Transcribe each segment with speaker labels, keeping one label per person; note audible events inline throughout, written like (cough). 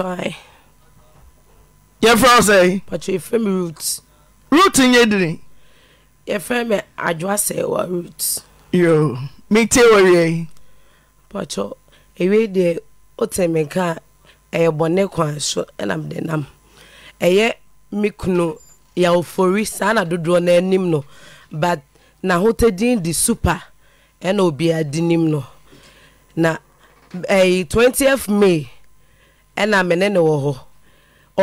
Speaker 1: fyɛfrɛ m adasɛ wrotti p wie deɛ wote mekaa yɛ bɔne ko aso namde nam yɛ me knu yawofori saa na dodoɔ no anim no but nahotadin de supe na obiaa denim no na 2 ma ɛna mene ne wɔ hɔ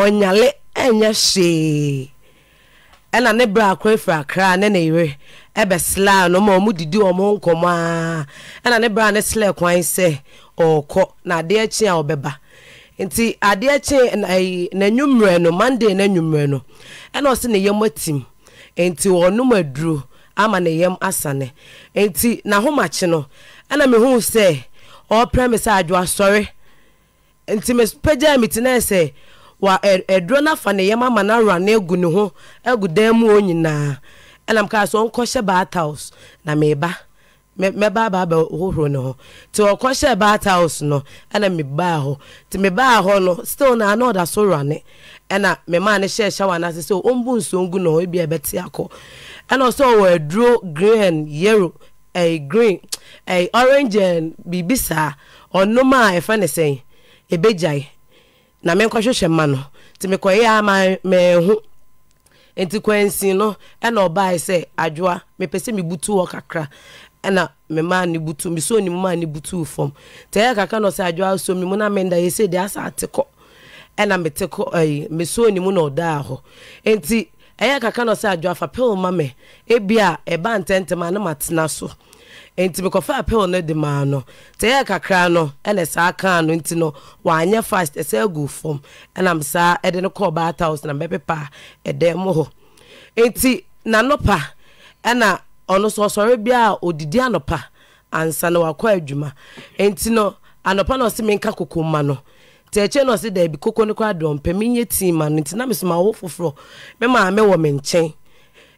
Speaker 1: ɔnyale ɛnyɛ hwee ɛna ne berɛ akɔ afiri akra ne ne yere ɛbɛsela no ma ɔmo didi ɔmo nkɔmmɔ a ɛna ne berɛ a ne selɛ kwan sɛ ɔɔkɔ na adeɛ akyi a ɔbɛba nti adeɛ akyi n'anwummerɛ no na n'anwummerɛ no ɛna ɔse ne yam atim nti ɔnum aduro ama ne yam asane nti n'ahomakyi no ɛna mehu sɛ ɔɔprɛ me sɛ adwo asɔre nti mepagyaa metenae sɛ ɛdurɔ no afa ne yɛm ama no awurane agu ne ho agu dan mu ɔ nyinaa ɛnam kaa sɛ ɔnkɔhyɛ baathouse na meba mɛba baaba hohoro ne ho nti ɔkɔhyɛ baathouse no ɛna mebaa hɔ nti mebaa hɔ no still na ana ɔda so rane ɛna memaa no hyɛ hyɛ wane ase sɛ ɔmbu nsuo gu ne ho ebi ɛbɛte akɔ ɛna ɔsɛ ɔwɔ aduro green and yellow ɛy green ɛy orange and biribi saa ɔnom a ɛfɛ ne sɛn ɛbɛgyae na menkɔhwehwɛ mma no nti mekɔyɛ ama mehu nti kwansi no ɛna ɔbae sɛ adwoa mepɛ sɛ mebutu hɔ kakra ɛna mmaa ne butu mesoo ne mmaa ne butu fam nti ɛyɛ kakra na ɔsɛ adwoa som ne mu na menda yɛ sɛ de asa ate kɔ ɛna mete kɔ ɛyi mesoo ne mu na ɔdaa hɔ nti ɛyɛ kakra na ɔsɛ adwoa fa pɛl ma me ebia ɛba ntɛntɛm a ne matena so nti mekɔfa apel no de maa no nti ɛyɛ kakra no ɛna saa kaa no nti no wanyɛ fast ɛsɛ agu fam ɛnam saa ɛde no kɔɔ baa taus na mbɛpepa ɛdɛn mu hɔ nti n'anɔpa ɛna ɔno nso ɔsɔre bi odidi anɔpa ansa na wakɔ adwuma nti no anɔpa na ɔsi menka koko ma no tẹ̀kyẹ́ náà sẹ́ dẹ̀bi kókó ní kó adọ̀mpẹ́ mi nyẹ tìǹma no nti na mi sọ ma wọ́ foforọ mi maame wọ mi nkyɛn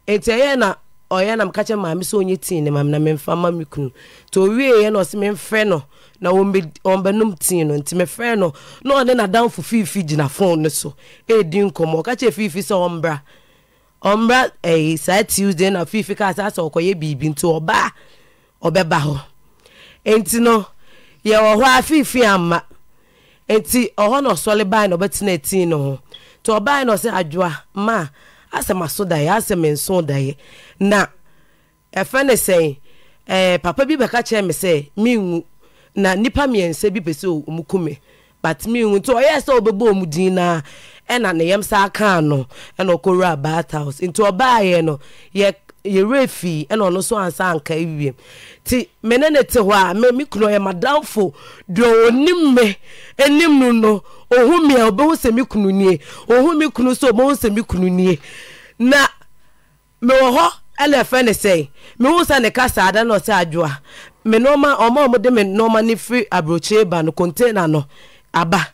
Speaker 1: nti ɛyɛ na ɔyɛ na meka kyɛ maame sɛ ɔnyɛ tii ne maame na memfa ma me kunu nti ɔwieɛ na ɔse memfrɛ no na ɔmbɛnom tii no nti mefrɛ no na ɔne nadamfo fiifi gyina fon no so ɛdi nkɔmmɔ ɔka kyɛ fiifi sɛ ɔmbra ɔmbra ɛyi saa tuesday na fiifi kaa saa sɛ ɔkɔyɛ biribi nti ɔbaa ɔbɛba hɔ nti no yɛwɔ hɔ a fiifi ama nti ɔhɔ na ɔsɔle baa na ɔbɛtena tii no ho nti ɔbaa na ɔsɛ adwoa maa asɛ maso daeɛ asɛ menso daeɛ na ɛfɛ ne sɛn ɛɛ papa bi bɛka kyerɛ me sɛ menwu na nipa mmiɛnsa bi pɛ sɛ ɔmu kume but menwu nti ɔyɛ sɛ ɔbɛbɔ ɔmu din na ɛna ne yam saa kaa no ɛna ɔkɔwura baat house nti ɔbaayɛ no yɛ yɛwerɛ fii ɛna ɔno nso ansa anka ewie nti mene ne te hɔ a me me kunu ɔyɛ madamfo deɛ ɔnim me anim no no ɔhu me a sɛ me kunu nie ɔho me kunu so ɔbɛhu sɛ me kunu nie na mewɔ hɔ ɛna ɛfɛ ne sɛ mehu sa ne ka saa da na ɔsɛ adwoa me nneɛma ɔma ɔmo de me nneɛma ne firi aburokyire ba no container no aba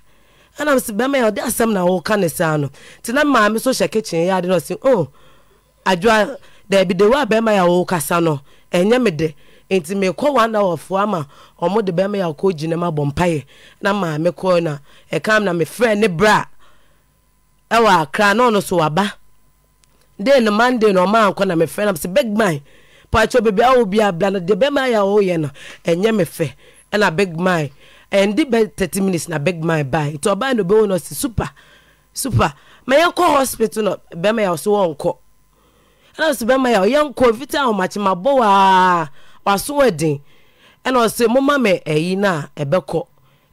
Speaker 1: ɛna m sɛ bɛrima yɛ ɔde asɛm na ɔka ne saa no nti na maame so hyɛ kitchen yɛ ade na ɔsɛ oh adwoa daabi de wa bɛrima yɛ a wɔrekasa no ɛnyɛ me de nti mekɔ one hour foɔ ama ɔmo de bɛrima yɛ a ɔkɔ gyina mu abɔ mpaeɛ na maame kɔɔ na ɛka na mefrɛ ne bra ɛwɔ akra na ɔno so waba de no monday na ɔmo ankɔ na mefrɛ na sɛ big man paakyɛ beebi awo bi abla no de bɛrima yɛ a ɔreyɛ no ɛnyɛ me fɛ ɛna big man ɛndi bɛ thirty minutes na big man baa nti ɔbaa na obɛwɔ no ɔsi super super mɛ yɛn kɔ hospital nọ bɛrima yɛ a ɔso wɔn kɔ. ɛna ɔsɛ bɛma yɛ ɔyɛ nkɔ fiti ahomakyemabɔ waa waso ɛden ɛna ɔsɛ moma mɛ ɛyi no a ɛbɛkɔ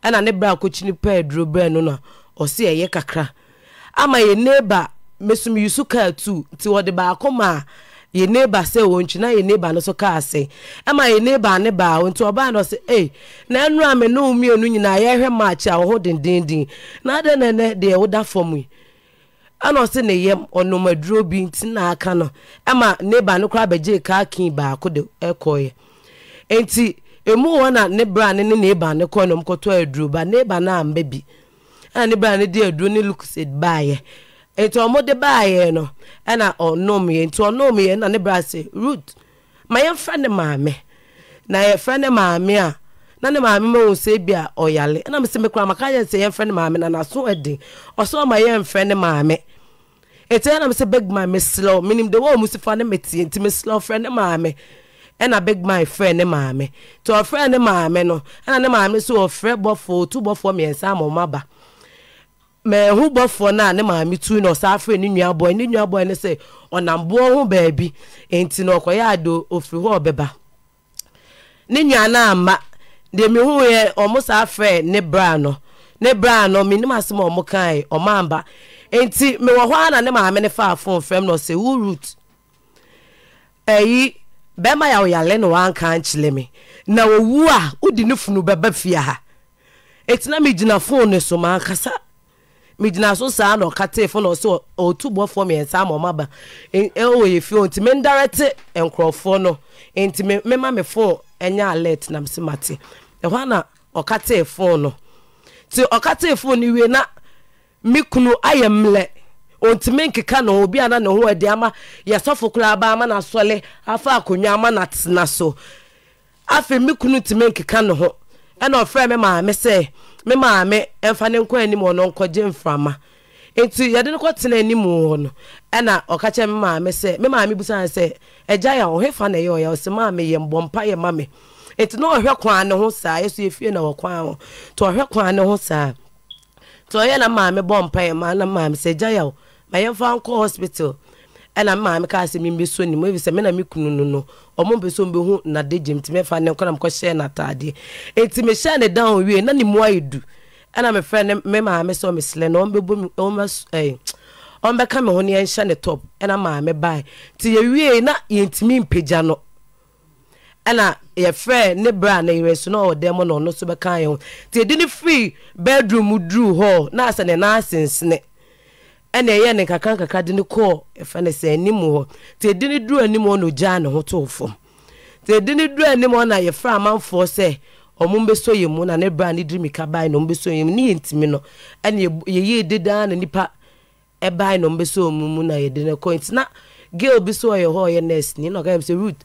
Speaker 1: ɛna ne berɛ akɔkyi nipa aduro berɛ no no ɔse ɛyɛ kakra ama yɛ neighbor mesom yusu kaa tu nti wɔde baako ma a yɛ neighbor sɛ wɔntwi na yɛ neighbor no so kaa sɛ ɛma yɛ neighbor ne baa nti ɔbaa no ɔsɛ ei na ɛnura me ne mmienu nyinaa yɛhwɛ maakye a wɔ ho dendenden na adɛ nɛnɛ deɛ woda fam yi ɛna ɔse na yɛm ɔnomaduro bi ntị na aka no ɛma neba no koraa bɛgye kaa kii baako de ya. nti emu hɔ na ne bra ne ne neba ne kɔɔ nom kɔtɔ aduro ba neba no amba bi ɛna ne bra ne de aduro ne luxate baayɛ nti ɔmo de baayɛ no ɛna ɔnom yɛ nti ɔnom na ne sị rut ma ya yɛmfrɛ ne maame na yɛfrɛ ne maame a na ne maame ma wɔn sɛ bi a ɔyale ɛna mesɛ mekura maka yɛ sɛ yɛmfrɛ ne maame na n'aso ɛden ɔsɛ ɔma yɛmfrɛ ne maame ɛti ɛna mesɛ big man meserɛ menim de wɔmu sifa ne nti frɛ ne maame ɛna big man frɛ ne maame ɔfrɛ ne maame no ɛna ne maame so ɔfrɛ ama aba. mɛɛhu ne tu na ɔsaa frɛ ne nuabɔe ne sɛ ɔnam boɔ ho baabi nti na ɔkɔyɛ ade ofiri hɔ ɔbɛba ne nua no ama deɛ mehu yɛ ɔmo saa frɛ ne nti mewɔ hɔ a na ne maame ne faa fon fam na ɔsɛ wo root ayi bɛrima yɛ ɔyale na wanka nkyerɛ me na owu a wodi ne funu bɛba fie ha ɛtina megyina fon ne so mankasa gyina so saa na ɔka tee fo na ɔsɛ ɔtu bɔfoɔ mmiɛnsa ma ɔma ba ɛwɔ e, e, yɛ fie nti mendarɛte nkurɔfoɔ no nti mema me fon ɛnyɛ alert na mse mate ɛhɔ na ɔka tee fon no nti ɔka tee fon no wie na me kunu ayɛ ɔntumi nkeka na obi ana ne ho ama yɛsɔfo koraa aba ama n'asɔle afa akonnwa ama n'atena so afei me kunu ntumi nkeka ne ho ɛna ɔfrɛ me maame sɛ me maame ɛmfa ne nkɔ anim ɔno nkɔgye mframa nti yɛde no kɔtena anim wɔ no ɛna ɔka me maame sɛ me maame busa sɛ ɛgya yɛ ɔhe fa na ɛyɛ ɔyɛ ɔsɛ maame yɛ mbɔ mpa yɛ mame na ɔhwɛ kwan ne ho saa nti ɔyɛ na maame bɔ mpaeɛ ma na maame sɛ gya yaw ma yɛmfa nkɔ hospital ɛna eh, maame kaa sɛ mimi so nim ebi sɛ mena mi kunu no no ɔmo mpɛ so mbɛhu nade gyem ti mɛfa ne nkɔla mkɔ hyɛ n'ataadeɛ nti e, mehyɛ ne dan wie na ne mu ayɛ du ɛna eh, mefrɛ ne me maame sɛ ɔmo silɛ na ɔmo bɛbɔ mi ɔmo ɛɛ ɔmo bɛka mi ho ne yɛnhyɛ ne top ɛna maame baa nti yɛwie na yɛntumi mpagya no ɛna yɛfrɛ ne bra na yɛrɛsu na ɔwɔ dɛm na ɔno nso bɛka yɛn ho te edi ne firi bedroom duru hɔ na asɛ ne nan sensene ɛna ɛyɛ ne kakra kakra de ne kɔɔ ɛfɛ ne sɛ anim hɔ te edi ne duru anim hɔ na ogya ne ho to fam te edi ne duru anim hɔ na yɛfrɛ amanfoɔ sɛ ɔmo mbɛsɔ yɛn mu na ne bra ne diri mika ban na ɔmo bɛsɔ yɛn mu ne yɛ ntumi no ɛna yɛyɛ edi dan na nipa ɛban na ɔmo bɛsɔ ɔmo mu na yɛde ne kɔ ntina girl bi so ɔyɛ hɔ ɔyɛ nurse ni na ɔka yɛ sɛ root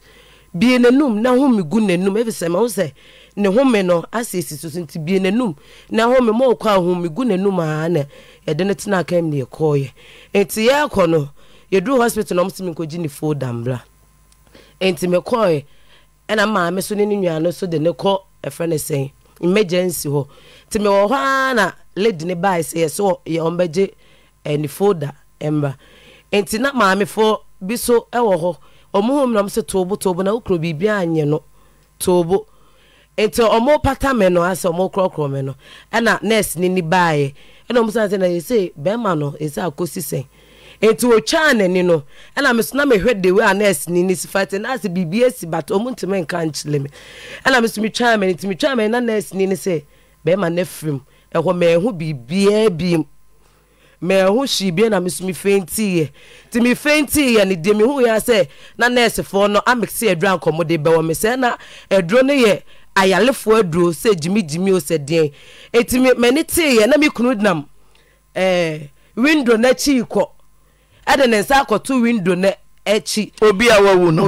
Speaker 1: bie n'anum na home gu n'anum efisɛ ma wosɛ ne home no asiesi so nti bie n'anum na home ma ɔkɔ a home gu n'anum aa na yɛde no tena aka mu na yɛkɔɔyɛ nti yɛakɔ no yɛduru hospital na ɔmo si mi nkɔgye ne fo dambra nti mɛkɔɔɛ ɛna maame so ne ne nua no so de ne kɔ ɛfrɛ ne sɛn emergency hɔ nti mɛwɔ hɔ ara na lady ne baa sɛ yɛsɛ yɛ ɔmo ɛne eh, fo da ɛmba nti na maamefo bi so ɛwɔ hɔ ɔmo hɔ mu na ɔmo sɛ toobo toobo na okuro biribi anyɛ no toobo nti ɔmo pata mɛ no asɛ ɔmo korɔkorɔ mɛ no ɛna nurse ni ni baayɛ ɛna ɔmo sɛ na yɛsɛ bɛrima no yɛsɛ akɔsi sɛn nti wotwaa n'ani no ɛna meso na mehwɛ de wei a nurse ni si sifa te nurse biribi esi but ɔmo ntoma nka nkyerɛ mi ɛna mi metwaa mɛ ni nti metwaa mɛ na nurse ni ni sɛ bɛrima no afirim ɛhɔ mɛ ɛho biribiara bi meho hyii bia na mesome fentiiɛ nti me fentiiɛ no deɛ mehu yɛ sɛ na nɛɛsefoɔ no amekse aduro ankɔmmɔde bɛwɔ me sɛɛ na aduro no yɛ ayalefoɔ aduro sɛ gyimigyimi o sɛ deɛn ɛnti m'ani teeɛ na kunu nam eh, windo n'akyi akyii kɔ ɛde e ne nsa akɔto windo no akyi e obi a wawu no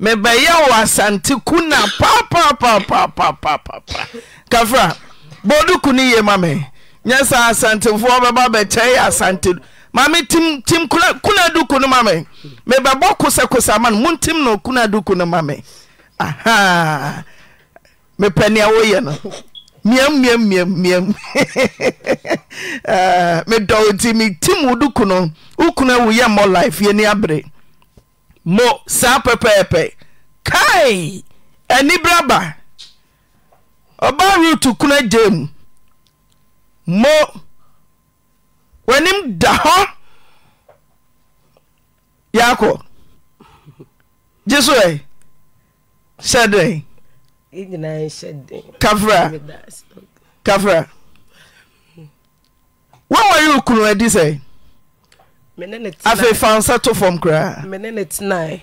Speaker 2: mebyɛasnte kuna pf dk n yemam yasasntfuɔ aɛɛnmmkosksmammnma mepɛnea woyɛ no mi medtimetim wo dokuno wokuna wo yɛ mmɔ life yeni abere o saa pɛpɛɛpɛ kai anibraba ɔba reto kuna gyem mo wanim da hɔ yaakɔ gyeso
Speaker 1: hyɛdkafra
Speaker 2: wawarer konu adi sɛ
Speaker 1: afei fa nsa to fam koraa mene ne tenae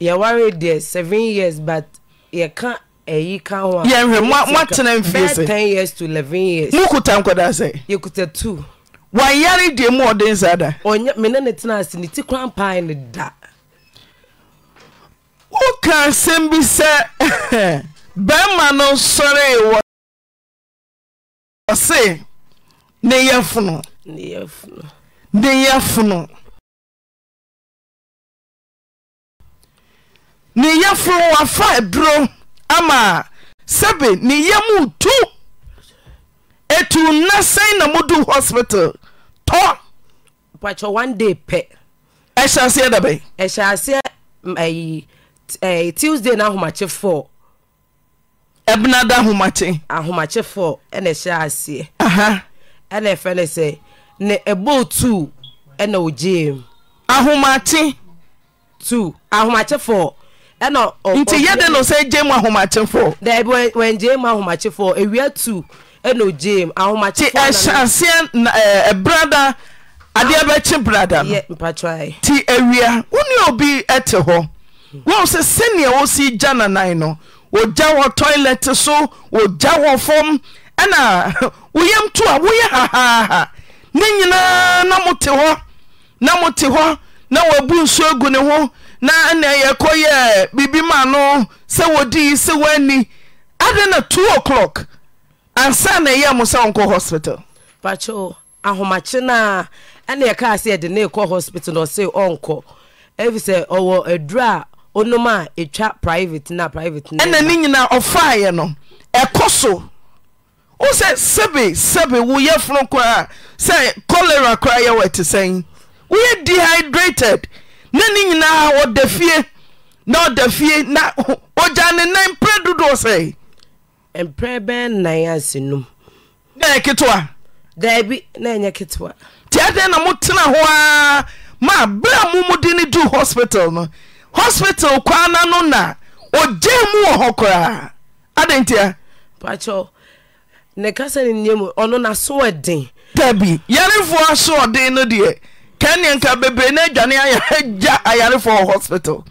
Speaker 1: yɛware deɛ seven years but yɛka ɛyi ka ho a yɛnhwɛ moatena mfie sɛ ten years to eleven years mokuta nkɔdaa sɛ yɛkuta two wayare deɛ mu ɔden saa da ɔnyɛ mene ne tena ase ne ti kora mpae ne da
Speaker 2: woka asɛm bi sɛ (laughs) bɛrima
Speaker 3: no sɔree wɔ ɔse ne yɛfono ne yɛfono de ya funu ne ya funu wafa duro ama
Speaker 2: sɛbe ne yam tu ɛtu na sɛn na modu hospital tɔ pakyɛ one day E ɛhyɛ aseɛ da bɛn e
Speaker 1: ɛhyɛ aseɛ e, e, tuesday na ahomakye foɔ ɛbena da ahomakye ahomakye foɔ ɛna ɛhyɛ aseɛ ɛna ɛfɛ ne sɛ ahomakye nti yɛde no sɛ gye mu ahomaakyefi hyɛaseɛbrada
Speaker 2: ade bɛkye brate
Speaker 1: nti
Speaker 2: awia wo ne obi te hɔ wou sɛ sɛnea wosi gya nanan no wogya wɔ toilet so wogya wɔ fam ɛna (laughs) woyam to a woyɛ hahaha ne nyinaa na te hɔ na te hɔ na wabu nsuo egu ne ho na ɛnɛ yɛkɔ yɛ biribi ma no sɛ wɔdii sɛ woani adɛn na 2 0clock ansa na ɛyɛ mo sɛ wonkɔ hospital
Speaker 1: pakyɛ ahomakye noa ɛne yɛkaa sɛ yɛde ne ekɔ hospital na ɔse ɔnkɔ ɛfi sɛ ɔwɔ aduro a ɔnom a ɛtwa private na private ɛna ne nyinaa ɔfaayɛ
Speaker 2: no ɛkɔ so wo sɛ sɛbisɛbe woyɛ fono koraa sɛ kolera koraa yɛwɔ te sɛn woyɛ dehydrated na ne nyinaa ɔda fie na ɔdafie n ɔgya ne na mprɛ dodoɔ
Speaker 1: sɛɛentia
Speaker 2: dɛn na motena hɔ aa ma berɛ a momude ne du hospital no hospital kwaa na no na ɔgyan mu wɔ hɔ
Speaker 1: koraaadɛti dabi
Speaker 2: yarefoɔ asoɔden no deɛ ka nneɛnka bebree no adwane agya ayarefoɔ wɔ hospital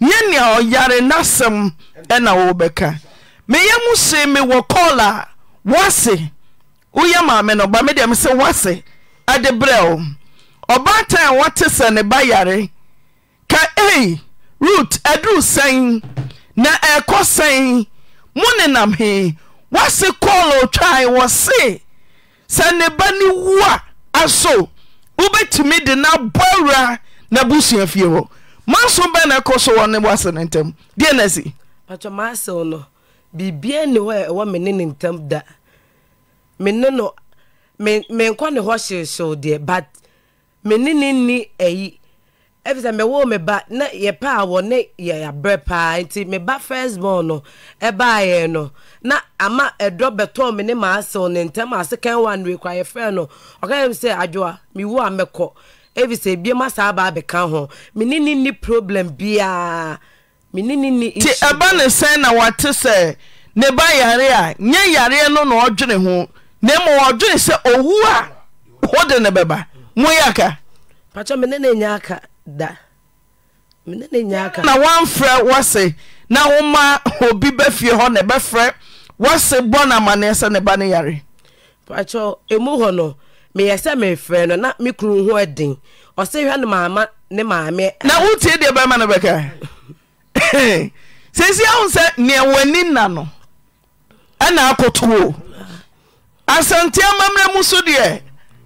Speaker 2: yɛ nea ɔyare n'asɛm ɛna wɔbɛka meyɛ mu see mewɔ kɔɔl a woase woyɛ maame no ba medeɛ me sɛ woase ade berɛ o ɔbaatan a wɔte sɛ ne ba yare ka ei root aduruu sɛn na ɛɛkɔ sɛn mo ne nam hee Wasi kɔɔlo twae wɔ se sɛ ne aso wobɛtumi de na awura na busua fie hɔ maso bɛ na ɛkɔ so wɔ ne wase no ntam deɛ na asi
Speaker 1: patɔ maasew no biribia ne hɔ a ɛwɔ me ne ne ntam da me ne no menkɔ ne hɔ hyehyew deɛ but me ne ne nni ayi ɛfiri sɛ mɛwɔ me ba na yɛ pa a wɔ ne yɛ abrɛ paa nti me ba first born no ɛbaa e yɛ no na ama ɛdɔ e bɛtɔn me ne maa sew ne ntɛm ase kɛn wa nue kora yɛfrɛ no ɔka yɛm sɛ adwoa mewu a mɛkɔ ɛfiri sɛ ebie ma saa baa bɛka ho me ne ne ni problem biara me ne n'i. ni issue. ti ɛba
Speaker 2: ne sɛn na wate sɛ ne ba yare a nye yare no na ɔdwene ho na emu ɔdwene sɛ owu a ɔde ne bɛba mo yɛ aka.
Speaker 1: pàtó mi ne ne nya aka. da na
Speaker 2: wamfrɛ wose na woma obi bɛfie hɔ na bɛfrɛ wose bɔ no amanneɛ sɛ ne ba no yare pakyɛ ɛmu hɔ no
Speaker 1: meyɛ sɛ mefrɛ no na me kunu ho den ɔsɛ hwɛ no maama ne maame na wotie deɛ
Speaker 2: bɛrima no bɛka seesi (laughs) aho sɛ nea w'ani na no ɛna akɔtoo asanteɛ mammerɛ mu so deɛ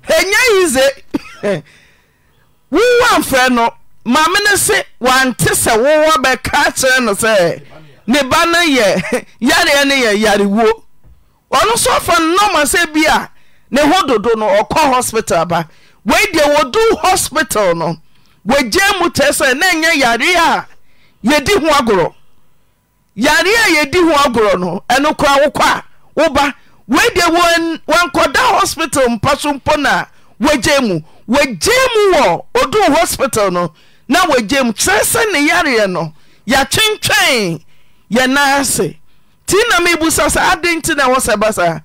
Speaker 2: ɛnya yi ze wowa mfrɛ no mamene se wante sɛ wowɔ bɛka kyerɛ no sɛ ne ba no yɛ (laughs) yareɛ no yɛ yarewuo ɔno so ɔfa no sɛ bi a ne ho dodo no ɔkɔ hospital ba wei deɛ wɔdu hospital no wɔgya mu kyerɛ sɛ na ɛnyɛ yareɛ a yɛdi ho agorɔ yareɛ a yɛdi ho agorɔ no ɛno koraa wokɔ a woba wei deɛ wɔnkɔda hospital mpa so mpo no a wɔgya mu wɔagye m wɔ ɔduu hospital no na wɔagye kyerɛ sɛ ne yareɛ no yɛatwentwɛn yɛna ase nti na mebu sa sa adɛn nti na wɔ sɛ ba saa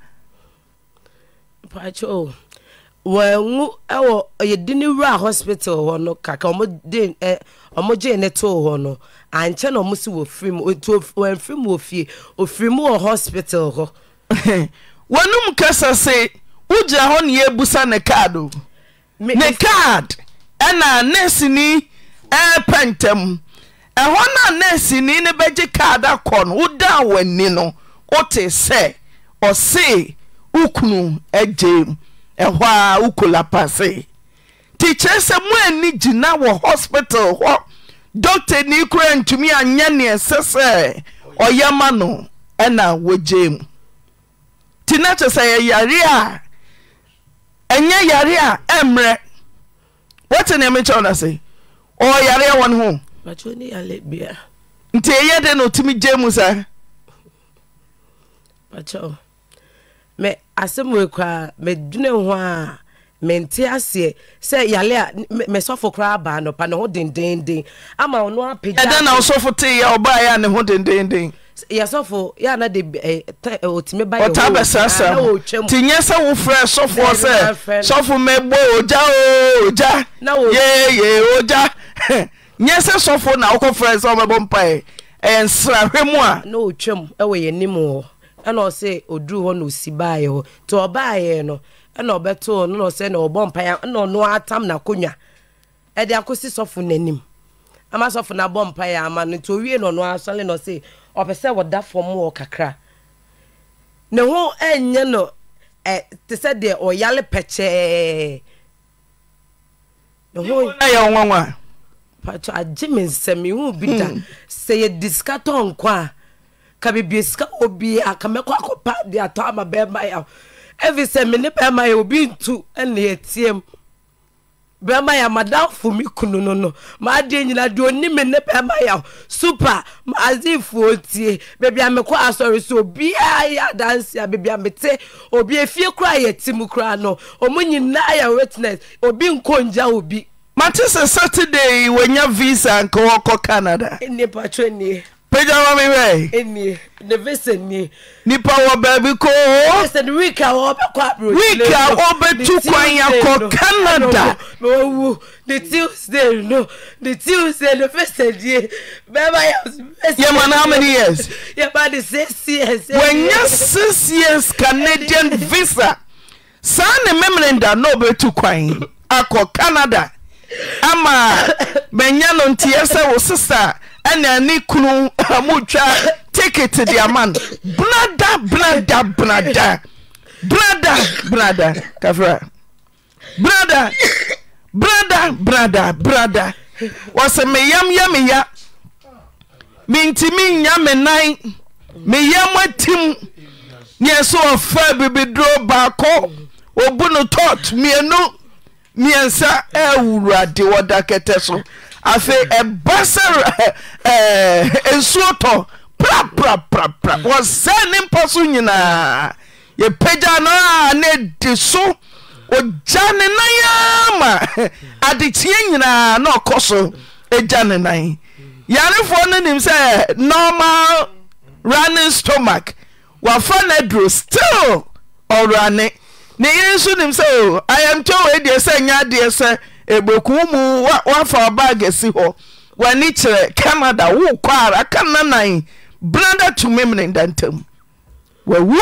Speaker 1: pakyɛo oh. wɔwu ɛwɔ yɛdine wuraa hospital hɔ no kaka ɔmogyee ne too hɔ no na ɔmo so wɔfirimuwamfiri mu wɔ fie ɔfiri mu wɔ
Speaker 2: hospital hɔ (laughs) ne ne card ɛna nesini ɛpɛ ntɛm ɛhɔ no nesini ne bɛgye card akɔ no wodaa wɔ ani no wote sɛ ɔsee wo kunu agyem ɛhɔ a wo kolapase nti kyerɛ sɛ mo ani gyina wɔ hospital hɔ dɔkta ni koraa ntumi anya neɛ ɛsɛ sɛ ɔyɛ ma no ɛna wogyee mu nti na kyɛ sɛ yɛyare a ɛnyɛ yare a ɛmmerɛ wote ne mekyɛw no sɛ ɔwɔ yare a wɔ ne ho nti ɛyɛ na ɔtumi gye mu saa
Speaker 1: me asɛm koraa medwene ho a mente aseɛ sɛ yale a mesɔfo koraa baa nɔpa ne ho dendenden ama ɔno apagya na wosɔfo
Speaker 2: teeɛ ɔbaeɛ a ne ho dendenden
Speaker 1: ya yɛana de ɔtumi ba nyɛ sɛ wo sɛ sɔfo
Speaker 2: yeye (laughs) nyɛ sɛ sɔfo na wokɔfrɛ sɛ womɛbɔ ɛyɛ mu a
Speaker 1: na ɔtwam ɛwɔ hɔ ɛna ɔsɛ hɔ na ya baeɛ hɔ nti ɔbaeɛ no ɛna ɔbɛtoo no na ɔsɛ na ɔbɔ mpae ɛna ɔno atam n'akonnwa ɛde akɔsi sɔfo n'anim ama sɔfo n'abɔ mpae ama no nti owie na ɔno asɔle na ɔsɛ ɔpɛ sɛ wɔda fam wɔ kakra ne ho ɛnyɛ no ɛ te sɛ deɛ ɔyale pɛkyɛɛ ne ho na yɛ nwanwa pato agye me nsɛm ihu bi da hmm. sɛ yɛ di sika tɔ nkɔ a ka bebie sika obi a ka mɛkɔ akɔpa de atɔ ama bɛrima yɛ ɛfi sɛ me ne bɛrima yɛ obi ntu ɛna yɛ tie mu bɛrima yɛ madamfo mi kunu no no maa deɛ nyina deɛ oni mi ne bɛrima yɛ super maa zi fuo tie beebi a mi kɔ asɔre so obiara yɛ adansi a beebi a mi te obi efie koraa yɛ ti e. mu koraa no ɔmo nyinaa yɛ witness obi nko ngya obi. mate sɛ saturday wɔnya visa nka wɔkɔ canada. nipa twɛ nie pagya ma me wɛ nipa wɔ baabi koo week a wɔbɛtu kwan akɔ canada yɛma no how many years wanya
Speaker 2: six years canadian (laughs) visa saa ne memerinda na ɔbɛtu kwan akɔ canada ama (laughs) bɛnya no nteɛ sɛ wo sesa ɛnea ne krm amo twa tikit de ama no
Speaker 4: beada
Speaker 2: bdabda bda da da da dada wɔ sɛ meyam yɛ meya mentimenya me nan meyam atim neɛso ɔfa bibidoro baako ɔbu no tot miɛnsa awurade e wɔda kɛtɛ so afei ɛba eh, sɛ eh, eh, nsuotɔ prapraprapra wɔsɛ ne mpɔ so nyinaa yɛpɛgyano a na ɛdi so ɔgya ne nan a ma (laughs) adekyeɛ nyinaa na ɔkɔ so gya ne nan yanefoɔ no nim sɛ normal running stomac wɔafa no aduro still ɔwerane ne ye nso nim sɛ ayɛmtɛ ɔ diɛ sɛ nyɛ adeɛ sɛ egbeku mu wafa bag esi hɔ w'ani kyerɛ canada worekɔ ara kana na brada tumi ya ndantam wawu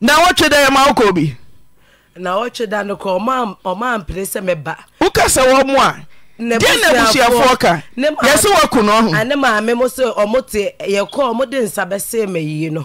Speaker 2: na wɔtwe da yɛma wokɔ bi
Speaker 1: woka
Speaker 2: ụka wɔ mo a dị na abusuafoɔ ka
Speaker 1: dị nọ.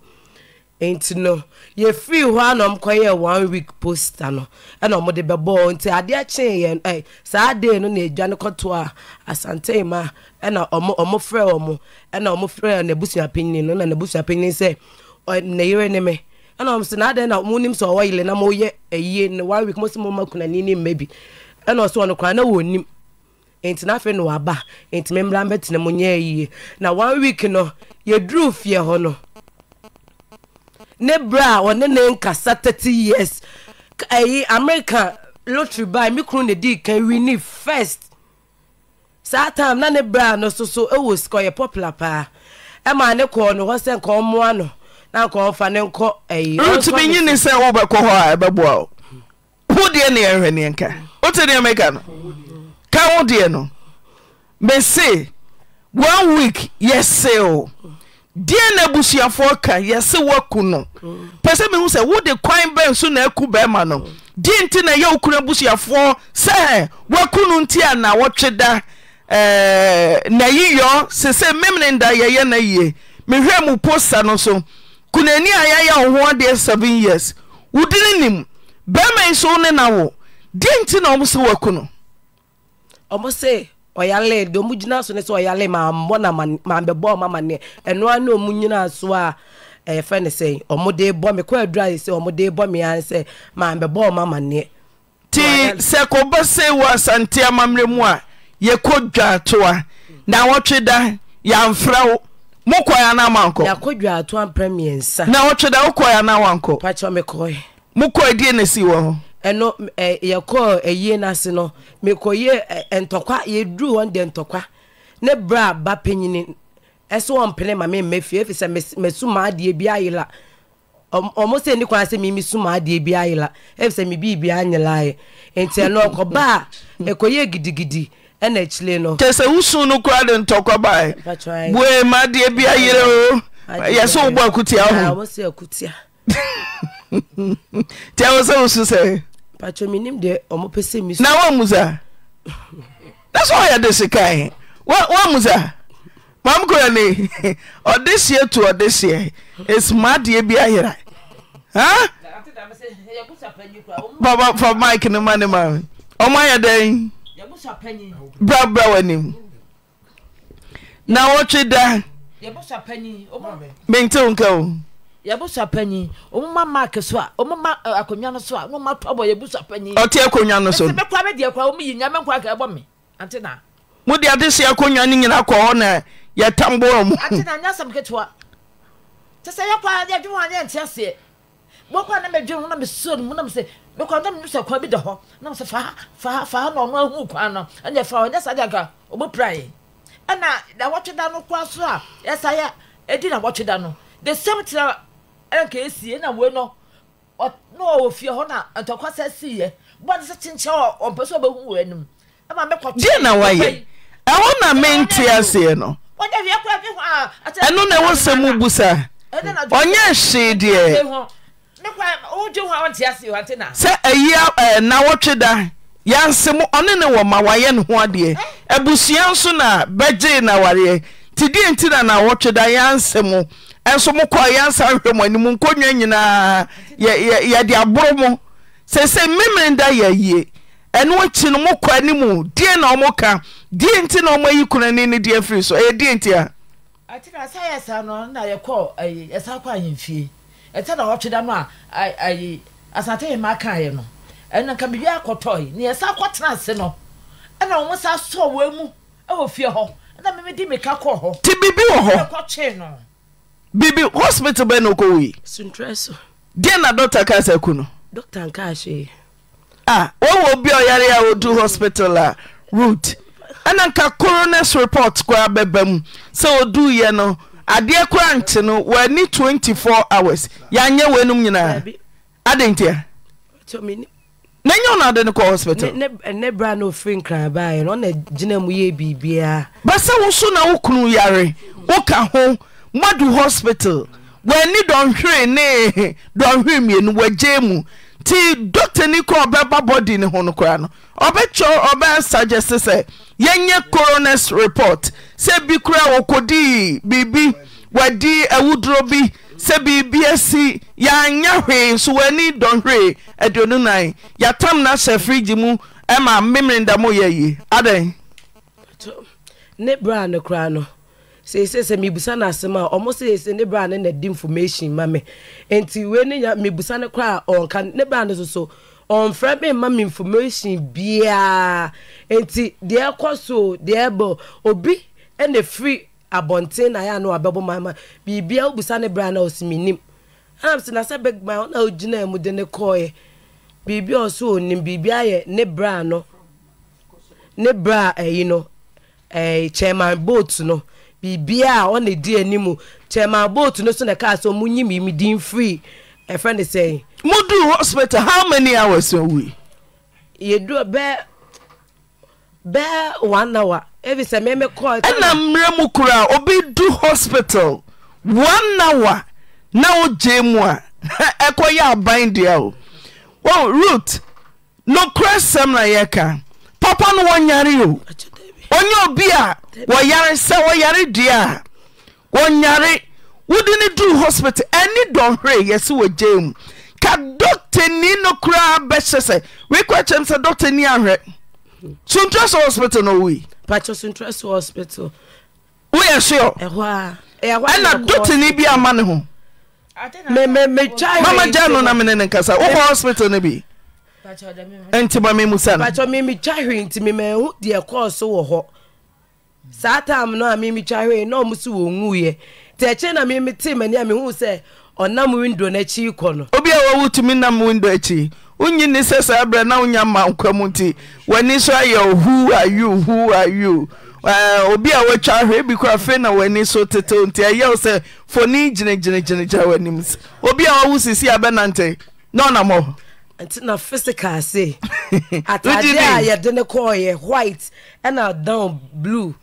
Speaker 1: nti no yɛfiri hɔ a na ɔmkɔyɛ one week poster no ɛna ɔmode bɛbɔɔ nti adeɛ kyee yɛn ɛ saa day no na adwane kɔto a asantema ɛna ɔmo ɔmo frɛ ɔmo ɛna ɔmo frɛ n'abusuapɛnyin no na n'abusuapɛnyin sɛ ɔ ne yere ne me ɛna ɔmo sɛ n'adeɛ na mo nim sɛ ɔwɔ yele na mo yɛ ɛyie no one week mo sɛ mo ma kunani ne mma bi ɛna ɔsɛ ɔno koraa na wɔn nim nti n'afɛ na waba nti mmemmira mbɛtena mo nyɛ yie na one week no yɛduru fie hɔ no. ne berɛ a ɔne ne nkasa 30 years ɛyi america lotry bi me kunu ne dii kan wini first saa time na ne berɛ a no soso ɛwɔ sika ɔyɛ popular paa ɛma ne kɔɔ no hɔ sɛ nka ɔmmoa no na nka ɔmfa ne nkɔ ɛyi rotumi nyi ne sɛ wobɛkɔ
Speaker 2: hɔ a ɛbɛboa o wo deɛ ne yɛhwɛ neɛ nka wote deɛ mɛka no ka wo deɛ no mese one week yɛsee o deɛ na abusuafoɔ ka yɛse woaku no mm. pɛ sɛ mihu sɛ wode kwan bɛn so na aku bɛrima no mm. deɛ nti na yɛ wo kuna abusuafoɔ sɛ woaku no nti na wɔtwe da nayiyɔ sɛ sɛ memene nda yɛyɛ na yie mehwɛ mu posta no so kunani a yɛayɛ wo ho deɛ 7 years wodine nim bɛrima nso wo ne na deɛ nti na ɔmo sɛ woaku no
Speaker 1: ɔyale deɛ ɔmo gyina so ne sɛ ɔyale maambɔ na maambɛbɔ ɔmo amaneɛ ɛnoa ne ɔmo nyinaa so a ɛyɛfɛ ne sɛ ɔmo de bɔ me kɔ adura yi sɛ ɔmo de bɔ me yan sɛ maambɛbɔ ɔmo amaneɛ.
Speaker 2: ti sɛ kò bá se wɔ asante amammerɛ mu a yɛkɔ dwa atoa na wɔtwe da yɛamfrɛ wo mokɔ yɛ ana mankɔ yɛakɔ dwa atoa mpɛ
Speaker 1: mmiɛnsa na wɔtwe
Speaker 2: da wokɔ yɛ ana wankɔ pakyɛ mekɔɛ mokɔ ɛdeɛ na si wɔ hɔ ɛno
Speaker 1: yɛkɔɔ ayie no ase no mekɔyɛ ntɔkwa yɛduru wɔn de ntɔkwa ne berɛ ba panyini ɛsɛ wɔmpene ma memma fie ɛfiri sɛ masuma adeɛ bi ayela ɔmo sɛ ni kwan sɛ mimi suma adeɛ bi ayela ɛfiri sɛ mebi bi anyelaeɛ
Speaker 2: nti ɛno ɔkɔba a
Speaker 1: ɛkɔyɛ gidigidi ɛna akyire no kyɛ sɛ
Speaker 2: wosu no kora de ntɔkwa bae bue ma adeɛ bi ayere o yɛsɛ wobɔ akutia ho (laughs) nti ɛwɔ sɛ wosu sɛ na wmu sa na sɛ wɔyɛ de se ka wmu sa am kane (laughs) ɔdeseɛ to ɔdeseɛ smadeɛ bi ayeraik n aaɔmayɛ dɛn brabra 'nim na wotweda metew kao
Speaker 5: yɛbusua panyin ɔmoma mark so a ɔmoma eh, akonnwa no so a ɔmoma tɔbɔ yɛbusua panyin. ɔte akonnwa no so. ɛsɛ bɛkura bɛ deɛ kura ɔmu yi nyame nkɔ aka ɛbɔ mi ante na.
Speaker 2: mo de ade si akonnwa no nyinaa kɔ hɔ na yɛtam bɔ wɔn ante na
Speaker 5: nyɛ asɛm ketewa te sɛ yɛkɔ yɛ adwuma yɛ nte aseɛ wɔkɔ na mɛ dwe ho na mɛ suo no mu na mɛ sɛ mɛ bi da hɔ na mɛ sɛ fa fa fa na ɔno ahu kwan no ɛna fa ɔnyɛ sa de aka the same thing ɛnka esi na wei no na ɔwɔ fie hɔ na ntɔkwasa si yɛ bɔde sɛ kyenkyɛn wɔ ɔmpɛ sɛ ɔbɛhu wɔ anim ɛma mɛkɔ gye na wayɛ ɛhɔ na mente
Speaker 2: aseɛ no
Speaker 5: ɛno na ɛwɔ sɛ mu bu sa ɔnyɛ hyee deɛ sɛ ayi
Speaker 2: na wɔtwe da yɛnse m ɔne ne wɔ ma wayɛ ne ho adeɛ abusua nso na bɛgyee na wareɛ nti deɛ nti na nawɔtwe da yɛnse mo ɛnso mokɔ nsa hwɛ mo anim nkɔnnwa nyinaa yɛ yɛ yɛde aboro mo sɛ sɛ memere da yɛ ayie ɛno akyi no mokɔ animu deɛ na ɔmo ka deɛ nti na ɔmɔ ayi konani no deɛ firi so ɛyɛ deɛ nti a
Speaker 5: na sa yɛ sa no na yɛkɔ yɛsa kɔ ahemfie ɛsɛ na wɔtwe da no a ayi asante hema kaeɛ no ɛno nka biribi akɔtɔe ne yɛsa tena ase no ɛna ɔmo sa sɔ wɔ mu ɛwɔ fie hɔ ɛna memedi meka kɔ hɔ te biribi wɔ hɔ
Speaker 2: bibi hospital bɛ no kɔwui deɛ na dɔcta ka sa ku no
Speaker 5: wɔwɔ
Speaker 2: bia ɔyare a wɔdu hospital a rout ɛna nka coroner's report koraa bɛba mu sɛ ɔduuiɛ no adeɛ kora nkye no wɔani 24 hours yɛanyɛ w'anom nyinaa adɛn ntia na ɛnyɛ wono ade no kɔ
Speaker 1: Ne bera na ɔfiri nkrabaɛ no ɔna gyina mu yɛ biribiaa
Speaker 2: bɛ sɛ wo so na wo kunu yare woka ho moadu hospital wɔani dɔnhwere ne dɔnhwere mmienu wɔagye mu doctor ni kora ɔbɛba body ne ho no koraa no ɔbɛkyɛ ɔbɛsagyɛse sɛ yɛnyɛ corones report sɛ bi koraa wɔkɔdii biribi wɔadi awuduro bi sɛ biribi asi yɛanyɛ hwee nso wɔani dɔnhwere aduonu nan yɛatam no ahyɛ fridge mu ɛma memere da mo yɛ yie adɛn
Speaker 1: ne bra no koraa no sesese mebusa no asɛm a ɔmo sese ne bra ne na di information ma me nti wei ne nya mebusa no a ɔnka ne bra no so so ɔmfrɛ me ma me information biaa nti deɛ ɛkɔ so deɛ ɛbɔ obi ɛna firi abɔnten na yɛ ano abɛbɔ mama biribia obusa ne bra no a ɔsi me nim ɛnam sɛ na sɛ bɛgba ɔna ogyina mu de ne kɔɔɛ biribi a ɔso onim biribi ayɛ ne bra no ne bra ɛyi no ɛɛ chairman boat no. biribia a ɔna di anim kyɛma boat no so na kaa so ɔmo nyi mi din free ɛfɛ ne sɛn. mudu hospital how many hours were we. yɛdu bɛɛ bɛɛ one hour ebi sɛ mɛmɛ kɔɔ.
Speaker 2: ɛna mmerɛ mu kura obi do hospital one hour na o gye mu a (laughs) ɛkɔ yɛ aban deɛ o wɔn root nokura sɛm na yɛ ka papa no wɔn nyare o onye obi a wɔyare sɛ wɔyare deɛ a wɔnyare wode ne duu hospital ɛne dɔnhwere yɛse wɔ gye mu ka dɔktani no koraa bɛhyɛ sɛ weikɔ kyɛm sɛ dɔktani ahwɛ suntrɛso hospital no woi woyɛ so yɔ
Speaker 5: ɛna dɔktani bi ama ne
Speaker 2: ho mama gya no na mene ne nkasa wokɔ hospital no bi nti ma memu sa nopatɛ
Speaker 1: memetwa hwee nti memahu deɛ kɔɔ so wɔ hɔ saa tam no a memetwa hwee na ɔmo so wɔwuiɛ nti ɛkyɛ na memetee m'ani a mehuu ọ nam windo n'ekyi akyi kɔ no
Speaker 2: obi a wɔwo tumi nam windo akyi wonyi ne sɛ saa berɛ na wonya ma nkwa mu nti w'ani so ayọ who are you who are you eh, obi a wɔatwa ahwɛ bi kɔ afei na w'ani so tetew nti ɛyɛwo sɛ foni gyinagyinagyinagya w'anim obi a wɔwo sisi a bɛnante na ɔnam mọ.
Speaker 1: nti na physical se (laughs) atade a yɛde ne kɔɔ yɛ white ɛna down blue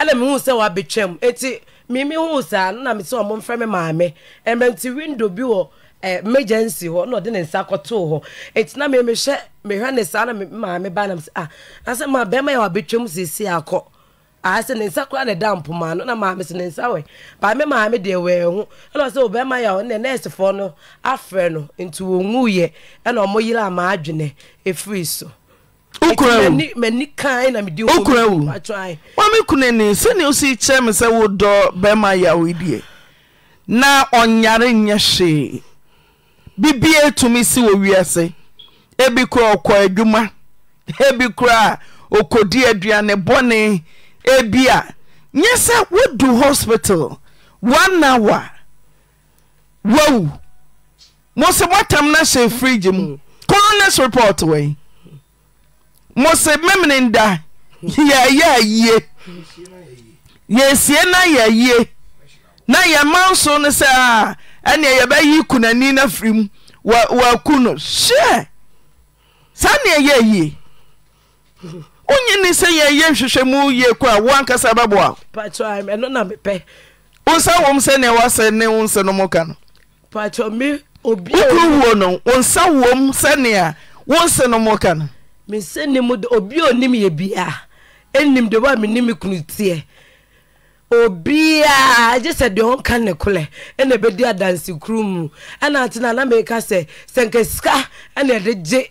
Speaker 1: ɛna mehu sɛ wabɛtwam eti mimi hu saa na me sɛ ɔmo mfrɛ me maame ɛmɛnti window bi wɔ ɛɛ emergency hɔ na ɔde ne nsa akɔtoo hɔ eti na mimi hyɛ mehwɛ ne saa na maame ba na me sɛ ah na sɛ maa bɛrima yɛ wabɛtwam sisi akɔ. asɛ ah, ne nsa koraa na ɛda mpoma no na maame sɛ ne nsa wee baame maame deɛ wɛɛ ho ɛna ɔsɛ ɔbɛrima ɔne no afrɛ no ɛna ama adwene efiri
Speaker 2: so. okura kan na mi di omi okura wu wami si mi sɛ wodɔ bɛrima die na ɔnyare nyɛ hwee bibi etumi si wɔ wiase ebi kura ɔkɔ adwuma ebi kura okodi aduane ebia nyɛ sɛ wodu hospital anawa wawu mo se mɔtam no se fridgye mu kon mm. ne sorepɔrt wɔi mo se memene nda yɛayɛ yie yɛsie no yɛ ayie na yɛma nso no sɛ a ɛnnea yɛbɛyi kunanino firim wɔaku no sɛ saa nnea yɛ yie wonye ne sɛ yɛyɛ nhwehwɛ mu yie kɔ a wo ankasa bɛboa ɛno na mepɛ wo nsa wom sɛ woasɛ ne wo nse no mu ka no wokuru wuo no wo nsa wom sɛnea wo nse no mu ka no
Speaker 1: mesɛ ne mu obi onim yɛ bia ɛnim de wa menim kunu teɛ obiaa gye sɛ deɛ ɔnka ne kolɛ ɛna ɛbɛdi adansekuru mu ɛna atena na meka sɛ sɛ nka sika ɛna ɛde gye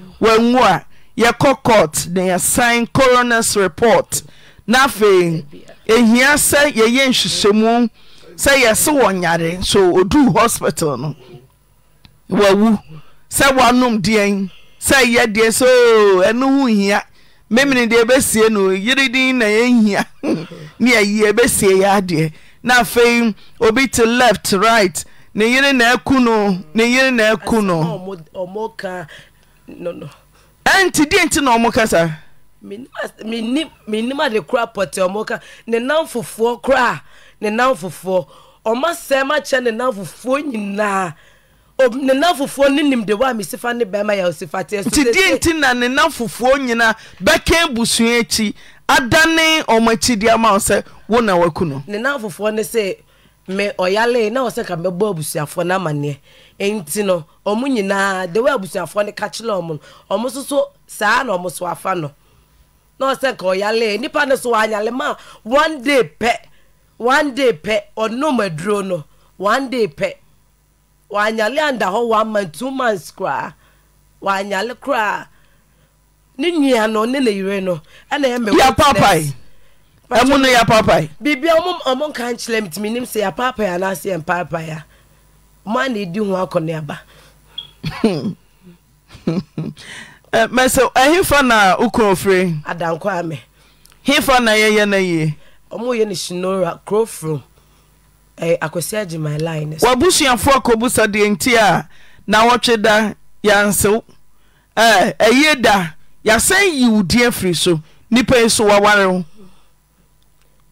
Speaker 2: wagu a yɛcɔcot ne yɛsin coroneus report na afei hia sɛ yɛyɛ nhehyɛmu sɛ yɛse wɔ nyare so ɔduu hospital no wwu sɛ wanomdeɛn sɛ yɛ deɛn sɛ oh, ɛno ho hia memne deɛ bɛsie no yeredna ɛhia (laughs) neyi bɛsie yɛ adeɛ na afei obi te left right ne yereneyerenaku no no no. ɛnti di nti na ɔmo kasa.
Speaker 1: menim ade kora pɔte ɔmo ka ne nan fofoɔ kora ne nan fofoɔ ɔma ma akyɛ ne nan fofoɔ nyinaa
Speaker 2: ne nan fofoɔ ne nim de wa a mesifa ne bɛrima yɛ osifa teɛ so. nti di nti na ne nan fofoɔ nyinaa bɛkɛn busua akyi adane ɔmo akyi di ama ɔsɛ wo na waku no.
Speaker 1: ne nan fofoɔ ne sɛ. me ɔyale na ɔsɛ ka mɛbɔ abusuafoɔ no amanneɛ nti no ɔmo nyinaa dewe wo abusuafoɔ no ka kyerɛ ɔmo no ɔmo nso saa na ɔmo so afa no na ɔsɛ ka ɔyale nipa no so wanyale ma one day pɛ one day pɛ ɔnom aduro no one day pɛ wanyale anda hɔ one month two months koraa wanyale koraa ne nua no ne ne yere no ɛna ɛmɛ wɔ
Speaker 2: ɛmu no yɛ apaapae
Speaker 1: biribia ɔmo nka nkyerɛ mtumi nim sɛ yɛapaapae anaasɛ yɛmpaapae a mo ana ɛdi ho akɔneaba
Speaker 2: (laughs) eh, mɛsɛ ɛhefa
Speaker 1: eh, na wokunu ofire adanko a me hefa na yɛyɛ no yie ɔmo yɛ no shinora kurofrom ɛɛ eh, akwasi agye my line
Speaker 2: wabusuafoɔ akɔbusa deɛ nti a na wɔtwe da yɛansew ɛɛ ɛyie da yɛasɛn yi wo din so nipa yi so wɔaware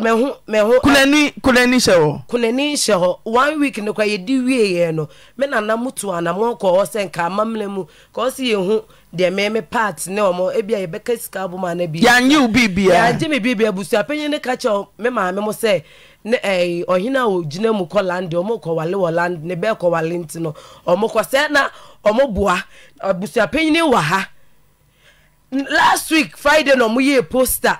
Speaker 2: konani hyɛ hɔ konani hyɛ hɔ one
Speaker 1: week no ka wie wieeɛ no me nana moto anammɔ kɔ hɔ sɛ nka amamena mu ka ɔ sɛ yɛhu deɛ meme part ne ɔmɔ ebia yɛbɛka sika bom ana bi yɛanye wo biribia yɛagye me biribia abusuapanyin ne ka kyɛ me maame mo sɛ ne ɛɛ eh, ɔhene a ogyina mu kɔ land ɔmo kɔ wale wɔ land ne bɛɛ kɔ wale nti no ɔmo kɔ sɛ na ɔmo boa abusuapanyin wɔ ha last week friday na ɔmo yɛ poster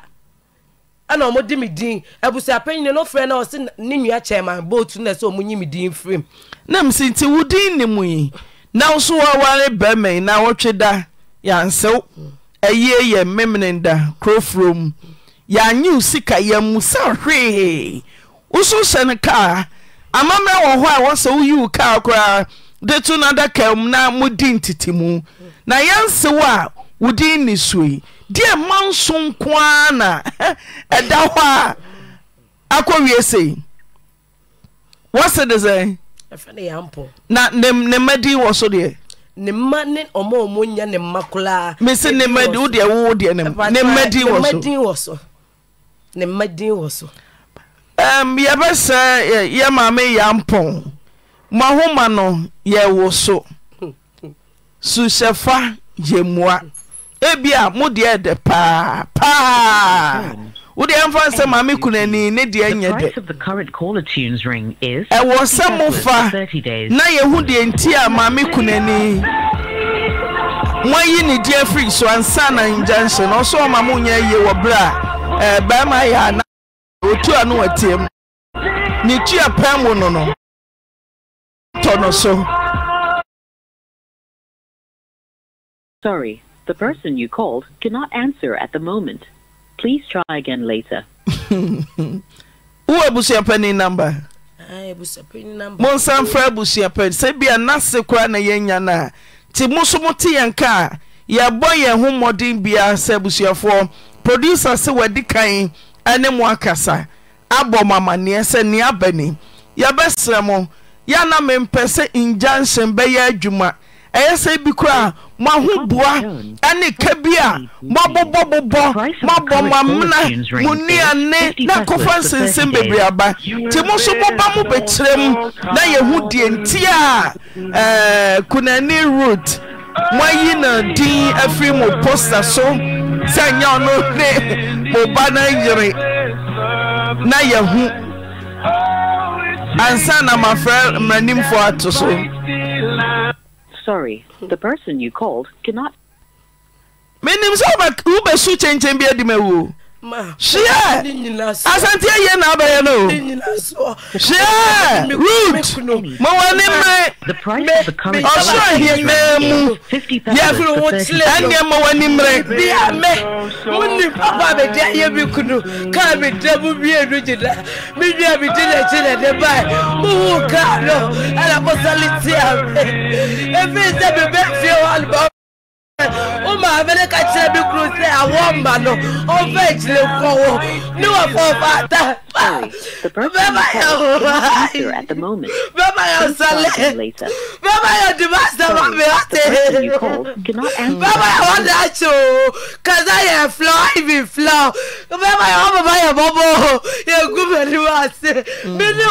Speaker 1: ɛna ɔmo di mi din abusuapanyin no frɛ na ɔsi ne nua chairman boat na ɛsɛ ɔmo nyi mi din
Speaker 2: firim. nam si nti wo din ni mu yi na nso waware bɛrima yi na wɔtwe da yansew ɛyie yɛ mmemmene da kurofuro mu yanyi sika yɛn mu sa hwee woso hyɛ no kaa amammerɛ wɔ hɔ a wɔsɛ woyi wo kaa koraa de to no adaka mu na modi ntete mu na yɛnsew a wo din ni so yi. deɛ ma nso nko aa na ɛda hɔ a akɔ wie sei wose de sɛ na ne mmadin wɔ so deɛms wo de woo deɛ
Speaker 1: nne mainw
Speaker 2: yɛbɛ sɛ yɛ mame yɛ mpɔn maho ma no yɛwo so hmm, hmm. su syɛ fa ya mmua ebia mo deɛ paa paapaa ụdị mfa nsɛ ma me kunani ne deɛ nyɛ dɛ
Speaker 5: ɛwɔ sɛ
Speaker 2: fa na yɛhu deɛ nti a ma me na moayi ne deɛ firi so ansa na ngyanhyɛ no ɔsɛ ɔma monyɛ yie wɔ berɛ a eh,
Speaker 3: bɛrima yɛ ana ɔtua no watiam ne tua pɛn wo no no tɔ no so
Speaker 6: Sorry. The person you called cannot answer at the moment. Please try again later. (laughs) Who
Speaker 2: abusua panin number?
Speaker 1: Ah, monsan fra
Speaker 2: abusua pani sɛ bia nase koraa na yɛanya no a nti mo so mote yɛn ka a yɛabɔ yɛn ho mmɔden biara sɛ abusuafoɔ producer sɛ wɔadi kan ne mo akasa abɔ mo amanneɛ sɛ nea aba ni yɛbɛsrɛ mo yɛana mempɛ sɛ injunction bɛyɛ adwuma ɛyɛ sɛ bi koraa moahoboa ɛne ka bi a moabobɔbobɔ moabɔ moamena monnuanne na akɔfa nsensɛm bebreeaba nti mo nso bɔba mo bɛkyirɛ m na yɛho diɛ nti a eh, kunani root moayi na din afiri mu posta so sɛ nyɛ ɔno ne moba no yeri na yɛhu ansa namafrɛ mmaranimfo ato so sorry. The person you called cannot. menim sɛ wobɛsu kyɛnkyɛn bi adi ma wuo
Speaker 1: hyɛ asante ayie na abɛyɛ no hyɛ oh. root
Speaker 2: ma wɔne ɔsoro ahenaa mu ɛneɛ ma mmerɛ bia me papa mede ayɛ me
Speaker 1: kunu
Speaker 7: kaa meda mu mienu gyina medua mede nakyina ne bae mohu kaa no ɛna mosale tia sɛ mebɛfie hɔ alba ụmụ abịrị kacha ebi kwuru sị awọ mba nọ ofe ejile kwọwọ n'ụwafọ ọfa ata bẹẹma yà wúwa
Speaker 1: bẹẹma yà sọlẹ bẹẹma yà dìbò sọmọ mi wá bẹẹma yà wọn dà tso kàtà yà filọ ibi filọ bẹẹma yà wọn bàbá yà bọbọ yà gún mi ní wá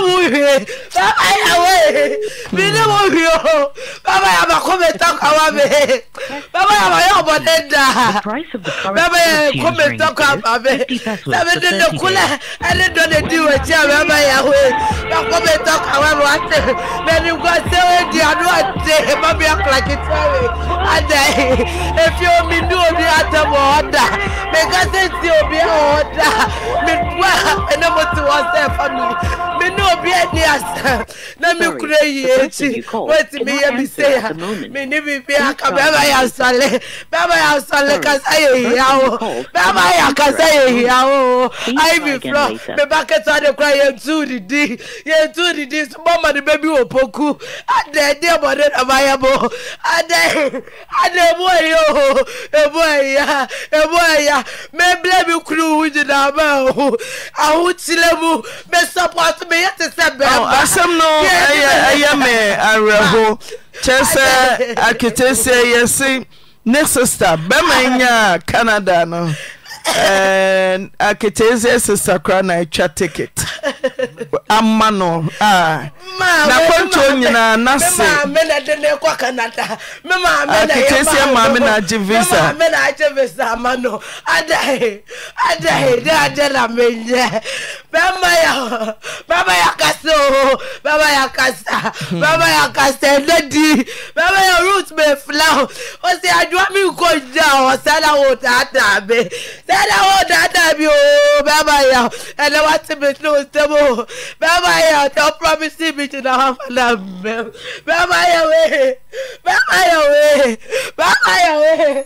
Speaker 1: wù hìé bẹẹma yà wọ yìí wù hìé o bẹẹma yà bà mi tọ́ kàwá mi bẹẹma yà wà yà ọbọ dé dà bẹẹbẹ yẹ kọmẹtọ kọ àbàbẹ bẹẹbẹ dídé kulẹ ẹni dọ de di wọ tí a bẹẹbẹ yà wọ yẹ bẹ kọmẹtọ kọ àwọn ẹnu wa tẹ
Speaker 7: bẹẹni nkọ sẹwẹ di àdó àti mami akọlaki sẹwẹ ada yìí efi omi ní omi àtẹmọ ọdà mẹka sẹsì omi ẹ ọdà mẹdùá ẹnẹmọtì wọn sẹ fami me no obi ani asa (laughs) na me kura yi ekyi wait me yɛ bi se ya me ni bi bi aka bɛɛba yɛ asɔle
Speaker 1: bɛɛba yɛ asɔle kasa yɛ hia o bɛɛba yɛ kasa yɛ hia o ayi bi fura ba ketewa de kura yɛ ntu didi yɛ ntu didi bɔ ma de bɛbi poku adɛ de bɔ de na ba yɛ bo adɛ ebu eyi o ebu eyi ebu eyi ya me mi kuru hu gyina ama ehu ahu tile mu me support. asɛm no ɛyɛ me
Speaker 2: awerɛho kyɛrɛ sɛ (laughs) aketeseɛ yɛ se ne systa bɛma ɛnyaa canada no aketeezie uh, eze koraa na atwa ticket ama no ah. nakwanto nyinaa na se
Speaker 1: aketeesie ah, maame na agye visa baba yakasa o baba yakasa baba yakasa ẹnẹ di baba yẹ root may flower o sì àjọ mi kò jà ọ̀sán àwọn òtá tà mí. dada wo oh, dada mi o bẹẹma yà ẹnẹ wa ti mi ní o tẹ mo bẹẹma yà ọtẹ promise mi ti na wọn fana mẹ bẹẹma yà wẹ bẹẹma yà wẹ bẹẹma yà wẹ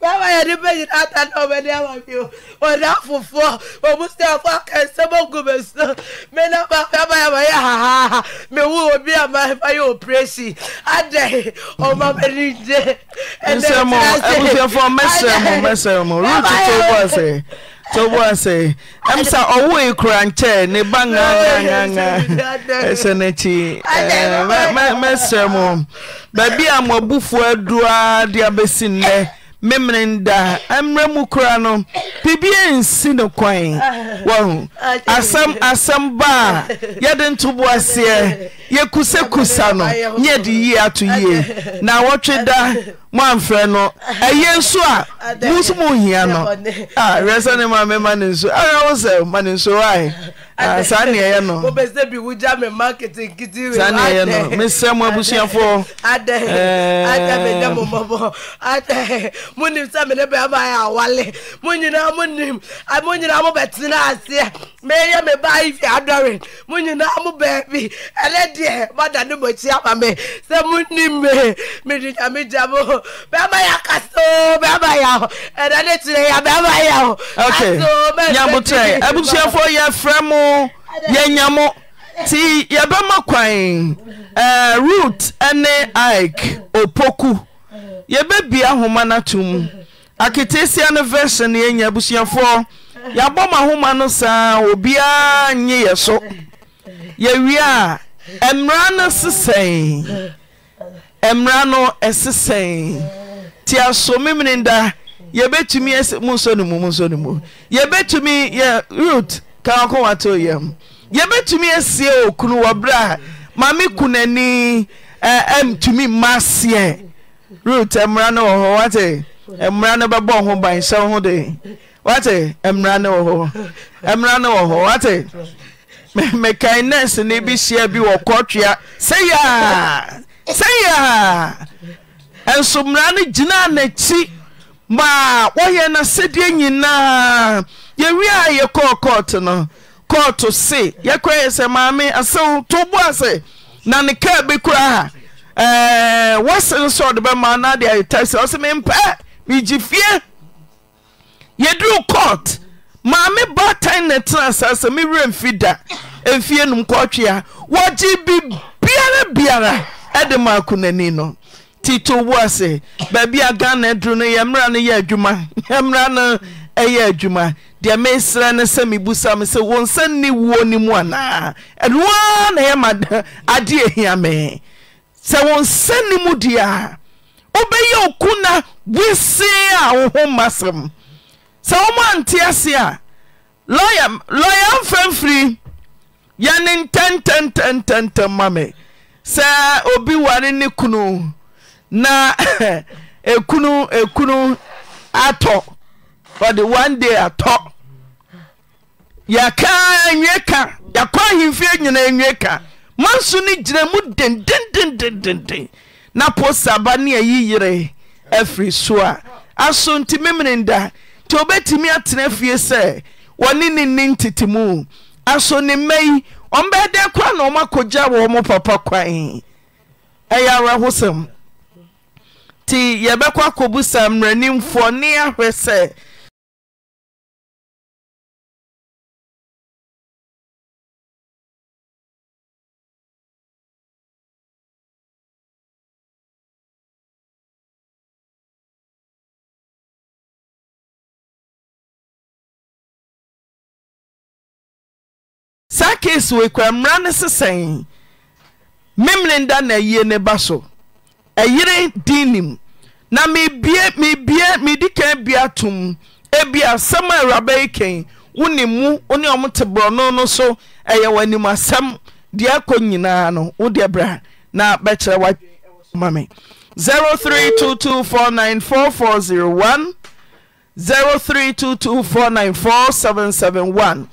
Speaker 1: bàbá yẹn ní méjì láta náà ọmọ ẹni àwọn mi o ọ̀dà fùfọ́ òmùsí ọ̀fọ́ akẹ́sẹ́mọ́gùn mi sọ mi náà bá bàbá yẹn wọ̀ yẹ hahaha mi wú omi àmà ẹ̀fọ́ yóò pírẹ́sì adẹ ọmọ mi ní jẹ ẹ̀dẹ̀ ẹ̀dẹ̀
Speaker 2: to bɔ ase ɛm sɛ ɔwo yi kura nkyɛ ne ba ŋaŋaŋaŋa ɛsɛ n'akyi ɛɛ mɛsrɛ mo baabi a mo abufuo adua de abɛsi nnɛ memene ndaa mmerɛ mu koraa no biribia nsi no kwan wɔho ah, asɛm asɛm ah, ba a yɛde ntoboaseɛ yɛkusakusa no ah, nyɛ de yie ato yie na wɔtwe da mo amfrɛ no ɛyɛ nso a mu so mu hia no werɛ sɛ ne ma mema ne nsu ara wo sɛ ma ne nsu ae saa na ɛyɛ no
Speaker 1: wobɛsɛ bi wogya me market nkiti saa na ɛyɛ no
Speaker 2: mesɛ mo abusuafoɔ
Speaker 1: adɛ adɛ menya mo mmɔbɔ adɛ monim sɛ mene bɛma yɛ awale mo nyinaa monim mo nyinaa mobɛtena aseɛ meyɛ me ba ifi adɔre mo nyinaa mo baabi ɛnɛ deɛ mada ne mɔkyi ama me sɛ monim me mede nyamegya mo bɛma yɛ
Speaker 2: akasoo bɛma yɛ o ɛnɛ ne kyerɛ yɛ bɛma yɛ o okay nyabotrɛ abusuafoɔ yɛfrɛ mo mo yɛnya mo nti yɛbɛma kwan eh, root ɛne ike opoku yɛbɛbia ahoma no ato mu aketesia no version yɛanya abusuafoɔ yɛabɔ ma ahoma no saa obiara nye yɛ so yɛwie a mmara no sesɛe mmara no ɛsesɛe nti asomemene da yɛbɛtumi mu nso ne mu mu nso ne mu yɛbɛtumi yɛ root ka wɔkɔwatoyam yɛbɛtumi asie ɔ kunu wɔberɛ a ma me kunani mtumi mmaseɛ rut mmara ne wɔ hɔ wate mmara ne bɛbɔ ho ban hyɛ wo ho de wate mmara ne wɔ
Speaker 3: hɔ
Speaker 2: mmara ne wɔ hɔ wate mekae nɛs ne bi hyia bi wɔ kɔtwea sɛyɛa sɛyɛa ɛnso mmara no gyinaa n'akyi ma wɔyɛ na sɛdeɛ nyinaa yɛwi a yɛkɔɔ kort no koto se yɛk yɛ sɛ maame se to boa s nanka bkra wsensɛde ɛma ndetas ɔsmempɛ megyi fie yur maammwfdamfent gye biiara biara de maako nani no ti to boa sɛ baabi agane durno yɛ mmera no yɛ adwuma (laughs) ymera no ɛyɛ adwuma deɛ mesrɛ no sɛ mebusa me sɛ wo nsa nni wuo no mu anaa ɛnoaa na yɛma (laughs) adeɛ hia me sɛ wo nsa nni mu deɛ a wobɛyɛ oku na wesee a wo ho mmasɛm sɛ woma ante ase a lɔya mfamfiri yɛne ntɛntɛntɛntɛntɛm ma me sɛ obi ware ne kunu na (laughs) ekunu ekunu atɔ ɔde one day atɔ yɛka nwie ka yɛkɔ ahemfie nyina nwie ka manso no gyina mu dendendendenden na po saba ne ayi yere afiri so a aso nti memenenda nti obɛtumi atena fie sɛ wɔne ne nni mu aso ne mma yi ɔmbɛɛ dɛn koraa na ɔmakɔgya wɔ mo papa kwan ɛyɛ awerɛhosɛm nti yɛbɛkɔ akɔbu sa
Speaker 3: mmaranimfoɔ ne ahwɛ sɛ kase weikwa mmara ne sesɛne me
Speaker 2: menenda na ayie ne ba so ɛyere din nim na meebe medi kan bi atom bi asɛm a awurabɛyɛ kan wonim mu wo ne ɔmte borɔno no so ɛyɛ w' animasɛm deɛ akɔ nyinaa no wo deɛ berɛ a na bɛkyerɛ woaoma me 0322494401 0322494 771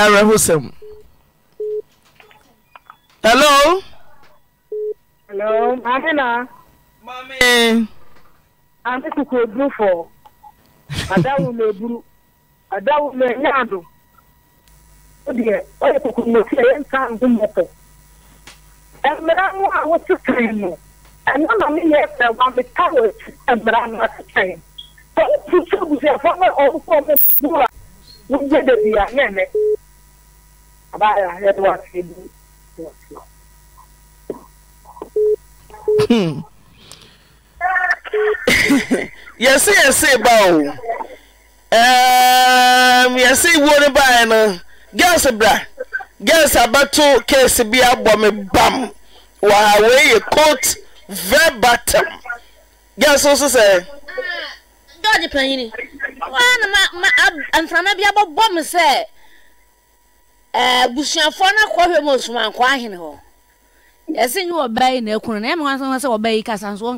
Speaker 2: ara ho hello. hello maame na. maame. maame kuku eburu fɔ adawu na eburu
Speaker 8: adawu na nyaadu o deɛ ɔyɛ kuku na ofi ɛyɛ nsa ndu mɔkɔ mmerɛ no a wote kan no ɛno na me yɛ sɛ wa meta wɔ akyi mmerɛ no ate kan sɛ wotu sɛ busuafoɔ no ɔwofɔ mo bu a wogye da bi a ne ɛnɛ Hmm.
Speaker 3: (laughs)
Speaker 2: yɛse yɛsei ba o yɛse wuo no baɛ no gis bra gis abɛto case bi abɔ me ba m wɔaweiyɛ coate ve batom gise so
Speaker 5: sɛ ah, abusuafoɔ eh, no akɔ mu
Speaker 8: nsomankɔ ahene hɔ yɛse nye ɔbaa na ekunu na ɛma sɛ kasa nso asam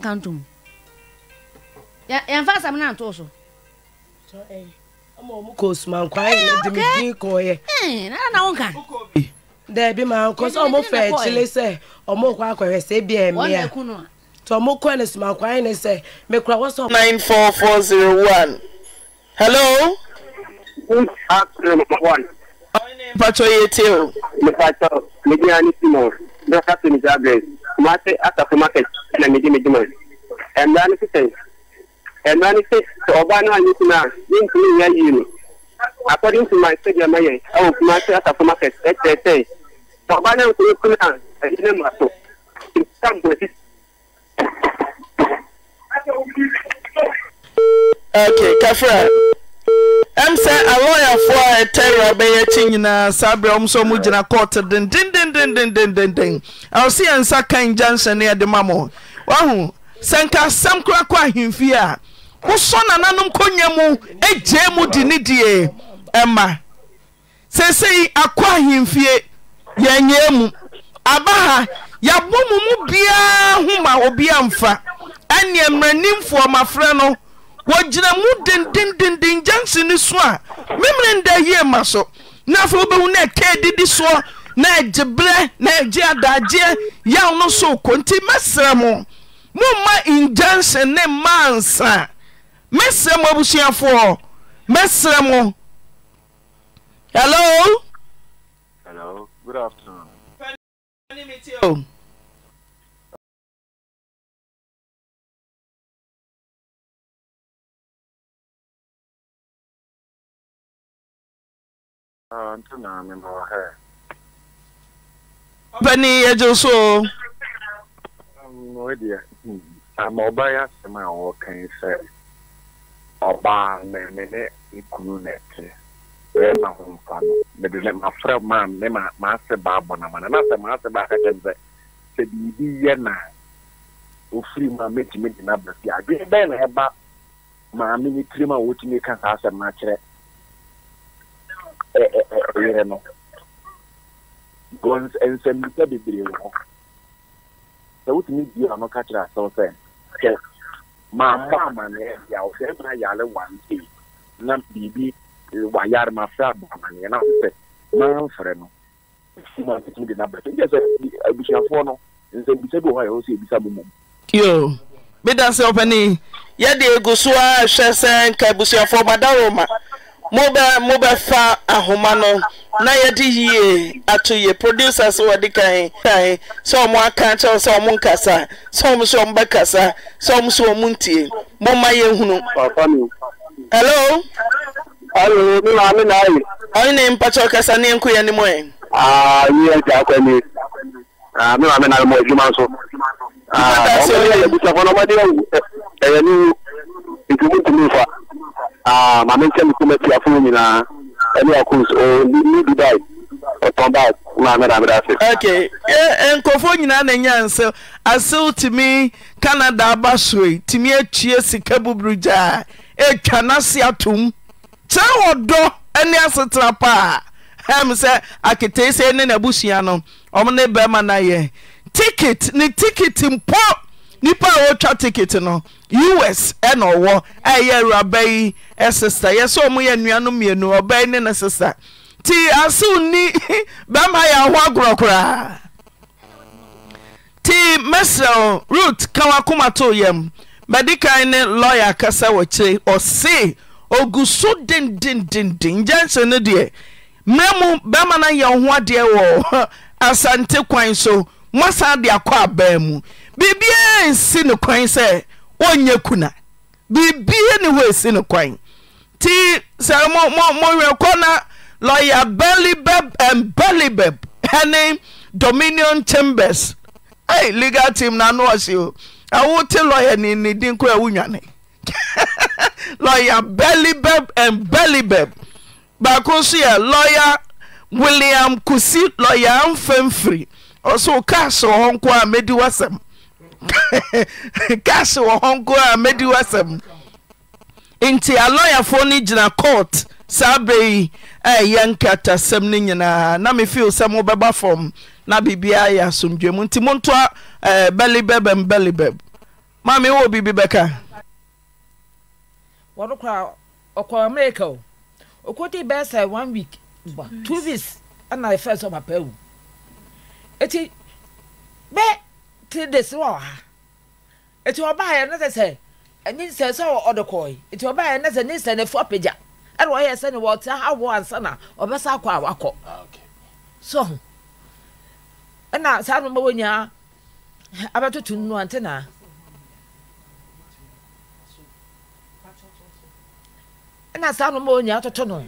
Speaker 8: eh, eh, na so. na
Speaker 1: sɛ ɔmo fɛ akyire sɛ ɔmo kɔ akɔhwɛ sɛ ebi ɛmia
Speaker 8: tɔ
Speaker 1: ɔmo kɔ ne somankɔ ahene sɛ
Speaker 2: mekura wɔsɔ. nine four four zero one hello. one. mpatsɔ ye te o. mipatsɔ medi
Speaker 8: ani simon dɔkita toni jabre maa se asafo market ɛna medi medi ma
Speaker 7: ɛnura ni sisan ɛnura ni se ɔba naa yi kuna ne ntumi yɛ yi no according to my study ɛmɛ yɛ ɛwɔ kuma se asafo market ɛtɛɛtɛ ɔba
Speaker 8: naa nkuni kuna ɛdi ne mu aso nta mbɔ sisi.
Speaker 2: Okay, Kafra. ɛm sɛ alɔyafoɔ a ɛtɛwera bɛyɛ akyi nyinaa saa berɛ ɔm sɛ mu gyina kɔɔte dendendendendendenden ɛwɔsɛ yɛ nsa kan gya nhyɛne ɛde ma mɔ wahu sɛ nka asɛm kora kɔ ahemfie a wosɔ nananom kɔnya mu agyee mu di ne die ɛma seesei wɔgyina mo dendenenden inyansen no so a memene nda yie ma so naafo wobɛhu ne ɛkɛ didi soɔ na agyeberɛ na agye adaagyeɛ yaw no so wkɔ nti mɛsrɛ mo momma ingyansen ne mansaa mɛsrɛ mo abusuafoɔ mɛsrɛ mo
Speaker 3: alo Penny, I just saw.
Speaker 4: No idea. I'm all
Speaker 7: by us, and my work can say. Ọba mmemme ikunu n'ete wee ma ho mfa no mede ne mafrɛ ma ne maase ba abɔ na ma na nasɛ maase ba akɛkyɛ m sɛ sɛ biribi yɛ na ofiri mu a mɛtumi de n'abrɛ fi adwene bɛn na ɛba maame ne tirim a wɔtumi ka saa asɛm no akyerɛ ɔyere no nsɛmnika bebree wɔ hɔ sɛ wotumi di ano ka kyerɛ asɛw sɛ hwɛ
Speaker 9: mammɔ amanneɛ bia wo sɛ ɛmena yare wante
Speaker 7: na biribi wayare mafrɛ abɔ amanneɛ na wo sɛ mamfrɛ no ma tumi de nabɛtɛ gyɛ sɛ
Speaker 3: abusuafoɔ no
Speaker 7: nsɛmbisa bi wɔ hɔ a yɛwɔ sɛ ɛbisa mo mom
Speaker 3: yo meda
Speaker 2: sɛ ɔpɛni yɛde egu so a hwɛ sɛ nka abusuafoɔ madaroma mobɛfa ahoma no na yɛde yie ato yie producer sɛ wɔde kan kan so ɔmo aka nkasa so ɔmo sɛ ɔmo bɛkasa sɛ ɔmo sɛ ɔmo ntie ha yɛhunu hello hello mi mi yi. kasa ni mo
Speaker 7: aa ja akɔ mi mi na ɔmo adi ɛyɛ ha Ah, ma ne nkyɛn nkɔmɔ ti afɔ
Speaker 2: nyinaa ɛne ɔkò so ne dubai ɔtɔn bag na amena amena ase. ok nkɔfo nyinaa na nya nsew asew tumi canada aba soe tumi atue sika buburu gyaa etwa n'ase atom kyerɛ wɔ dɔ ɛne asetena paa ɛm sɛ akete sɛ ne no ɔmo ne bɛrima na yɛ ticket ne ticket mpọ. nipa a wotwa ticket no us ɛna ɔwɔ ɛyɛ awuraba yi sista yɛsɛ ɔmo yɛ nnuanom mmienu ɔbɛ ne ne sista nti asew nni (laughs) bɛima yɛ aho agorɔ koraa nti mɛsrɛw root kawa wakomatoo yam mɛde kan ne lɔyer kasa wɔkyire ɔse ogu so dendendenden ngyanhyɛ no deɛ mmerɛ mu bɛima no yɛ ho adeɛ wɔ (laughs) asante kwan so moasa de akɔ abaa mu biribia nsi no kwan sɛ wɔnyɛ kuna biribia ne hɔ ɛsi no kwan nti sɛ mowerɛ kɔ na lɔya bellybeb and bellybeb ɛne dominion chambers ei legal team na nano ɔhye o awote lɔya ni ne din koraa wonwane (laughs) lɔya bellybeb and bellybeb baako nso yɛ lɔya william kusi lɔya mfamfiri ɔso kase wɔ hɔ nko a mɛdi w'asɛm kase (laughs) wɔ hɔ nko a mɛdi w'asɛm nti alɔyafoɔ no gyina saa yi no nyinaa na mefio sɛ mobɛba fam na biribiaa yɛ asomdwemu nti montoa bɛlebɛbɛm bɛlebɛb ma mewɔ biribi bɛka
Speaker 5: wɔno kora ɔkɔ america o one week two weeks sɛ eti bɛ three days wa wɔ ha eti ɔbaayɛ ne sɛ sɛ ɛne nsɛ sɛ ɔde yi eti ɔbaayɛ ne sɛ ne nsɛ n'efu apagya ɛna ɔyɛ sɛ ne wɔte awo ansa na ɔbɛsa akɔ ah, a wakɔ so ɛna saa no ma wɔ nyinaa abɛtoto nnu ante ɛna saa no ma wɔ nyinaa no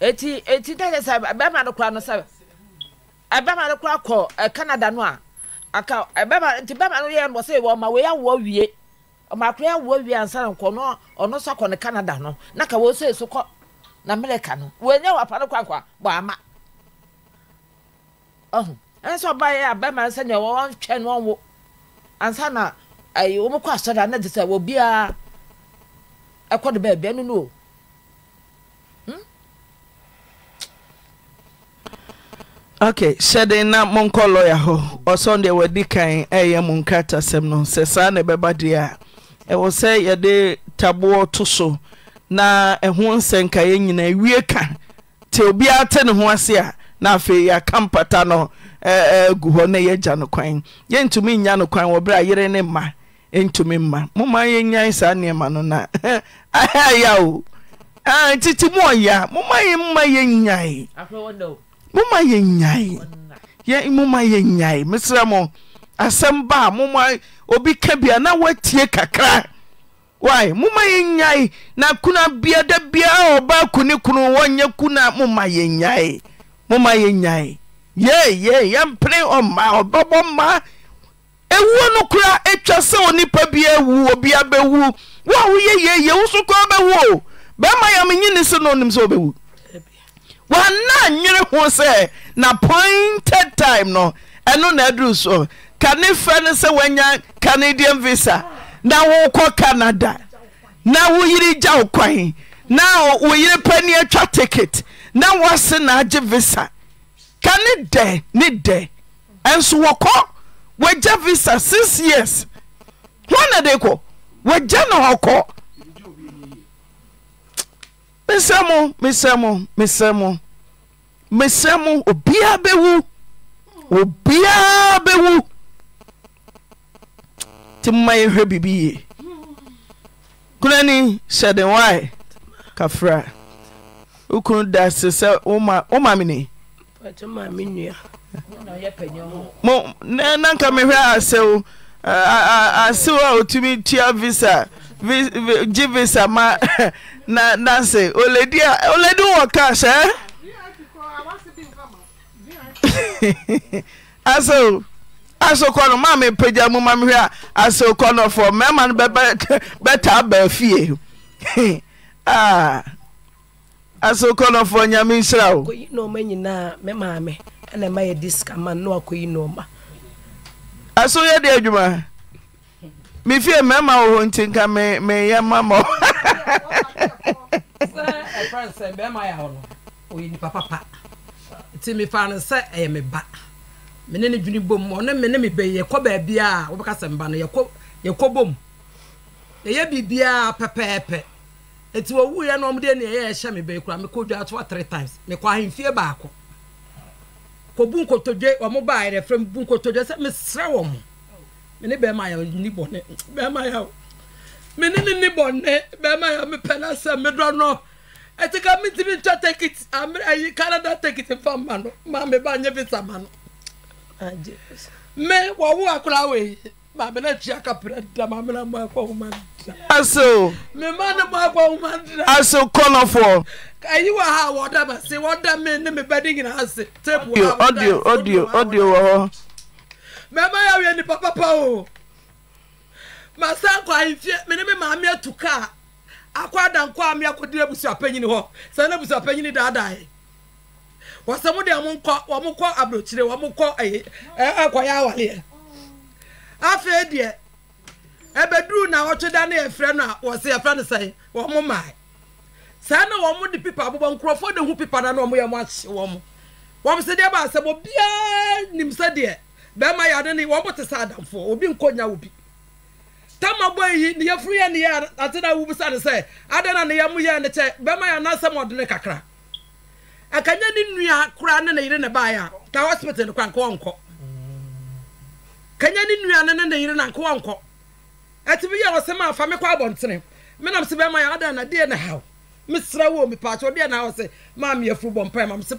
Speaker 5: eti eti dɛ sɛ bɛrima no kora no sɛ. ɛbɛma no kora kɔ ɛ eh, canada no a aka ɛbɛma nti bɛma no yɛ mbɔ sɛ wɔ ma wɔyɛ awɔ wie ɔma akora yɛ awɔ wie ansa no nkɔ no ɔno so akɔ ne canada no na ka wɔn so esu kɔ na america no wɔnyɛ wɔ apa no kora kɔ a bɔ ama ɔho ɛn sɛ ɔbaa yɛ abɛma sɛ nea wɔn twɛ no ɔnwo ansa na ɛyɛ eh, wɔn kɔ asɔre a de sɛ wɔ biara ɛkɔ de baabi ɛno no o.
Speaker 2: ok hyɛden na monkɔ lɔya hɔ ɔsɔn deɛ wadi kan ɛyɛ mo nkratasɛm no sɛ saa na ɛbɛba deɛ a ɛwɔ e sɛ yɛde taboɔ to so na ɛho e nsɛnkaeɛ nyinaa ewie ka obiara te ne e, ho ase a na afei yɛaka mpata no gu hɔ na yɛagya no kwan yɛntumi no kwan wɔ berɛ a yere ne mma mma saa nneɛma no na ayɛ (laughs) o ah, titi mu ɔya moma yɛ mma yɛnyae moma yɛ nyae moma yɛ nyae mesrɛ mo asɛm ba a moma obi ka bia na woatie kakra wy moma yɛ nyae na kuna biada biara ɔba ko kunu wɔnyɛ kuna moma yɛ nyae moma yɛ nyae yeye yɛmpere ɔma ɔbɔbɔ ma ɛwuo no kora atwa sɛ onipa bia awu obia bɛwu wo a woyɛ yeye wo so koraa bɛwu o bɛima yɛ menyine se no onim sɛ wobɛwu wɔana nnwere ho sɛ na pointed time no ɛno na aduru so kane frɛ no sɛ woanya canadian visa na wokɔ canada na wo yere gyawo kwan na wo yere pani atwa ticket na woase naagye visa kane ne dɛ ne dɛ ɛnso wɔkɔ wɔagya visa six years ho na de kɔ wɔagya na wɔkɔ mesɛmo mesɛ m mesɛ m mesɛ m obia bɛw obia bɛwu ti moma yɛhwɛ birbiye konaani sɛ den w kafra wokun da se sɛwoma
Speaker 1: meninaka
Speaker 2: mehwɛ ase asew a otumi tua vsagye visa ma (laughs) na nancy oledi a oledi wɔ cash eh? (laughs) aso aso kɔnɔ maa mi pagya mu maa mi hwɛ a aso kɔnɔfoɔ mɛɛma no bɛ bɛta abɛɛ fie aa (laughs) ah, aso kɔnɔfoɔ nyame nhyira o. kò
Speaker 1: yi nɔɔma nyinaa mɛ maame ɛna ɛma yɛ di sika
Speaker 2: ma no akɔ yi nɔɔma. aso yɛ de adwuma mi fie mɛɛma wɔ hɔ nti nka mi mi yɛ ma ma o. (laughs)
Speaker 7: sɛ ɛfrɛ sɛ bɛrima yɛ hɔ no ɔyɛ nipa papa nti mefa no sɛ ɛyɛ me ba mene ne dwene bom ɔne me ne me bɛ yɛkɔ baabi a wobɛka sɛ mba no yɛkɔ yɛkɔ bom yɛyɛ biribiaa pɛpɛɛpɛ nti wɔwuiɛ no ɔmde ne ɛyɛ ɛhyɛ me bɛi kora mekɔ dwa toa three times mekɔ ahemfie baako kɔbu nkotodwe ɔmo baayɛ dɛ frɛ m bu nkotodwe sɛ mesrɛ wɔ mo mene bɛrima yɛ ni bɔne bɛrima yɛ mene ne ne bɔnne bɛrima yɛ mepɛ no sɛ medɔ no ɛti ka metumi ntwa ticket ayi canada ticket mfa ma no ma meba nyɛ visa ma no ah, me wɔwo akora wei maame na tia kapra da maame na mu akɔ homa da aso me ma ne mo akɔ homa da aso kɔnɔfoɔ ayi wɔ ha wɔda ma se wɔda me ne me bɛ de nyinaa ase tape wɔ ha wɔda ɔdio
Speaker 2: ɔdio ɔdio wɔ hɔ
Speaker 7: mɛma yɛ awie nipa papa o masan kɔ ahemfie mene me maame atu kaa akɔ adankɔ a me akɔdi abusuapanyini hɔ sɛ na abusuapanyini daadaeɛ wɔsɛ mo deɛ monkɔ wɔmo kɔ aburokyire wɔmo kɔ ɛyɛ ɛkɔyɛ awaleɛ afei deɛ ɛbɛduru na wɔtwe da ne yɛfrɛ no a wɔsɛ yɛfrɛ no sɛ wɔmo maae saa na wɔn de pipa abobɔ nkurɔfoɔ de ho pipa na na wɔn yɛ mo ahye wɔn wɔn sɛ deɛ baasa bɔ biara nim sɛ deɛ bɛrima yɛ ade ne wɔn te sɛ adamfoɔ obi nkɔ nya obi tama bɔ yi ne yɛfuru yɛ ne yɛ ate na awubisa ne sɛ ade na ne yɛ mu yɛ ne kyɛ bɛma yɛ anasɛm ɔde ne kakra akanya ne nua koraa ne ne yere ne baa yɛ ta hospital kora nkɔ nkɔ kanya ne nua ne ne ne yere na nkɔ nkɔ ɛte bi yɛ ɔsɛm a fa me kɔ abɔntene me nam se bɛma yɛ ade na deɛ ne haw mesrɛ wo me paakyɛ ɔdeɛ na wɔ sɛ maa me yɛfuru bɔ mpae ma me se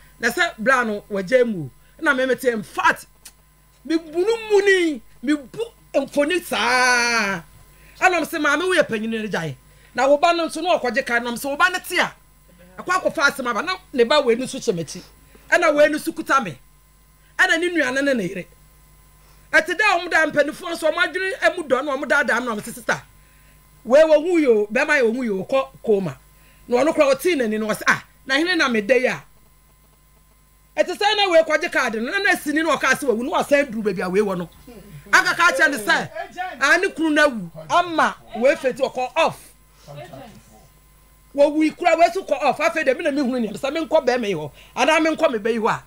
Speaker 7: na sɛ bra no wɔgya mu na mɛmɛ te mfat mebunu mu ni mebu mfoni saa ɛnam sɛ maame woyɛ panyini no gyae na wo ba no nso na ɔkɔgye ka nam sɛ wo ba no te a akɔ akɔfa asɛm aba na ne ba wei no so hyɛ m'akyi ɛna wei no kuta me ɛna ne nuane ne ne yere ɛte dɛ ɔmo da mpanimfoɔ nso ɔmo adwene ɛmu dɔ no ɔmo da da no ɔmo sisi ta wei wɔ hu yi o bɛrima yɛ wɔ hu yi o kɔ kooma na ɔno koraa ɔtee n'ani na ɔsɛ ah na hene na me da yi a ete sɛ na wei kɔgye kaade no na sini na ɔkaa sɛ wawu na wasan duru baabi a wee wọ no aka ka kyerɛ ne sɛ ane kunu no awu ama wei fɛti ɔkɔ off wɔwu kura wei so kɔ mi afei deɛ mena mehunu neɛ sɛ menkɔ bɛɛma yi hɔ anaa menkɔ mebɛ yi hɔ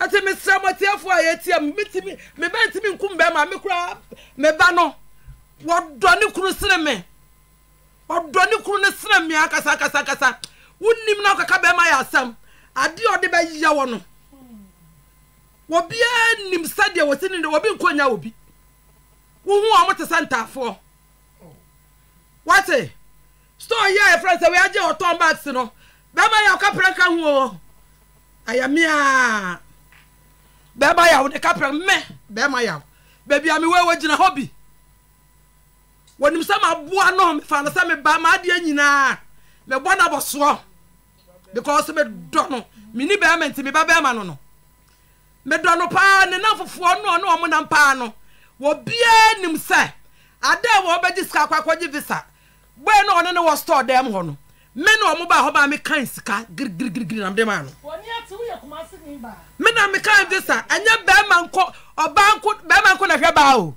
Speaker 7: a sịrị m. mesrɛ mɔtiafoɔ a yɛtia m metimi mebɛntimi nkum bɛɛma me kura meba no wɔdɔ ne kunu sene me ɔdɔ ne kunu ne sene me akasakasakasa wonim na ɔkaka bɛɛma yɛ asɛm adeɛ ɔde bɛyɛ wɔ no wɔbiaa nim sɛdeɛ wɔsi ne wɔbi nkɔnya wɔ obi wohu a ɔmote sɛ ntaafoɔ wate store yi a yɛfrɛ sɛ wɔagye ɔtɔn bags no bɛɛma yɛ ɔka prɛ ka ho o ɛyɛ meaa bɛɛma yaw de ka prɛ mɛ bɛɛma yaw baabi a mewɔ wɔgyina hɔ bi wɔnim sɛ maboa no mefa no sɛ meba maadeɛ nyinaa na no abɔsoɔ because me dɔ no me ni bɛrima nti me ba bɛrima no no me dɔ no paa ne nan fofoɔ no ɔno ɔmo nam paa no wɔ bia nim sɛ ade a wɔn bɛgye sika akɔ akɔgye visa bɔyɛ no ɔno ne wɔ store dɛm hɔ no me na ɔmo ba hɔ ba me kan sika girigirigiri nam de ma no. mi na me kan visa ɛnyɛ bɛrima nko ɔbaa nko bɛrima nko na hwɛ baa o.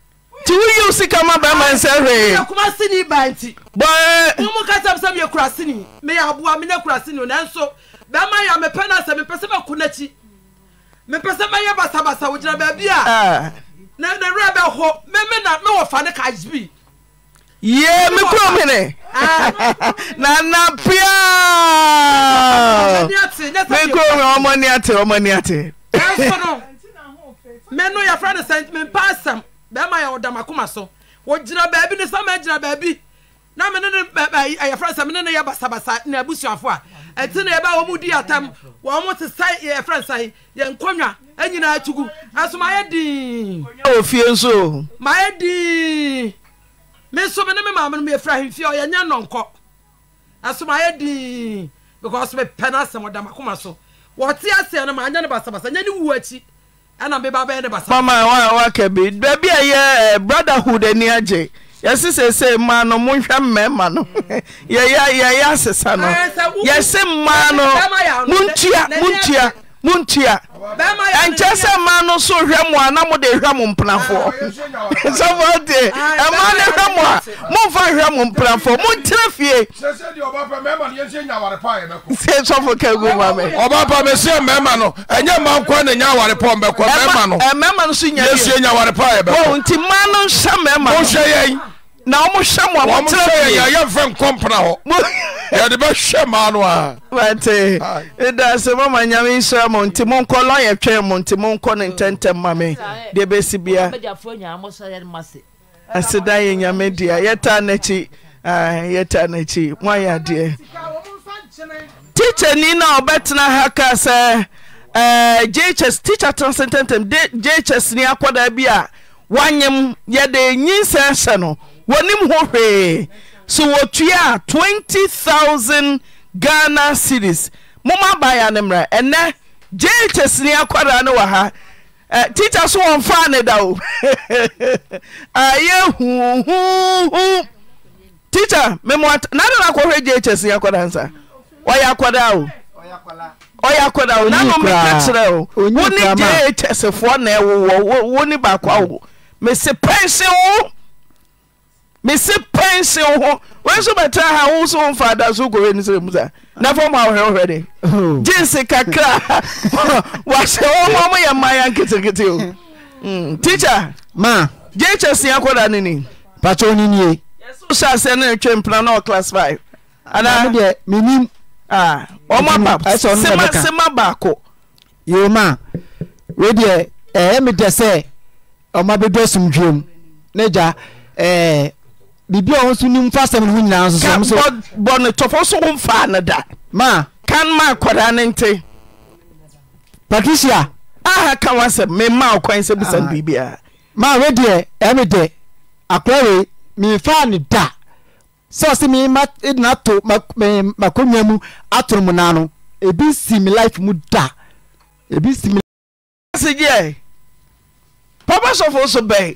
Speaker 7: ti woyɛ wo sikama bama nsɛ ekma seni ba ntimu ka tɛm sɛmeyɛ kura seni meyɛ aboa menya kora seni onso bɛmayamepɛ nsɛ mepɛ sɛ bɛko naki mepɛ sɛ mɛyɛ basabasawogyina baabia n werɛ bɛhɔ n mewɔ fa ne kajebi ye me kro mene nanapa me no yafrane mepɛ asɛm bɛma yɛɔdama koma so wɔgyina baabi ne sa mɛgyina baabi na fɛnsa mene n yɛ basabasa nebsuafo a tine yɛbɛ ɔ mdi atam ɔ m te sɛe frɛnsae yɛnkwa nyinaa saɛeɛ i esmn memamo yɛfraemfie ɛnyɛ nnɔnkɔ so ayɛ i because mepɛne asɛm ɔdama koma so wɔte aseano maanyano basabasayɛnewu ma waka
Speaker 2: bi daabi a yɛ brotherhood ani agye yɛse seese maa no monhwɛ mma ma no (laughs) yɛyɛ asesa no yɛse mmaa no mon montua montua ɛnkyɛ sɛ ma no so hwɛ mo a na mode hwɛ mo mpenafoɔ sɛfo tie ɛma no
Speaker 7: hwɛ mo a momfa
Speaker 9: hwɛ mo mpenafoɔ montena fie sɛ sɔfo ka gu ma me ɔbapa mesɛ mmarima no ɛnyɛ ma nkoa na nya aware pɔ mbɛkɔ mmarima no mmarima no so nyayesie nyawarepa yɛbɛkɔ nti ma
Speaker 7: no nhyɛ
Speaker 2: mmarima no yɛn ɔmhyɛ moaɛ ahyeɛɛ das mama nyame nhyia mɔ nti mo nkɔ ɔyɛ twɛ mɔnti mo nkɔ ne ntɛntɛm mame deɛbɛsibia aseda yɛ nyamdia yɛankiyɛnki m ayɛeɛ tka nina ɔbɛtena haka sɛ eh, jhs tkha tense tɛntɛm jhesni akɔdaa bi a wonyem yɛde nyinsɛ syɛ no wɔnim ho hwɛe sɛ wɔtua a 20000 ghana ceries moma bayɛ ne mmra ɛnɛ gye kyɛsenea kadaa ne wha eh, tekhe so wɔ faa ne da (laughs) wo ayɛ h teka aanokɔhɛ gyekɛsnea dan sɛyɛ kɔdnnmeka kyerɛo wone ye kɛsefoɔ newowɔ woni baka wo mesi pɛnsye wo mesi pɛnsin ho wɔn nso bɛtɛ ha wɔn nso nfa da so kɔ wɔn nsa mu sa nafa mu ahɔhɔhɔ de oh. jeans kakra (laughs) wahyɛ wɔn a wɔyɛ mmaayewa nketenkete o hmm, tikya ma jhs yɛn akɔda ne ni. pàtó ni nie. yẹsùn sọ asẹ ní ẹtwẹ mpana náà class five. ana mi deɛ mi ni. ɔmɔ ba sema sema baako. yorùbá wei deɛ ɛɛ mi dɛ sɛ ɔmɔ bɛ dɔ sumdwem ne gya ɛɛ. Bibi a ɔho so nim fa asɛm no nyinaa nso so bɔ ne tɔfo so wo mfaa da ma kan ma akwadaa ne nte patricia aha ka wo asɛm memma ɔkwan sɛ bisa no ah. biribiaa ma we deɛ ɛme dɛ akora wei memfaa ne da sɛ ɔsɛ mena to makonnwa mu atoro mu naa ebi si me life mu da ebi si me. ɛsɛ gyeɛ papa sɔfo so bɛn.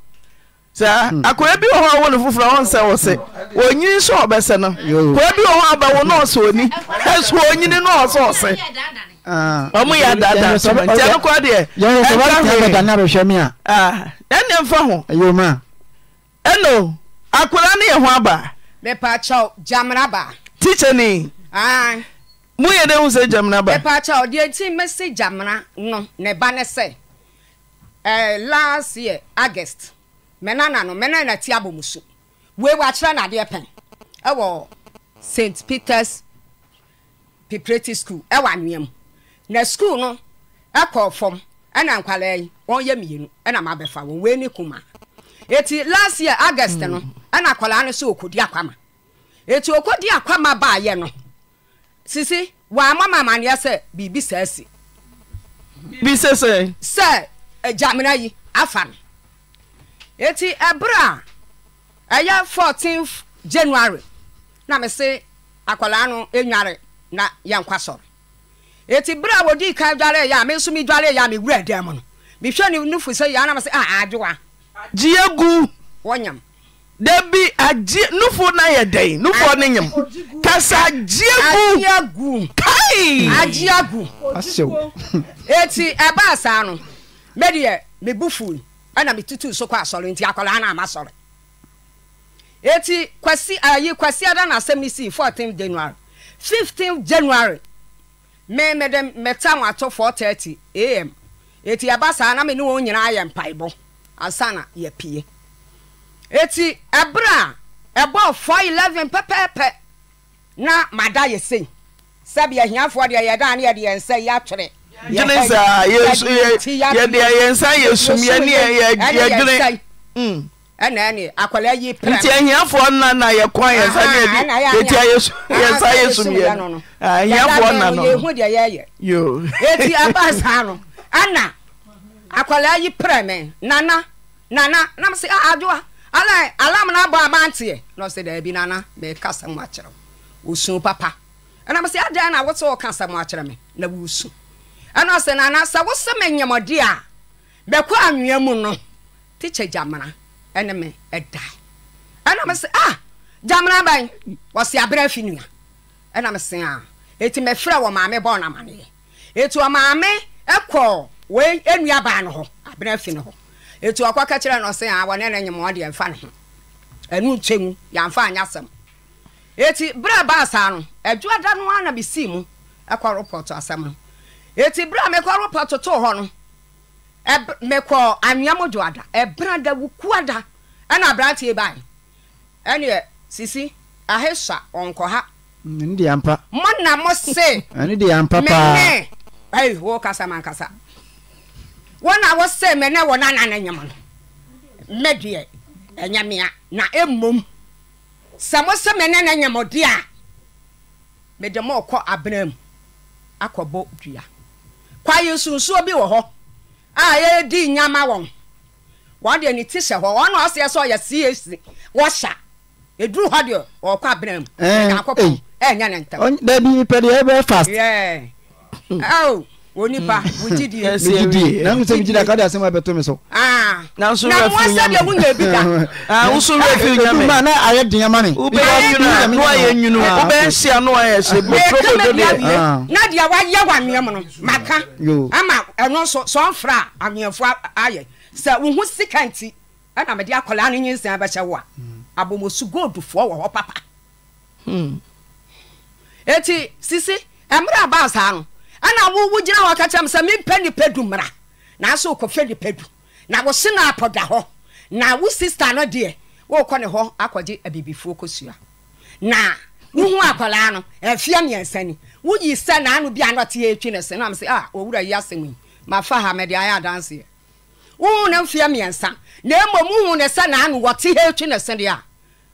Speaker 2: saa hmm. akwadaa bi wɔ hɔ a wɔn foforɔ wɔn nsa wɔ se wɔnyini nso ɔbɛsɛ no akwadaa bi wɔ hɔ a bɛwɔ nɔɔso oni ɛso onyini nɔɔso ɔse wɔn ah. yɛ adaadaa so nti ɛno kora deɛ ɛka hwee ɛnna ah, nfa ho ɛnno akwadaa no yɛ ho aba. bɛpɛ akyɛw
Speaker 8: gyamra ba. tikya ni. mu yɛ dɛ hun sɛ gyamra ba. bɛpɛ akyɛw deɛ ti mɛ se no ne ba ne sɛ eh, last year august. mena na no mena na ti abom so wei wakyerɛ nadeɛ pɛn ɛwɔ st peters preparatory school ɛwɔ anwea mu na school no ɛkɔɔ fam ɛna nkwalaa yi wɔn yɛ mmienu ɛna ma bɛfa wɔn wee ne kuma eti last year august no hmm. ɛna akwadaa no so di akwama eti di akwama baa yɛ no sisi wɔn amama amaneɛ sɛ biribi sɛ ɛsi. bi sɛ sɛ. sɛ gyamina yi afa no eti ebere a ɛyɛ 14 january na mese akwadaa no enware na yɛn nkwa sɔrɔ eti bere a wodi kan dware yɛ a me nso mi dware yɛ a me wura dan mu no mehwɛ ne nufu sɛ yɛ anam sɛ a adwowa.
Speaker 2: gyeɛ gu. wɔnyam. dabi agye nufu na yɛ dɛn nufu ne nyam kasa agye gu kai agye gu.
Speaker 8: asew. eti ɛbaa saa no mɛ deɛ me bu fuu. ɛna metutu so kɔ asɔre nti akwaraa na ama sɔre eti kwasi ayi kwasi ada na asɛm si fourteen january fifteen january mee mee de meta wɔn ato four thirty am eti ɛba saa na me ne wɔn nyinaa yɛ mpaebɔ ansa yɛ pie eti ɛbrɛ a ɛbɔ four eleven pɛpɛɛpɛ na mada yɛ sei sɛbi ahiafoɔ deɛ yɛda ne yɛde yɛn nsa yi atwere.
Speaker 2: enstiaf
Speaker 8: nanyɛayi prɛaaa alamena b amante d ka sɛmakyerɛapa anawos oka sɛmakyrɛm n ɛna na nana sɛ wosɛm anyamɔde a bɛkɔ anwia mu no tikya gyamena ɛne me ɛdae ɛna me sɛ ah gyamena bɛn wɔse aberɛ afi nua ɛna me se a ah, wɔ maame etu maame ɛkɔ baa no hɔ ah, no hɔ ɔkɔ no a mfa ho mu no no na mesii mu ɛkɔ repɔt eti berɛ a mekɔ ropa totoo hɔ no mekɔ anwea ada ɛbena da woku ada ɛna aberanteɛ bae ɛneɛ sisi ahesua ɔnkɔha mɔna mo se
Speaker 2: mene
Speaker 8: wo kasa mankasa wɔna wo mene wɔ no na ɛmmom sɛ mo se mene na nyamɔdeɛ a mede abena mu dua kwae nsuosuo bi wɔ hɔ a yɛdi nyama wɔn wɔn deɛ ne ti hyɛ hɔ wɔn na ɔsɛ sɛ ɔyɛ cac wɔhyɛ eduru hɔ deɛ ɔkɔ abena mu
Speaker 2: ɛɛ ɛnyɛ ne ntɛm. baabi pɛ deɛ ɛbɛ fast.
Speaker 8: ɛɛ ɛɛ o onipa wigidie wigidie na nso wigidie akadi
Speaker 2: asem abɛto mi so.
Speaker 8: na nso wura fi nyame na wọn sẹbi ewu na nso wura fi nyame na na
Speaker 2: ayɛ diɲɛ ma ni. ube yɛ nyunu anu ayɛ nyunu ube n si anu ayɛ se bo troko do de. Ah. na
Speaker 8: deɛ wa yɛ wa miɛ mu no ma ka ama ɛno nso sɔn fira amiɛfo ayɛ sɛ ohun sika nti ɛna mɛ de akɔla ni nyi nsɛn abɛkyɛ wa hmm. abomosu goodu fo wɔ hɔ papa. Hmm. eti sisi ɛmira abaa saa no. ana wowogyina hɔ ka kyerɛ m sɛ mempɛ nnipa du mmara nanso wokɔfɛ nnipa du na wose no apɔda hɔ na wo sista no deɛ wowokɔ ne hɔ akɔgye abibifoɔ kɔsua na wohu akɔlaa no afia mmiɛnsa ni woyi sɛ naano na ɔte yɛtwi ne se sɛ a ah, ɔwura yi asɛm yi mafa ha mɛde ayɛ adanseɛ wohu ne mmiɛnsa na mmom wohu ne sɛ naano wɔte ne se deɛ a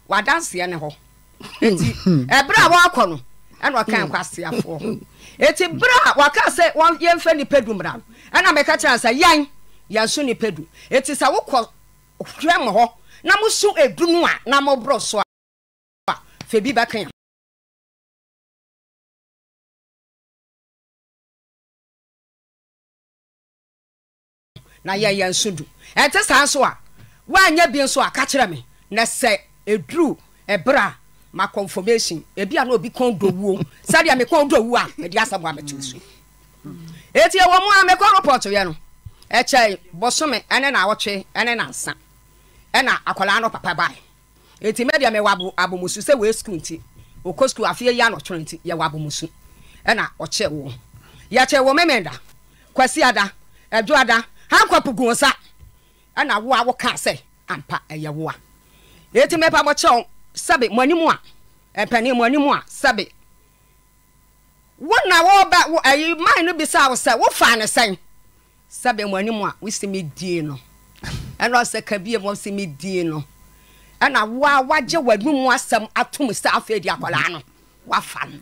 Speaker 8: wadanseɛ ne hɔ
Speaker 3: (laughs)
Speaker 2: nti
Speaker 3: ɛberɛ
Speaker 8: a wɔakɔ no ɛna eti berɛ a waka sɛ yɛmfa nnipa du mmara no ɛna mɛka kyerɛ sɛ yɛn yɛnso nnipa du ɛti sɛ wokɔ
Speaker 3: hwɛ ma hɔ na moso ɛdu no a na moborɔ so a fɛ bi bɛka ya na yɛ yɛnso du ɛnte saa nso a
Speaker 8: woanyɛ bi nso a ka kyerɛ me na sɛ ɛduru ɛberɛ a ma confirmation ebi a na obi kɔn do wuo sɛdeɛ mi kɔn do wuo a mɛ di asam wa mɛ so eti ɛwɔ mu a mɛ kɔn report yɛ no ɛkyɛ bɔsɔmi ɛne na awɔtwe ɛne na nsa ɛna akwadaa no papa baa eti mɛ deɛ mɛ wɔ abo abomusu sɛ wɔyɛ sukuu nti okɔ sukuu afei yɛ anɔtɔn nti yɛ wɔ abomusu ɛna ɔkyɛ wɔn yɛkyɛ wɔn mɛmɛ da kwasi ada ɛdwo ada hankɔpu gu ɛna wo a kaa sɛ ampa ɛyɛ wo a eti mɛ Sabi mo anim a e, mpanin mo anim a sɛbe wɔn na wɔreba wɔ ɛyi e, man no bi sa awosɛ wofa ne sɛn sɛbe mo anim a wosi mi die no ɛna ɔsɛ kabie mo si mi die e, no ɛna wa wagye w'anum asɛm atum sɛ afei di akwadaa no wafa no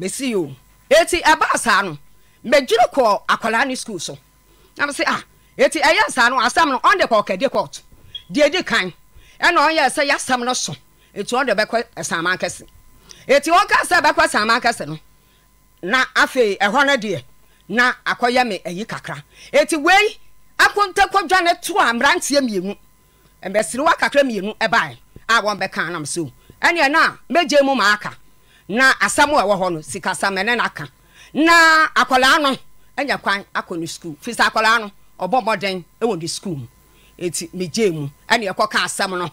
Speaker 8: besi o eti ɛbaa saa no mɛdwiri kɔ akwadaa ne sukuu so na mo sɛ ah eti ɛyɛ saa no asɛm no ɔn de kɔ kɛde kɔɔto deɛ di kan. ɛna ɔyɛ sɛ yɛasɛm no so ɛti ɔde bɛkɔ asaaman kɛse ɛti ɔka sɛ bɛkɔ asaaman kɛse no na afei ɛhɔ no deɛ na akɔyɛ me ayi kakra ɛti wei akontakɔdwa ne to a mmeranteɛ mmienu mbɛsiriwa kakra mmienu ɛbae a wɔn bɛka nam so ɛneɛ na mɛgye mu ma aka na asɛm a ɛwɔ hɔ no sikasɛm ɛne n'aka na akwadaa no anya kwan akɔ ne sukuu fisa akwadaa no ɔbɔ mmɔden ɛwɔ ne sukuu mu eti megye mu ɛna yɛkɔ ka asɛm no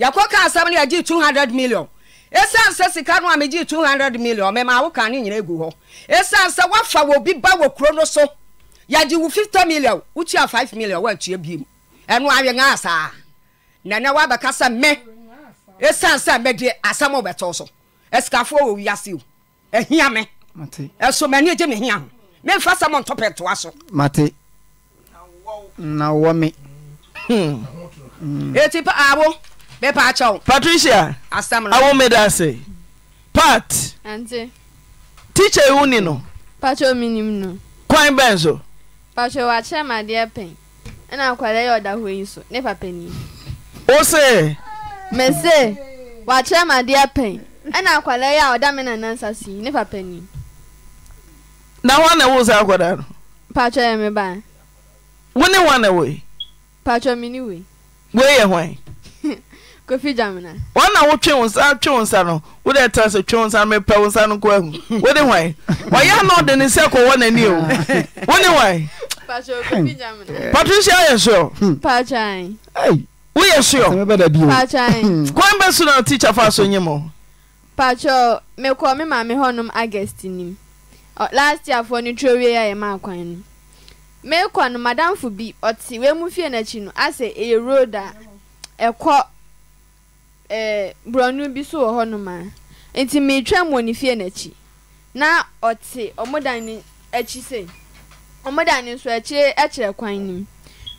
Speaker 8: yɛkɔ ka asɛm no yɛgye two hundred million esan sɛ sika no a megye two hundred million mɛma awo kan ne nyinaa egu hɔ esan sɛ wafa wo bi ba wo kuro no so yɛgye wo fifty million wotua five million wɔatua biem ɛno ayɛ ŋa saa nana wabɛka sɛ mɛ esan sɛ mɛ deɛ asɛm ɔbɛtɔ so ɛsikafoɔ wɔ wiase o ɛhia mɛ ɛso mɛ ani egye mi hia ho mɛ nfa sɛ mo ntɔpɛ toa so. mate na wɔ mi.
Speaker 2: Hmm. eti awo bɛpɛ akyɛw patricia awo meda ase pat tikha wo ni no kwan bɛn so wo se
Speaker 4: mese wakyerɛ madeɛ pɛn ɛna akwada yi a ɔda me nanansa si ne papa ni. na
Speaker 2: hɔ na wo sa akwada no.
Speaker 4: mpatsɔ yɛ me ba.
Speaker 2: wo na
Speaker 4: patro mini wei wei yɛ hwan (laughs) kofi jamina
Speaker 2: wɔn na wotwe wo nsa twe wo nsa no wode tra sɛ twe wo nsa no mepɛ wo nsa no nko na ɔde ne sɛ kɔ wɔ n'ani o (laughs) wone hwan hmm. patricia yɛ sure hmm. woyɛ sure hmm. kwan na teacher fa so nye mɔ
Speaker 4: patro mekɔ me maame hɔnom agest nim last year afọ turo wie a yɛ maa mekɔ no madamfo bi ɔte wemu fie n'akyi no asɛ ɛyɛ road a ɛkɔ bi so wɔ hɔnom a nti metwam wɔ ne fie n'akyi na ɔte ɔmo dan ne akyi sɛ ɔmo dan ne nso ɛkyerɛ kwan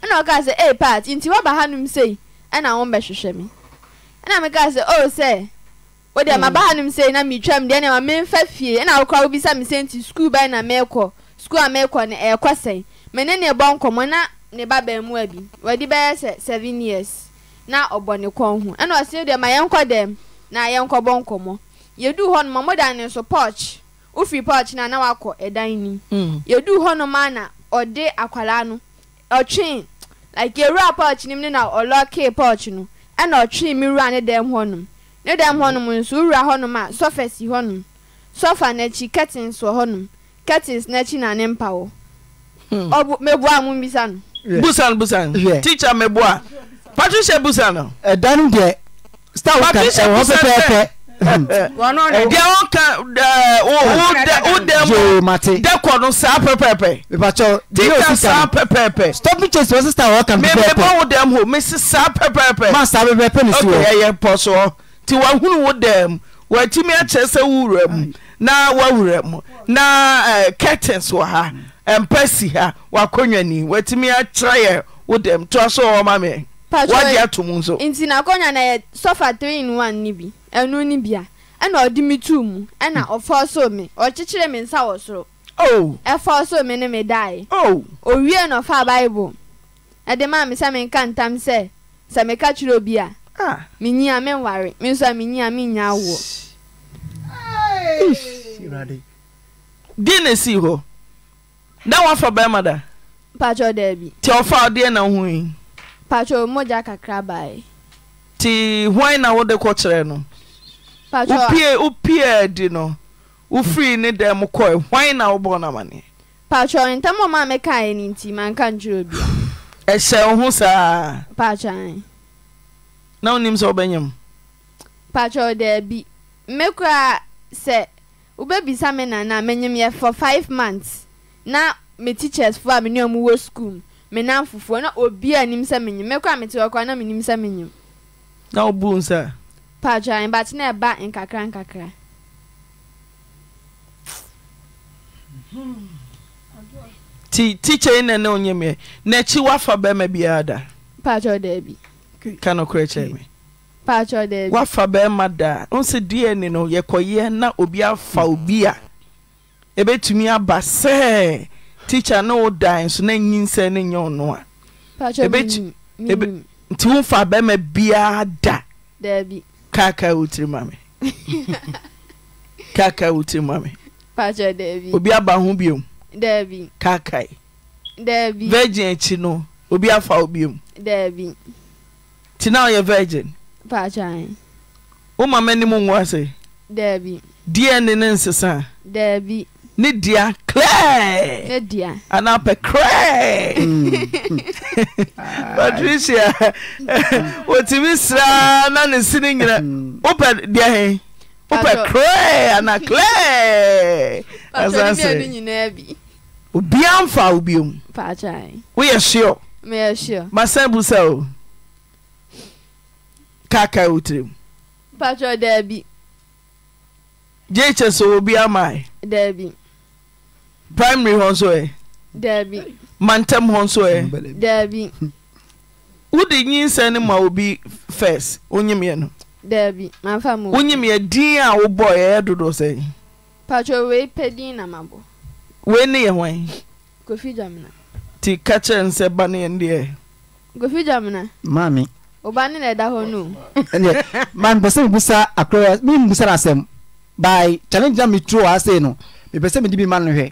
Speaker 4: ɛna ɔka sɛ ɛyɛ nti wɔba hanom ɛna wɔn bɛhwehwɛ mi ɛna meka sɛ ɔɔ oh, sɛ wɔde ɛma ba hanom na metwam deɛ ɛna ɛma memfa fie ɛna bi sa nti sukuu ban na mene ne bɔ nkɔmɔ na ne ba bɛnmua bi wɔde bɛyɛ sɛ seven years na ɔbɔ ne kɔn ho ɛna ɔsi deɛ ma yɛnkɔ dɛm na yɛnkɔ bɔ nkɔmɔ yɛduu hɔ nom ɔmo da ne so pɔɔkye wofiri pɔɔkye na na wakɔ ɛdan nim hmm. yɛduu hɔ nom na ɔde akwadaa no ɔtwe like yɛwura pɔɔkye nim ne na ɔlɔɔke pɔɔkye no ɛna ɔtwe mi wura ne dɛm hɔ nom ne dɛm hɔ nom nso wura hɔ nom a sɔfa si hɔ nom sɔfa n'akyi curtains wɔ hɔ nom curtains n'akyi na ne mpa wɔ. Hmm. Oh, mebua mo bisa no busan
Speaker 2: busan teacher mebua patricia busa no ɛda eh, eh, hmm. eh, no deɛ
Speaker 4: star woka ɛwɔ pɛpɛɛpɛ
Speaker 2: deɛ woka wodɛm dɛkɔ no saa pɛpɛɛpɛ teacher saa pɛpɛɛpɛ stop pictures wɔ sista wɔka pɛpɛɛpɛ wo dɛm ho mesi saa pɛpɛɛpɛ ma saa pɛpɛɛpɛ ne si wɔ ɛyɛ pɔ soɔ nti wahunu wo dɛm wɔatumi akyerɛ sɛ wowura mu na woawura mu na curtains wɔ ha ɛmpa si ha wakɔnwani watumi akyerɛ yɛ wo dɛm toa so wɔma me wode ato mu nso.
Speaker 4: nti nakɔnya na yɛ sɔfa 3 in 1 ne bi ɛno ne bi a ɛna ɔde me too mu ɛna hmm. ɔfɔ so me ɔkyekyere me nsa wɔ soro oh. ɛfɔ so me ne me dae oh. owie na ɔfa bible ɛde maa me sɛ menka ntam sɛ sɛ meka kyerɛ obi a ah. menyia menware me nso a menyia mennya awoɔ
Speaker 2: di ne sii hɔ dɛ wo afa baima da
Speaker 4: paat daabi ti ɔfa
Speaker 2: ɔdeɛ na wohoi
Speaker 4: patmyakakraba
Speaker 2: ti hwan na wode kɔkyerɛ nowopieadi no wofiri ne dɛ mo kɔe hwan na wobɔ no
Speaker 4: amanneɛpantmmamkaɛntimk ɛ ɛhyɛ wo ho saaa na wni sɛ wobɛmdaɛwnaɛfmnt na metkhersfoɔa mnnw skm mnaffuɔ n bia nis mymn skeiwf bmdwfa
Speaker 2: bɛrma daa s dea ni nyɛkɔɛ ni ɛbɛtumi aba sɛ teacher no wo dan so na nyinsɛ ne nyɛ ɔno a
Speaker 4: mm, mm.
Speaker 2: nti womfa bɛma biara da kaka wotirima me kaka wotirima me obi aba ho biom kakae
Speaker 4: virgin
Speaker 2: akyi no obi afa wo biom
Speaker 4: nti
Speaker 2: na woyɛ virgin
Speaker 4: woma m'anim ngo
Speaker 2: ase deɛ ne ne nsesaa ne deaanaapɛ kɛ mm. (laughs) patriia (laughs) wotumi sraa nane sine nyina woɛ dehwoɛɛ ankas obia fa wom woyɛ
Speaker 4: hewmaap
Speaker 2: sɛo kaka womgyekyɛ sɛ o biamada primary hɔ so ɛd mantɛm hɔ so ɛ wode nyin sɛ no ma wobi fis
Speaker 4: wonyimɛnowonyimɛ
Speaker 2: din a wobɔ ɛɛdodoɔ sɛɛi ne yɛ h nti ka krɛ n sɛ ba ne
Speaker 4: ɛndeɛmampɛ
Speaker 2: sɛ mesa nosɛm bai kyane gyina metuoasei no mepɛ sɛ mede bi manwɛ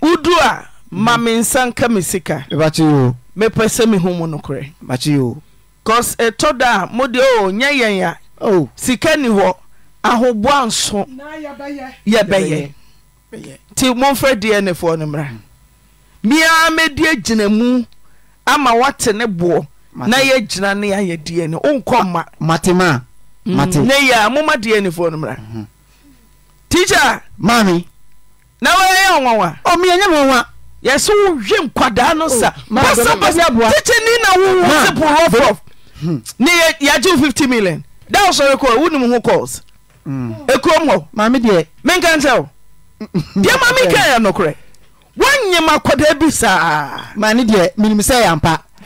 Speaker 2: wodu a ma me nsa nka me sika mepɛ sɛ me ho mu nokorɛbcause ɛtɔ da a mode o oh, nyɛ yɛn a oh. sika nni hɔ ahoboa nso yɛ bɛyɛ nti momfrɛ dianefoɔ no mra meara mɛdie gyinamu ama woate ne boɔ na yɛ gyina ne ayɛ diane wonkɔmane mm. yi a moma dianifoɔ no mra tiky a na woɛyɛ ɔwanwa ɔmeɛnyɛ me nwa yɛsɛ wohwe nkwadaa no sa basabasakyɛni na wowo se porɔfɔ ne yɛagyewo 50 million da kɔ ho hɔ maame deɛ deɛ yɛ bi saa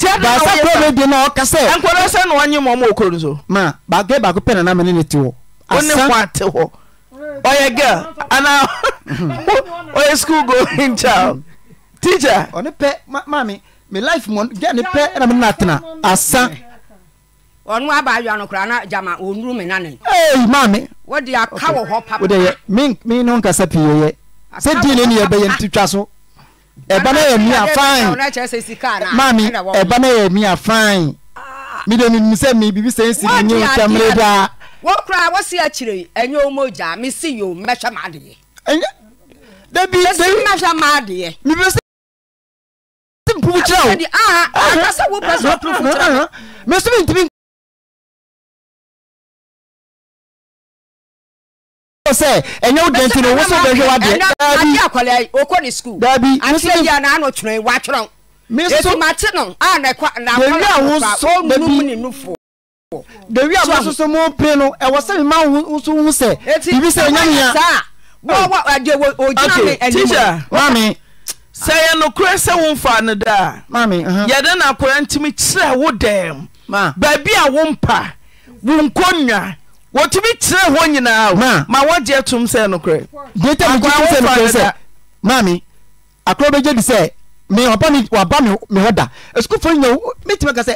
Speaker 2: deɛ sɛ baasa na ɔka nkwadaa sɛ na wanyɛ ma ɔma okuro so ma baako baako pɛ na na mene ne te hɔ asa ne ɔyɛ girl anaa (laughs) ɔyɛ school going child teacher. ɔne pɛ maami mi life mu gya ne pɛ ɛna mi natena asa.
Speaker 8: ɔno aba awia no koraa na gyama ɔnuru me nane. ee maami. wɔde aka wɔ hɔ papa. o de yɛ
Speaker 2: mi mi ne ho nkasa pii ya sɛ diin ne ya yɛ bɛyɛ ntutwa so ɛba na yɛ mia fain
Speaker 8: maami ɛba
Speaker 2: na yɛ mia fain mi de mi sɛ mi bibi sɛ
Speaker 8: wọ́n kura wọ́n si akyire ẹ̀yin ọmọ ọjà mi si yòó mẹ́hwẹ́ máa dìyẹ. ẹ̀yẹ dẹbi dẹbi mẹsi mẹ́hwẹ́ máa dìyẹ. mi bẹ sẹ ẹ
Speaker 3: ti pupu kyerẹ o. ẹni a akasa wo pẹ sọ pupu kyerẹ. mẹ sọ mi ntumi. sẹ ẹnyẹ wo dẹnti ni owó no. bẹ hwẹ wa diẹ. ẹnna adi akọlẹ okọ ni sukuu. dabi mẹsi mi ati ẹyà n'ano twerɛ wa twerɛ.
Speaker 8: mẹsi so etu ma ti no a na ẹkọ na akọlẹ ọkọ a o num
Speaker 2: ni nufu. aba a mososo mopere no ɛwɔ sɛ mema woso wu sɛ biribi sɛ ɔnyameame sɛ yɛ nokorɛ sɛ womfaa no daa uh-huh. yɛdɛ na akora ntimi kyerɛ wo dɛm baabi a wompa wo nkɔnnwa wɔtumi kyerɛ hɔ nyinaa ma wogye tom sɛ nokorɛ maame akora bɛgye di sɛ me waba mi hɔ da asukufo nya metumi ka sɛ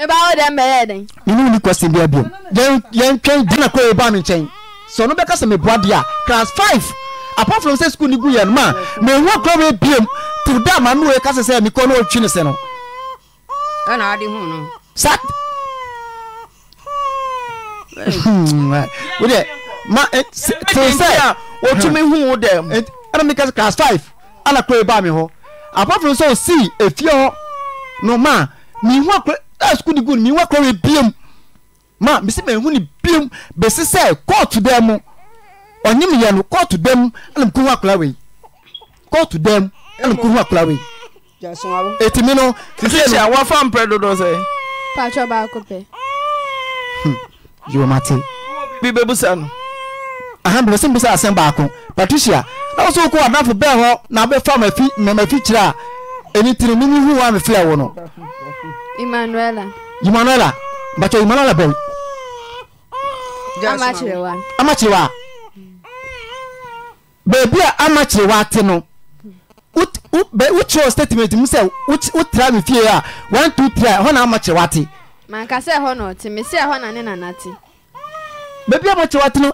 Speaker 4: mebawo dɛ mbɛyɛ dɛn.
Speaker 2: minnu ni kwasi bi abiem yɛn yɛn twɛn gana kɔ eba mi nkyɛn sɛ ɔno bɛka sɛ me bua di a class five apart from sɛ school ni gu yɛn ma mɛ n wa kura mi biem tu da ma n'o ye kasa sɛ mi kɔ n'o twi ne sɛ no.
Speaker 8: ɛna adi hun no.
Speaker 2: sa.
Speaker 4: Hmm, o
Speaker 2: de ma te sɛ o tún mi hun o dɛ. ɛna mi ka class five ala kura eba mi hɔ apart from sɛ o si efie hɔ no ma mi hun akura. scood good mewa kora biom ma mesi mahu ne biom bɛsi sɛ kɔɔto dɛn mu ɔnyem yɛ no kɔɔto dɛn mu ɛna mkohu akora wei kɔɔto dɛn mu ɛna wei ɛtumi no sisɛsɛ wafa mprɛ dodoɔ sɛ
Speaker 4: patwɛ baako pɛ
Speaker 2: yomate bi bɛbusa no ahambrɛ sɛ mbusa asɛm baako patricia na wo sɛ wokɔ wadanfo bɛɛ hɔ na wobɛfa mafi kyerɛ a ɛni tiri mene hu wa mefrɛ wo no
Speaker 4: Emanuela.
Speaker 2: Emanuela. Bacho Emanuela boy.
Speaker 4: Amachirewa.
Speaker 2: Amachirewa. Beebi a amachirewa te no. Wotwerɛ statement mu sɛ wotera me fie a one two three a hɔ na amachirewa te.
Speaker 4: Mankasa ɛhɔ na ɔte, mesia ɛhɔ na ne nana te.
Speaker 2: Beebi amachirewa te no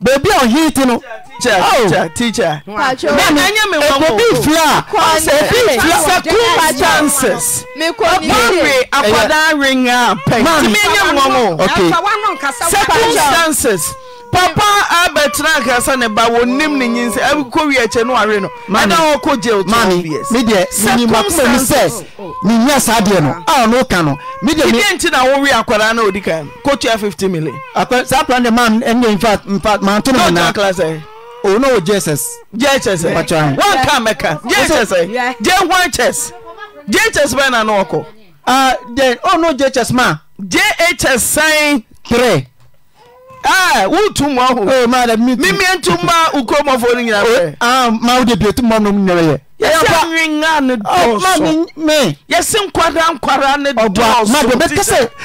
Speaker 2: beebi a ɔhene ti no ɛkobi fia
Speaker 4: ɛbi fia second chances ɔbɔnwe akwadaa renga pɛntumi nye wɔn o
Speaker 8: second chances
Speaker 2: papa abɛtena akasa ne ba wɔnim ne nyinsɛ ɛkɔ wi akyɛ no ware no ɛna ɔkɔ gye o twelve years mami deɛ menim akoma mi sɛ menyɛ saa deɛ no a ɔno ka no medeɛ me nti na wowe akwadaa na ɔdi kan kɔtua fifty million saa plan deɛ ma ɛnyɛ mfa mfa te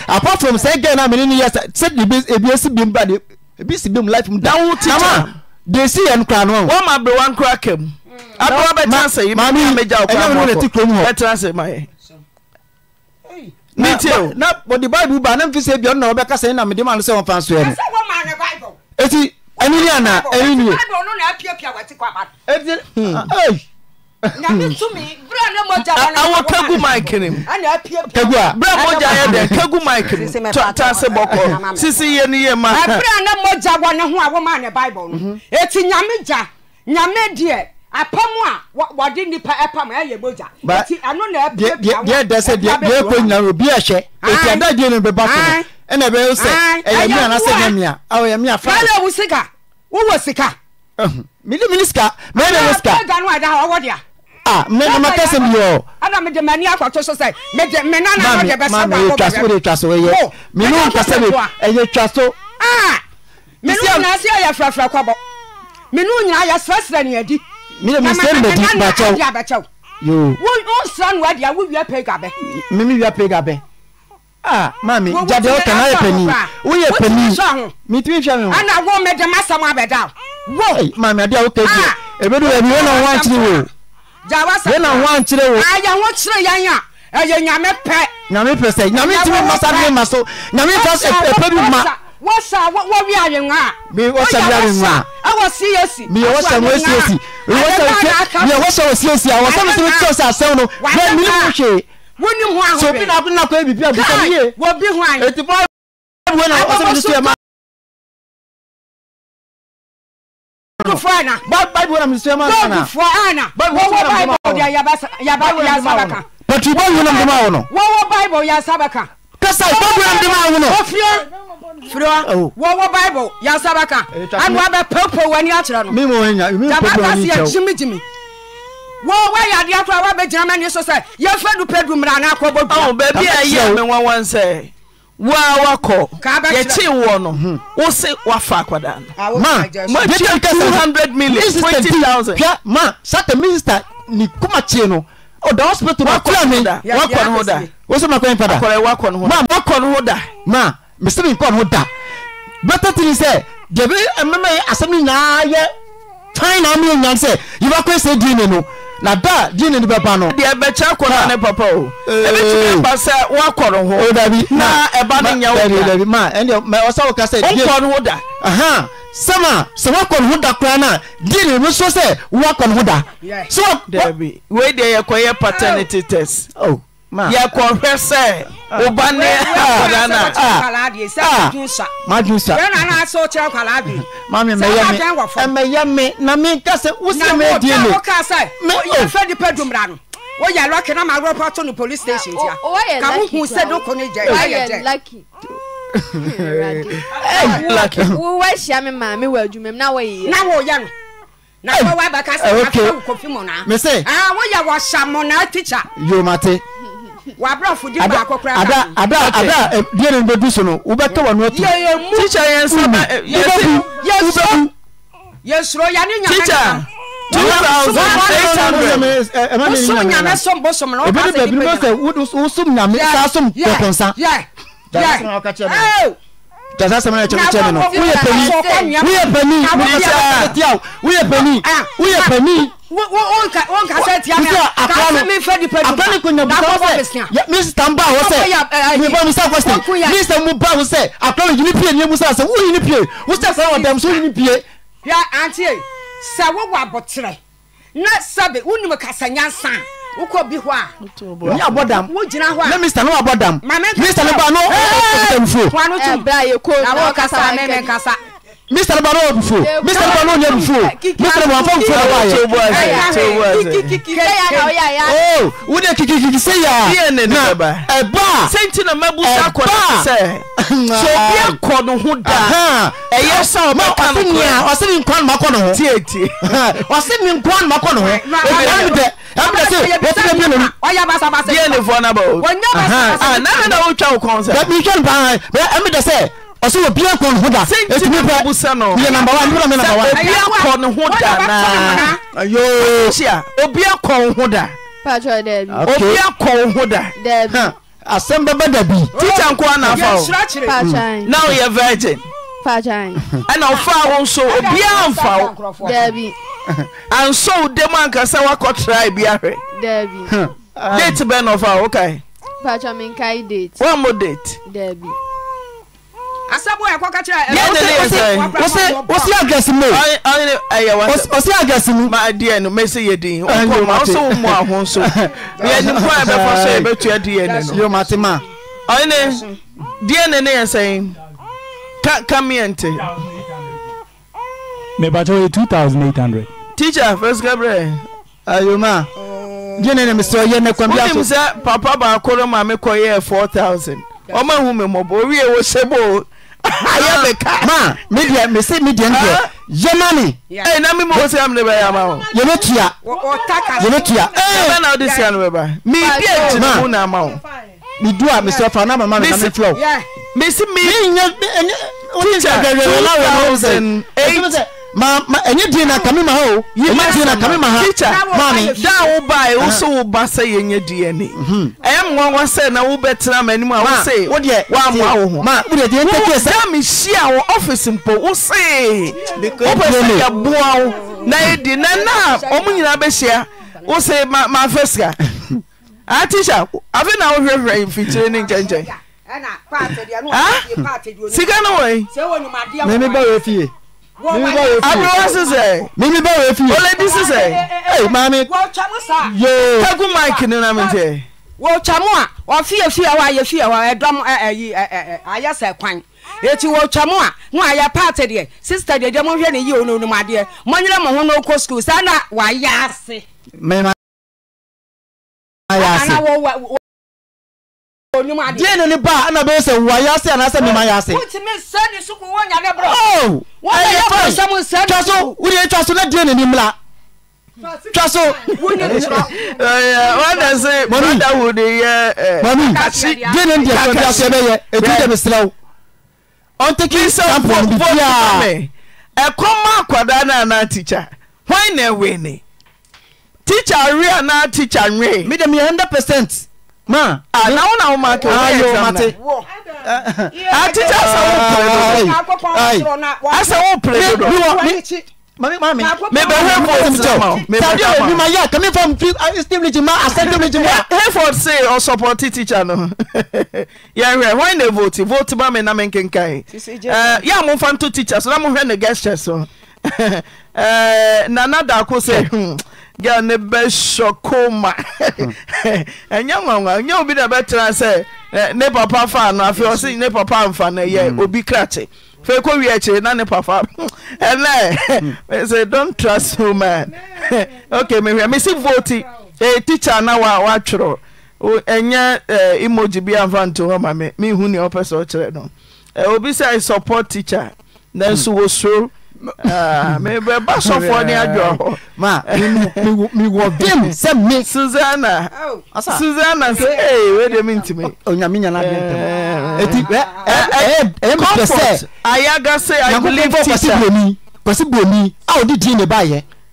Speaker 2: apafromsi seb ebi si bem life mu da wo ti ta de si yɛ nkura no. wɔn mm. ma bere wɔn nkura kɛm abewa bɛ tena sɛ yi mi ni amegya ɔkura mu akɔ bɛ a sɛ ma yɛ. ne tie o. na wɔde baibu ba ne nfi se bia ɔna ɔbɛka sɛ ɛna mi de ma no sɛ wɔn fa so yɛ
Speaker 8: no.
Speaker 2: eti ɛni ni ana ɛni ni ye. ɛti ɛyi nyame
Speaker 8: tumi bra ne mogya awɔ kagu mike ne mu bra mogya yɛ dɛn kagu mike mu
Speaker 2: tɔta se bɔkɔ sisi yɛ ne yɛ ma bra ne
Speaker 8: mogya wɔ ne ho a wɔma ne bible no mhm. eti nyame gya nyame deɛ apam a wɔde nipa ɛpam ɛyɛ mogya
Speaker 2: eti ɛno na ɛpɛ bi awɔ deɛ deɛ sɛ deɛ deɛ kɔ nyinaa obi ɛhyɛ eti ɛda deɛ ne bɛba kɔ ɛna ɛbɛyɛ sɛ ɛyɛ mia na sɛ ɛyɛ mia
Speaker 8: awo ɛyɛ mia fa. wale wo sika wo wɔ sika. mini mini sika mɛ ɛna wɔ sika. ɛna ɛda no ɛda hɔ ɔwɔ deɛ. aeseba ah, yɛna ho ankyerɛ wo ayɛ ho kyerɛ yɛn a ɛyɛ nyame pɛ
Speaker 2: nyame pɛ sɛ nyame ntumi mmasa ne ma so nyame fa sɛ ɛpɛ bi ma
Speaker 8: wɔsa wɔwi ayewa
Speaker 2: mi wɔsa wi ayewa ɛwɔ csc mi wɔsa wɔ csc mi wɔsa wɔ csc a wɔsa mi sɛ mi kyerɛ no bɛɛ mi ni mo hwee
Speaker 3: wóni hu ahobe so obi na abu nakɔ ebibi abisa mi yie wɔ bi hu anyi eti fɔ ayi wo na ɔsɛ mi ni so yɛ ma. báàbù fún àná. báàbù náà mi sọ ma sọ náà. báàbù fún àná. wọ́wọ́
Speaker 8: báàbù yà sábà kan. pàtó báàbù náà mi máa wọ̀ nọ. wọ́wọ́ báàbù yà sábà kan. kásá báàbù náà mi máa wọ̀ nọ. ó fi firiwa wɔwɔ bible yasaba kan oh, oh. eh, anu abɛ pɛpɛ wani akyerɛ
Speaker 2: no dabata si ɛjimi
Speaker 8: jimi wɔwɔ yadeɛ to a wabɛ gyina mɛ ni so sɛ yɛfɛ dupɛ dumuna anakɔ bɔ dua. ɔn bɛɛbi a yi a mi wɔn
Speaker 2: wɔn sɛ woa wakɔ yɛkyi wɔ no wo se woafa akwadaa no matua 200 million 20000 ma sata minista ne kuma kyee no ɔda hospital wakɔa me wakɔ no ho da wo sɛ makɔ mpa da wakɔ no ho ma wakɔ no ho da ma mesɛ menkɔ no ho da bɛtɛ tini sɛ deɛ bi mɛmɛ asɛm nyinaa yɛ fine na ɔmo yɛ nyan sɛ yɛbɛkɔ ɛsɛ dii ne no na da diɛ ne nebɛba nodeɛ bɛkyɛ akɔnoane papa o ɛmɛtumi ɛba sɛ woakɔ ro hoda na ɛba no nyɛɛɔsa woka sɛkɔ ho da sɛma sɛ woakɔ no ho da ko ano dia nemoso sɛ woakɔ n ho da sweideɛ yɛkɔyɛ paternity tesyɛkɔhwɛ oh, sɛ ọba ní ọ̀dà náà madu sa maami mẹyẹ mi ẹmẹyẹ mi
Speaker 8: na mi kẹsẹ wusi mi di mi mi ah, o o yà lọkì náà máa rọpò tó ní police station jà kàmú kùn sẹdọ kò ní jẹ ẹ yẹ
Speaker 4: dẹ. wo wá ṣíà mi maami wọ ẹdùnmẹ mi náà wọ yìí. náà wọ yẹ no na wọ wá bá kásá kásá kò fi mọ náà. mi sè. àwọn
Speaker 8: ah, yà wọ sàmọ náà tíjà. yomate w'abrafo di baako kura ka ada ada ada
Speaker 2: diẹ eh, ni bẹ du so no wubẹtọ wọn n'otu tíṣà yẹn nsaba yẹsi yẹsọ
Speaker 8: yẹsọ yanni nyame nam. wosom nyame som eh, eh, bosom na wopasɛ nipa nyame
Speaker 2: wosum nyame saa som pɔpɔnsa ta sa sɛmɛ na kyɛmɛ kyɛmɛ no woyɛ pani woyɛ pani
Speaker 3: mokasa
Speaker 8: tia
Speaker 7: woyɛ pani woyɛ pani
Speaker 8: akra ne konya busa sɛ mista mba wo sɛ mefa musa question mista mu
Speaker 2: ba wo sɛ akra no yini pie ne musa sɛ woyini pie wo sɛ sɛ wɔdam so woyini pie
Speaker 8: hwɛ antie sɛ wowɔ abɔkyerɛ na sɛbe wonim kasa nyansa a wokɔ bi hɔ a nyɛ abɔ dam wogyina hɔ a ne mista no abɔ dam mista no ba no ɔkɔtɔmfuo ɛbrɛ a yɛkɔ na wɔkasa ne mɛnkasa mr bano abufuo mr bano onye abufuo mr bano afa nfuo aba ayɛ o
Speaker 2: wo de kikikiki se ya na ɛba sɛnti na mabu sa kɔ no sɛ sɛ obi akɔ no ho da ɛyɛ sa ɔma ka no kɔ ɔse ne nkwa no makɔ no ho tie tie ɔse ne nkwa no makɔ no ho ɛbi ɛbi dɛ ɛbi dɛ sɛ wɔte dɛ bi na mu ɔyɛ basabasa yɛ ne fo na ba o na na na wotwa wo kɔn sɛ ɛbi twɛ no paa ɛbi dɛ sɛ ɔsɛ wɔ bia kɔ ne ho da ɛtumi pɛ yɛ namba wa nebra me namba wa obia kɔ ne ho da naa ayoa obia kɔ wo ho da
Speaker 4: obia kɔ
Speaker 2: wo ho da asɛm bɛbɛ da bi tikya nko anaafa wo hmm. na woyɛ virgin
Speaker 4: ɛna ɔfaa wo nso obia amfa wo
Speaker 2: (laughs) ansɔ wo dam ankasa woakɔ trae bi ahwɛ date bɛ na ɔfaa wo wokae
Speaker 4: woammɔ date hossa
Speaker 2: nys am0sɛ papa bakomame kɔy000mmse ayɛ mi ka. ma mi diɛ mi se mi diɛ n diɛ yemani. ɛɛ na mi mɔgɔ se amu de bɛ yama o. yɛlɛ tuya
Speaker 8: yɛlɛ tuya. ɛɛ ɛbɛn na o de se amu bɛ ba. mi di eti mu na
Speaker 2: ma o. mi du a mi sɛ fa n'a ma ma mi na mi filɛ o. mi si mi. mi n ye mi n ye. teacher two thousand eight. ma ma ɛnyɛ din na kame ma ha o ɛnyɛ din na kame ma ha maame. da wo ba yi woso wo ba sɛ yɛ nyɛ diɛ ni ɛyɛ mɔgɔ sɛ na wo bɛ tena ma anim a wo wo deɛ wa awo ho ma wo deɛ deɛ sɛ. wo si awo ɔfisi mpo se wo yɛ bu awo na yɛ di na na wɔn nyinaa bɛ hyia wo ma ma fɛ sika a tisha afi na wohwehwɛ mfikyire ne nkyɛnkyɛn.
Speaker 8: Ah? sika no wɔ yi. mɛ mi fie. abirawo sisɛ
Speaker 2: mimi bá wo efi oledi sisɛ ee maami
Speaker 8: yoo kegu mic ni na mi tɛ. wò twamu a ɔfi efi ɛwɔ ayɛ fi ɛwɔ ɛdɔm ɛyi ɛɛ ayɛ sɛ kwan eti wò twamu a ŋun ayɛ paati deɛ sista deɛ deɛ mo hwɛ ne yi o n'onum adeɛ mo nyere mo ho n'oko sukuu sanni a w'ayɛ ase.
Speaker 3: mɛ ma ayɛ
Speaker 8: ase. deɛ nani ba nabɛwɛ sɛ wa yase anasɛ
Speaker 3: mema yaseswod
Speaker 2: twa so na de nani mratwaso the e anatehe 00 peen haford se ɔsupote teacher no (laughs) yɛɛ nɛ vote vote bamenamkeka yɛmofa to teacher so nmohɛ no gueste sonana aksɛ ne bɛsko ma (laughs) nyɛ awa nyɛ obi na bɛtra sɛ ne papa fa no fi ɔse ne papa mfano yɛ mm. obi krake fe kɔwie kyi na ne pafa dn trs omanmesi vote teakher na waatwerɛ nyɛ imogyi bi amfa nto hɔ ma me mehu nea opɛsɛ kyerɛ no obisɛsupport teacher nanso mm. wɔ suro Ah, mɛba sɔfoɔ ne adwɔ hɔ eh, ma mewɔ bim sɛ me susana susana sɛ wede mentimi onyame nyana ɛnti ɛyɛ pɛ sɛ ayaga sɛ ayankopɔn kɔse buroni kɔse buroni a wode din ne baayɛ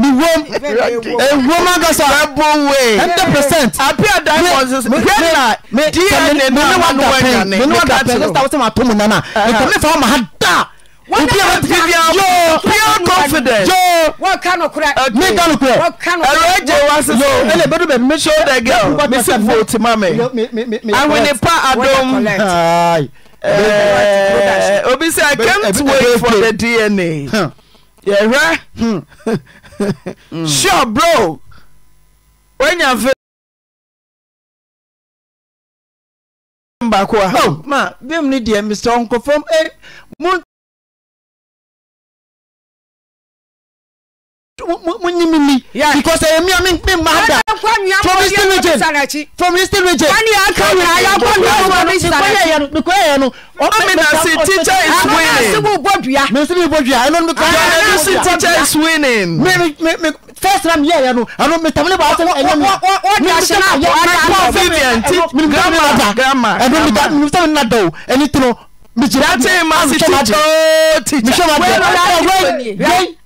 Speaker 2: mi wom ewom ankasa hundred percent mi mi mi
Speaker 7: ne wa da mi ne wa da pɛn sista wosan ma to mu nana nka mi fa ma ha da obi a
Speaker 8: bɛ tigɛ yo pure confidence yo mi ka no kura ɛlò ɛjɛ wa sisan yo ɛlɛ
Speaker 2: bɛ dun bɛ mi show the girl mi si vote ma mi awinipa adum ɛɛ obi sɛ i can't wait for
Speaker 3: the dna yɛhwɛ. seobrɛw woanya fembaakoa how ma bim no deɛ misɛ ɔnkɔfomm munyi mi eh, ni. because ẹ̀yẹ mi àmì mi máa dà. from eastern region from eastern region. wọ́n ní akọni ayọ́kọ́ni
Speaker 8: ọmọ mi sàrẹ̀.
Speaker 2: mikọ ẹ̀yẹ nu. ọmọ mi si teacher is winning. àwọn ọmọ bọ̀dùyà. mi sì mi bọ̀dùyà ẹnu mi kọ́ ẹ̀yẹ nu. yọ̀ọ́ ẹ̀yẹ teacher is winning. mi mi mi first round yẹ ẹ̀yẹ nu ẹnu mi tàbí ní bàá sẹ́wọ́n ẹ̀yẹ mi. wọ́n di aṣẹ náà yọ ọ̀nà àgbà. vivian ti grammar grammar. ẹnu mi tàbí ní nàdà o ẹni tunu. mi jìnnà mi sọ ma jẹ oh, mi
Speaker 8: sọ ma jẹ.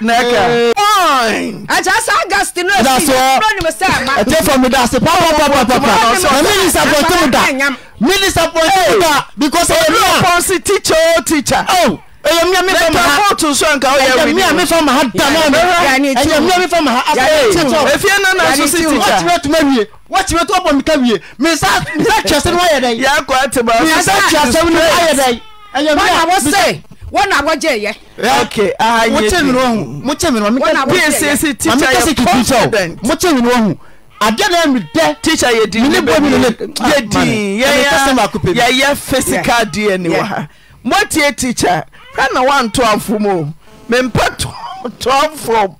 Speaker 2: nɛkɛ.
Speaker 8: ɛkyɛ sɛ agast no ɛsinim sɛ ma. ɛte fɔ mi da ase papapapapa na minisa pɔnte mu da
Speaker 2: minisa pɔnte mu da because ɛyɛ oh, oh, mi a. pɔnsi teacher o teacher. ɛyɛ mi a mi fɔ ma ha ɛyɛ mi a mi fɔ ma ha dama mi ɛyɛ mi a mi fɔ ma ha afɛ titɔ efie nana sosi teacher wɔtí bɛ tuma wie wɔtí bɛ tuma bɔ mi ka wie misa misa kyɛsɛ ni wɔyɛ dɛ. yakɔ ati ma misa kyɛsɛ ni wɔyɛ dɛ. ɛyɛ mi a misa.
Speaker 8: wnabɔgye
Speaker 2: yɛotsmokyɛ minhu ada ne nɛ teaer yɛdyɛyɛyɛ fysical dn w motiɛ teakher ra na wonto
Speaker 3: afom mempɛ tofrom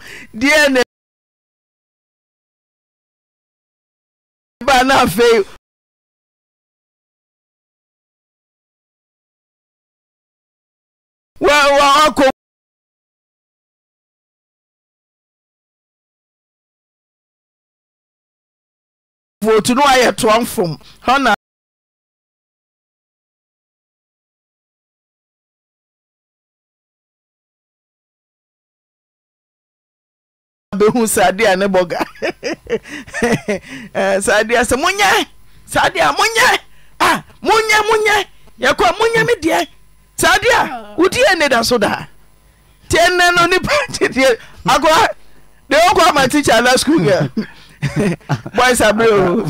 Speaker 3: nbano fei ọkọ̀ vootu no ayɛ toa mfom hɔ na bɛhu saadeɛ a ne bɔga (laughs) eh, saadeɛ sɛ monyɛ saadeɛ a monyɛ a ah,
Speaker 2: monyɛ monyɛ yɛkɔ monyɛ me deɛ saa deɛ a wodeɛ ne da so daa nti ɛnɛ no nipa kyedeɛ akoa de wɔkɔ my teacher na school girl boys abere o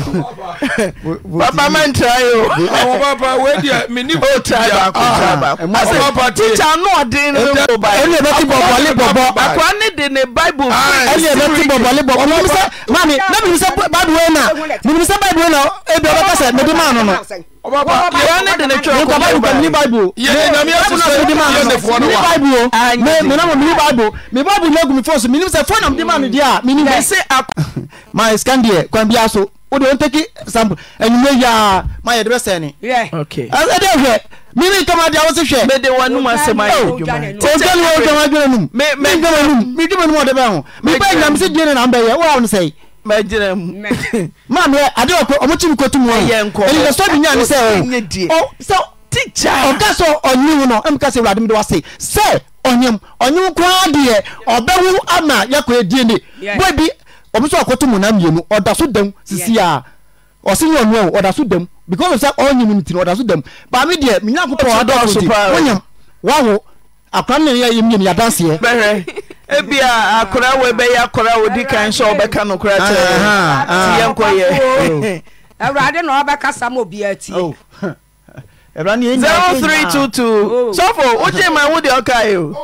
Speaker 2: papa man try o ɔwɔ papa wɛdi a mi ni o try baako try Papa, ase teacher no ɔden ne ko ba ɛni ɛbɛ ti bɔbɔ ale bɔbɔ akwa ne de ne bible ɛni ɛbɛ ti bɔbɔ ale bɔbɔ mɛ mi sɛ
Speaker 7: maami ne mi sɛ
Speaker 2: bible wɛ na mi mi bible wɛ na ebi ɔbɛ kasa mɛ di maa nono nkɔba de kɔmi ni baibu menama mini baibu mi baibu ne gu mi fɔ so minim sɛ fɔ nam di ma mi di a minim bɛ ma scan deɛ kwan bi aso o de o n teki sample ɛnumɛ yaa ma yɛ de bɛ sɛni
Speaker 3: ɛsɛ
Speaker 2: de hwɛ mini kama di awo si hwɛ mɛ de wa numu asɛm ayi o
Speaker 3: jɔn wo jɔn
Speaker 2: wa jɔn num mi jɔn wa num mi jɔn wa num ɔde bɛ hɔn mi bɛ nyamisi diɲɛ na n bɛ yɛ o y'a wọn sɛ yi mɛgyina mu (laughs) maame ade ɔpɛ ɔmo kyim kotu mu ɔyɛ nkɔ ɛyɛ sɔ bi nyaa ne sɛ ɔ sɛ tikya ɔka sɛ ɔnyew no ɛmu ka sɛ ewurade mi de wase sɛ ɔnyew ɔnyew koraa deɛ ɔbɛwu ama yakɔ edie ne bɔ ebi ɔmo sɛ ɔkoto mu na mmienu ɔda so dɛm sisi a ɔsi yɛ ɔnua o ɔda so dɛm because sɛ ɔnyew mu ti no ɔda so dɛm baami deɛ minya ko pɔ ɔdɔ so ti wɔnyam wawo akora ne yɛ yɛ mmienu yadanseɛ (laughs) ebia akora wo bɛyɛ akora wodi kan sɛ wobɛka nokora
Speaker 8: kyerɛyɛnkɔyɛ ah, ah, awurade na ɔbɛkasa oh. ma obiaa tie
Speaker 2: 0322 (laughs) sɔfo wogye ma wode ɔkae o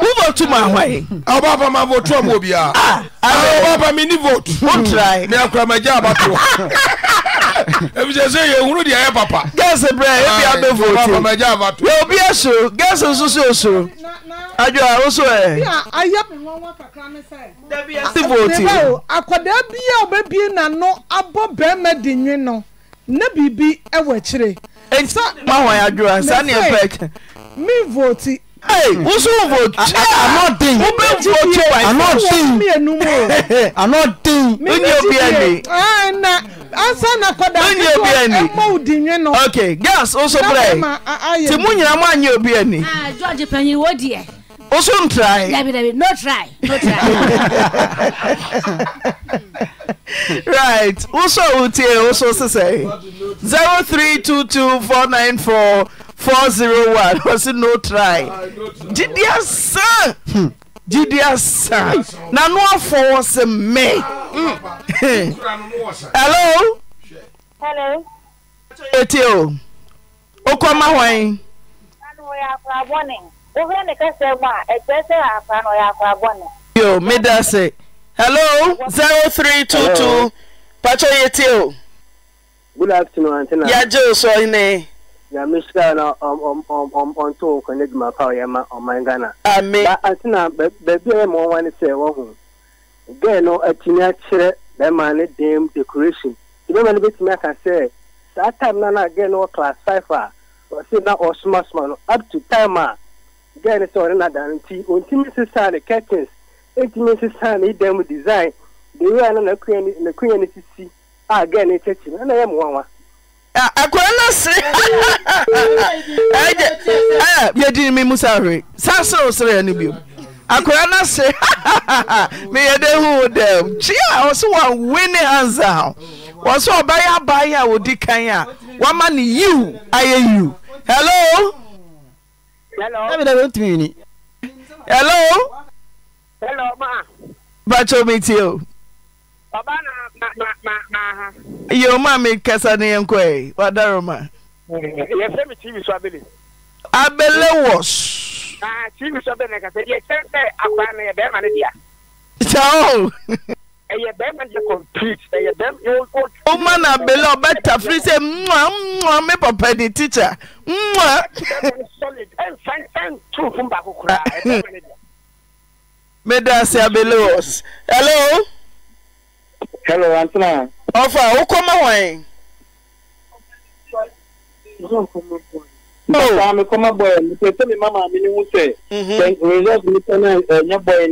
Speaker 2: wovɔtu ma hwae ɔbaba ma votu ama obiaa ɔbaba mini vote wontrae me akoramagya abatoɔ (laughs) ebisɛ sɛ yɛhunu deɛ ɛyɛ papa gas brɛ ebia ah, bɛvotu Obi soro gas nso so osoro adwo a woso ɛ. E. ayɛ mi wɔn wɔ kakra mi sɛ. dabi ɛsi vooti. akwadaa bi a ɔbɛbie n'ano abɔ bɛrima di nwi no e ne biribi ɛwɔ akyire.
Speaker 5: ɛnsa ma wɔn adwo a saa ni ɛfɛ kyɛ.
Speaker 2: mi vooti. a. woso vooti. anɔ den wobe vooti wa anɔ den mienu mu. anɔ den. onye obi ɛni. ɛn na ansa na akwadaa bi wɔ ɛmɔw di nwi no. ok gas woso brɛ ti mu nyinaa mu anyi obi ɛni. Ah,
Speaker 5: george panyin wo diɛ. wosontre
Speaker 2: iht wosɔ a wotie wo so se sɛe 032244401 wɔ se no tre gyidiasa gyidiasa nano afo wɔ se mɛ alo etio okɔma hɔn
Speaker 6: Uvene kese mwa, ekese akwano ya kwa bwane.
Speaker 2: Yo, mida se. Hello, 0322. Pacho yeti yo. Good afternoon, antenna Ya joe so ine. Ya mishika na on om om om on to kwenye juma pao ya ma om mangana. Amen. Ba Antina, bebi ya mwa wani a wahu. Gay no atinya
Speaker 9: chire bema ne dem decoration. Ibema me beti miaka say Sa time nana na gay no class cipher but Wasi na osuma suma no. Up to time ah, guy no sɛ ɔne no adane nti ɔntumi sesaa ne curtains ɛntumi sesaa ne dan mu design the way a na nakuya no sisi a guy no kyɛkyi no ɛna ɛyɛ mmoawa akɔrɔ no
Speaker 2: se (laughs) ɛgye yɛdi me mu sa hwee saa sɛ wo serɛ no bio akɔrɔ no se (laughs) meyɛ dɛ hu wo dɛm kyi a ɔse wɔawe ne hansa ho wɔ sɛ ɔbɛyɛ abaeɛ a wɔdi kan a wɔama ne yiw ayɛ yiw hello Hello, ló ń tún yìí ni. hello. hello ma. bàtchọ mi ti o. bàbá na na, na. ma ma ha. iye o máa mi kẹsàn-án ni yẹn kọ ẹ wà á dárò ma.
Speaker 9: yẹ eh, fẹ́ eh, mi tv sọ abẹ́lẹ̀.
Speaker 2: abẹ́lẹ̀
Speaker 3: wọ̀s.
Speaker 9: Ah, tv
Speaker 8: sọ bẹ́ẹ̀ ni kàtẹ́ yẹ fẹ́ fẹ́ àkùrá ni bẹ́ẹ̀ ma ni bìa. ṣáà o ɛyɛ bɛrima de
Speaker 2: complete ɛyɛ bɛrima. o ma na abele ɔbɛ ta firi sɛ mua mua mi papa di teacher mua. solid ɛnsan ɛn abele o hello. hello antina. ɔfa o kɔ ma wɔn. Bàbá oh. mi kọ́ mọ́ bọ̀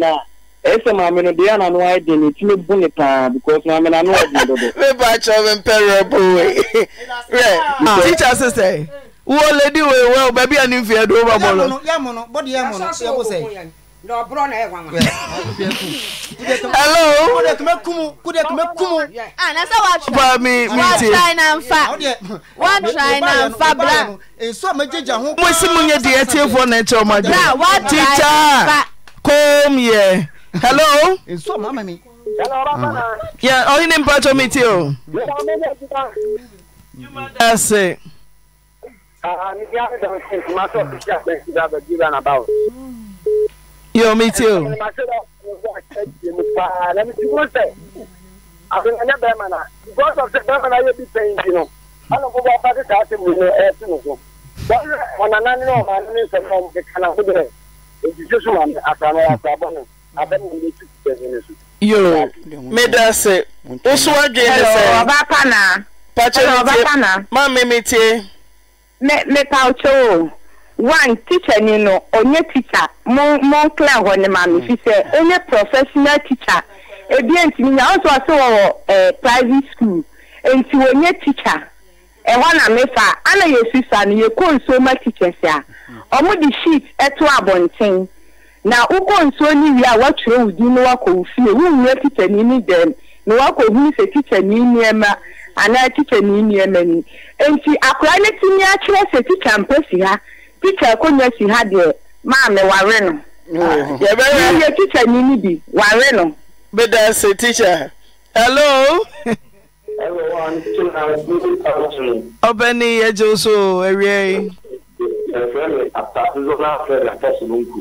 Speaker 2: ɛsɛ maame no deɛ anano ayɛ den ne tumi bu ne paa because maame nano ayɛ den dodo. meba (laughs) akyerɛ me mpɛrɛ bo we rɛ ah. teacher sisɛ wo lady we wɛ o baabi a ne mfie do ba bɔlɔ. hello. kude mi mi ti. wa try na nfa. wa try na nfa bla. mo si mu nye diɛ tie fɔ ne cɛ o ma jɔ. bra wa try na nfa. kom yɛ hello. nsu ọmọ ama mi. hello ọba fana. yẹ ọyìn ní mpatso mi ti o. yíyá ọmọ mi ti ta. ẹ ṣe. yóò mi ti o.
Speaker 7: àfihàn bẹ́ẹ̀ mà náà because
Speaker 8: ọ̀nà náà nínú ọ̀ma nínú ìṣẹ̀lẹ̀ ọ̀mù kékeré náà kó bẹ̀rẹ̀ èjì
Speaker 2: sísun àmì àtàwọn àtàbọ̀nù.
Speaker 3: yo meda
Speaker 2: sɛ woso adwene ne sɛ pakyɛ ma memetie mepa wokyɛ o one teacher ni no onye teacher
Speaker 8: mo mo clear hɔ ne ma mi hmm. fi sɛ onye professional teacher ebi e ntumi nya ɔsɔ ɔsɛ wɔ eh, private school e nti onye teacher ɛhɔ e na mefa ana yɛ sisa no yɛ kɔ nsuoma teachers a ɔmo hmm. de sheet ɛto abɔnten. na ukonso n'ihi a wachuru ewudi n'uwakonfie wunye ticha n'ime dem n'uwakonfie se ticha n'ime ema anaa ticha n'ime ema ni nti akwadaa
Speaker 2: ne tinye akyerɛ sɛ ticha mpɛ si ha ticha akonnwa si ha deɛ
Speaker 8: maame ware
Speaker 6: no
Speaker 2: yɛbɛyɛ yɛ ticha n'imi bi ware no. beda se ticha hello. ọbẹni yẹ jẹ oso ẹwia yi.
Speaker 7: ẹfẹ mi àtàkùn lọ́nà àfẹ́ rẹ̀ àfẹ́sùn ló ń kú.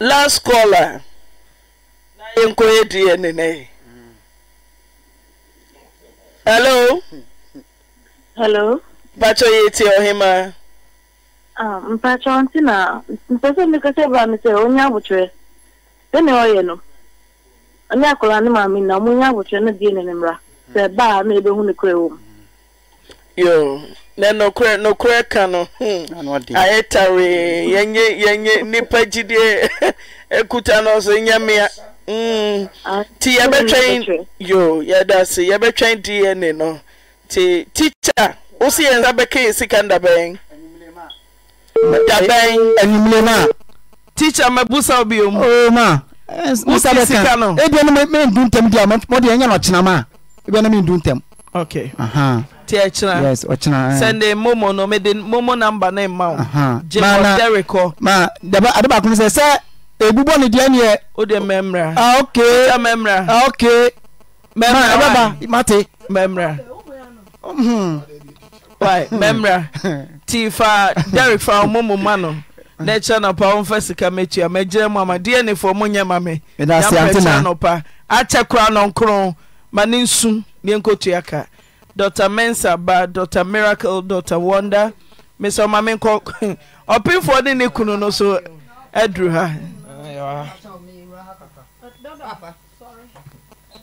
Speaker 2: last caller na nkwenye ya nene hello hello mpacho ya eti ohima
Speaker 6: ah, mpacho ntị na mpesa mmekọta ebe amịta onye abụchịrị bene oyenu onye akụrụ anị ma na mụ dị ya nene mra sị ebe a na-ebe hụ na ewu m na nokorɛ
Speaker 2: nokorɛ ka no hmm. ayɛ taree yɛnyɛ yɛnyɛ nipa gyidie (laughs) ekuta no so nyamea hmm. ti yɛbɛtwɛn mm, yo yɛda se yɛbɛtwɛn dna no ti tikya wosi yɛn nsa bɛka yɛ sika ndabɛn dabɛn eh, enimlema tikya mɛbusa bi o mu ma musa bɛ kan ebi ɛni mi mi dun tɛm di a mo de ɛnyɛ na ɔkyinama ebi ɛni mi dun tɛm. okay. Uh esɛdemedemomo eh. namba ne mao gyɛderikssɛ ɔnedno mrrti fa derik famomumano ne kyea nopa ɔmfɛ sika mɛtua mɛgyerɛ mama dianifɔ mɔnyɛmame kyea nɔpa atɛ kora nɔnkrɔ mane nsu deɛnkɔtuaka dr mensa ba dr miracle dr wonder mesɛ ɔma me nkɔ ɔpemfoɔ ne ne kunu no so aduru ha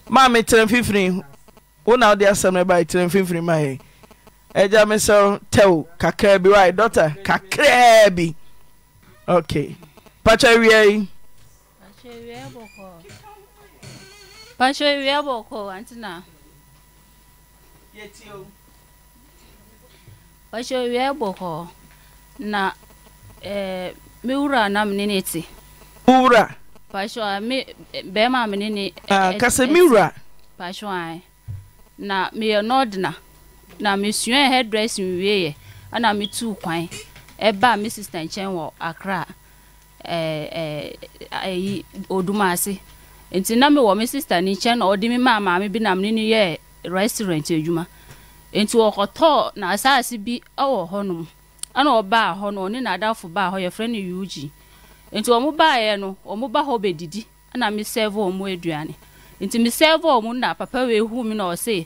Speaker 2: maa me tẹrẹ mfimfini wọn na ọ di asam ẹ báyìí tẹrẹ mfimfini maa yẹ ẹ gya mi sọ tẹw kakra bi wáyé dọta kakra bi ok pàtó ewia
Speaker 6: yi. pàtó ewia bọkọ pàtó ewia bọkọ àǹtí náà. wacho wie gboko na eh, eh mi wura na mne ti wura pacho mi be ma mne eh, ne ah eh, kase mi wura pacho ai na mi ye nodna na mi suen hairdressing wie ye ana mi tu kwan e ba mi sister nchen wo akra eh eh ayi oduma ase nti na mi wo mi sister ni nchen na odi mi ma maame bi na mne ne ye restaurant adwuma nti na asaase bi wɔ hɔnom ɛna ɔbaa hɔ no ɔne n'adafo baa hɔ yɛfrɛ no yugi nti wɔn baeɛ no wɔn ba hɔ bɛdidi ɛna me sɛɛvo wɔn aduane nti me sɛɛvo wɔn na papa wei hu mi na ɔse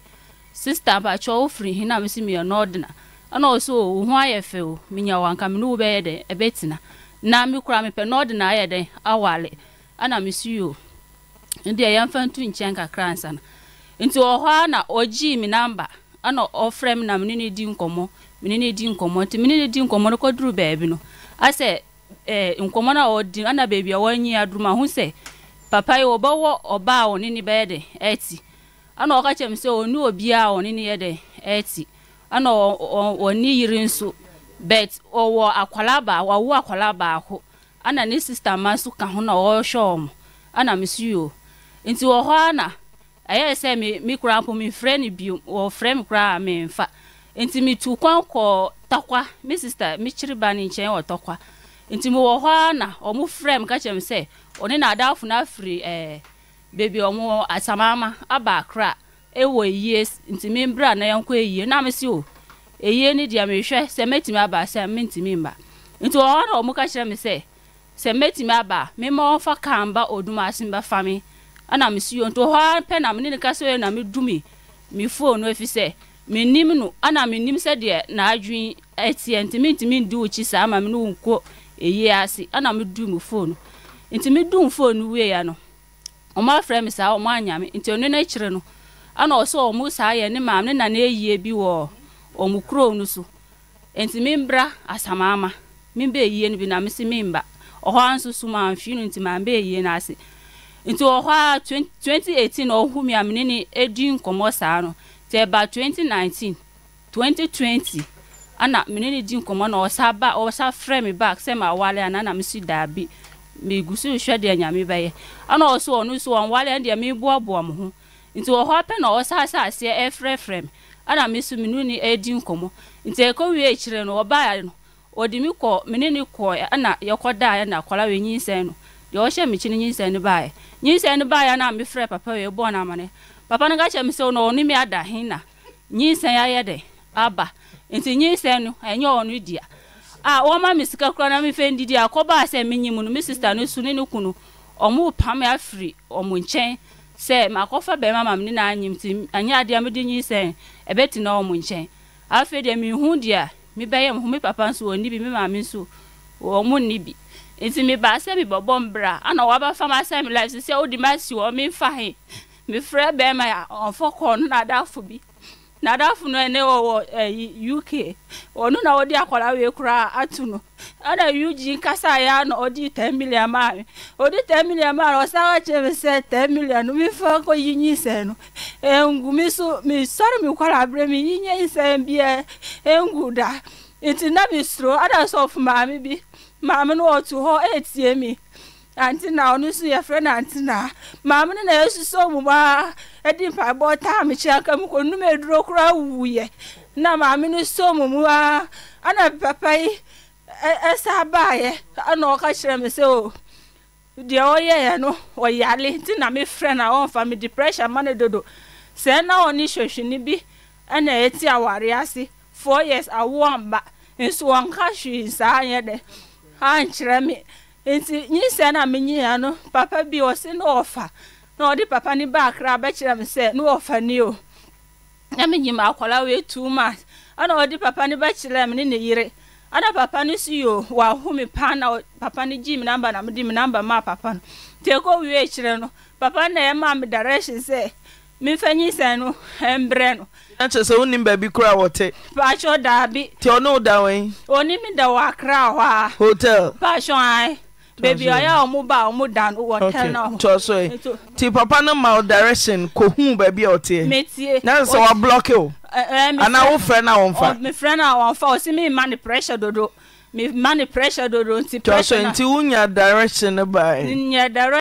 Speaker 6: sista abakyɛ ofiri hin na me si mmienu ɔdena ɛna ɔso o ho ayɛ fɛ o menya wanka me ne wo bɛyɛ dɛ ɛbɛtena na me kura mepɛ na ɔdena ayɛ dɛ awale ɛna me si o ndeɛ yɛmfa ntu nkyɛn kakra nsa no nti ɔhɔ na ɔgyee me namba ana ɔfrɛ me na mene ne di nkɔmmɔ mene ne di nkɔmmɔ nti mene ne di nkɔmmɔ no kɔduru baabi no asɛ eh, nkɔmmɔ no a ɔdi ana baabi a wɔanyi aduru ho sɛ papa yi wɔbɛwɔ ɔba a ɔne ne bɛyɛ de ɛti ana ɔka kyerɛ me sɛ ɔne a ɔne ne yɛ dɛ ɛti ana ɔne yiri nso bet ɔwɔ akwala baa wawo akwala baako ana ne sista ma nso ka ho na ɔrehwɛ ɔmo ana me so yi nti wɔ hɔ ana ɛyɛ sɛ me me kura mpo mefrɛ no bio wɔfrɛ me kura a memfa nti metu kwan kɔ tɔkwa me sister mekyere ba no nkyɛn wɔ tɔkwa nti mewɔ hɔ a na ɔmo frɛ me ka kyerɛ me sɛ ɔne n'adamfo no afiri ɛɛ beebi ɔmo asamama aba akra ɛwɔ eyie nti membra na yɛnkɔ eyie na me si o eyie ne deɛ mehwɛ sɛ mɛtumi aba sɛ mentumi mba nti wɔ na ɔmo ka kyerɛ me sɛ sɛ mɛtumi aba mema ɔmfa kan ba odum fa ɛna mesi yɔ nti hɔ pɛ na mene ne kasa yɛ na medumi me phone no ɛfi sɛ menim no ɛna menim sɛdeɛ n'adwen ɛteɛ nti mentumi ndi wo kyi saa ma mene wo nkɔ ɛyie ase ɛna medu mu phone no nti medu mu phone no wieɛ no ɔma frɛ me saa ɔma anyame nti ɔno no akyire no ɛna ɔsɛ ɔmo saa yɛ ne maame ne nana ɛyie bi wɔ ɔmo kurom no so nti membra asamaama membɛ ɛyie no bi na mesi memba ɔhɔ anso so maamfii no nti maambɛ ɛyie no ase nti wɔ hɔ a 2018 na ɔhu mi amene ne edi nkɔmɔ saa no nti ɛba 2019 2020 ana mene ne di nkɔmɔ na ɔsa ba ɔsa frɛ mi back sɛ ma wale ana na mi si daabi mi gu so hwɛ deɛ nyame bɛyɛ ana ɔso ɔno so wɔn wale deɛ mi boaboa mo ho nti wɔ hɔ apɛ na ɔsa asa aseɛ ɛfrɛfrɛ mi ana mi so mi ne edi nkɔmɔ nti ɛkɔ wie akyire no ɔbaa no ɔde mi kɔ mene ne kɔ ɛna yɛkɔ daa ɛna akɔla wɔ enyi nsɛn no deɛ ɔhyɛ me kyi no nyinsɛn no baeɛ nyinsɛn no baeɛ na mefrɛ papa wei bɔɔ no amane papa no ka kyerɛ me sɛ ɔno me ada he na nyinsɛn ayɛ dɛ aba nti nyinsɛn no ɛnyɛ ɔno dia a wɔma me sika kora na mefɛ ndidi a kɔbaa sɛ menyi mu no me sista no su ne ne kunu ɔmo pam afiri ɔmo nkyɛn sɛ makɔfa bɛrima ma mene naanye nti anyɛ adeɛ mede nyinsɛn ɛbɛti na ɔmo nkyɛn afei deɛ mehu deɛ mebɛyɛ mo ho me papa nso ɔnni bi me maame nso ɔmo nni bi nti meba sɛ mbra ana waba fam asɛ me life sɛ wode masi wɔ memfa bɛrima a ɔmfɔ kɔɔ no bi nadafo no uk na wɔde akɔla wei koraa ato no ana ug na ɔde 10 million maa me ɔde 10 million maa no ɔsan akyerɛ me sɛ million no so kɔla da nti na sɔfo bi maame no ɔtu hɔ etie mi ante na ɔno nso yɛfrɛ no ante na maame no na esusɔ mu baa ɛde mpaebɔ taa me kyia ka mu kɔ num eduro koraa wuyɛ na maame no sɔ mu mu baa ɛna papa yi ɛsa baayɛ ɛna ɔka kyerɛ me sɛ o oh, deɛ ɔyɛɛ no ɔyale nti na mefrɛ na ɔmfa me depression ma no dodo sɛ na ɔne hwɛhwene bi ɛna ɛti aware ase four years awoɔ amba nso wɔnka hwee saa nyɛ dɛ ankyerɛ me nti nyinsɛn na menyiya no papa bi ɔse na ɔfa na ɔde papa ne baa kra bɛkyerɛ me sɛ na ɔfa ni o na menyim akwadaa wei two months ɛna ɔde papa ne bɛkyerɛ me ne ne yere ɛna papa no si yo waho me paa na papa no gyi me namba na mede me namba maa papa no teekɔ wie kyerɛ no papa na ɛmaa me direction sɛ mefa nyisa no mbrɛ no na kyerɛ sɛ wonim baabi kora wɔte paakyɛ daabi nti ɔne woda wɛn ɔne me da wɔ akra hɔ hotel paakyɛ ae baabi ɔyɛ a ɔmo ba a ɔmo da no wɔtel na ɔmo tɔ so yi e.
Speaker 2: nti papa no ma wo direction kohuu baabi a ɔteɛ metie
Speaker 6: na sɛ wablɔke o anaa wofrɛ no a wɔmfa mefrɛ no a wɔmfa ɔsi me ma ne pressure dodo Mi ma ne pressure dodo nti e. pressure na tɔ so nti
Speaker 2: wonya direction no bae
Speaker 6: nya direction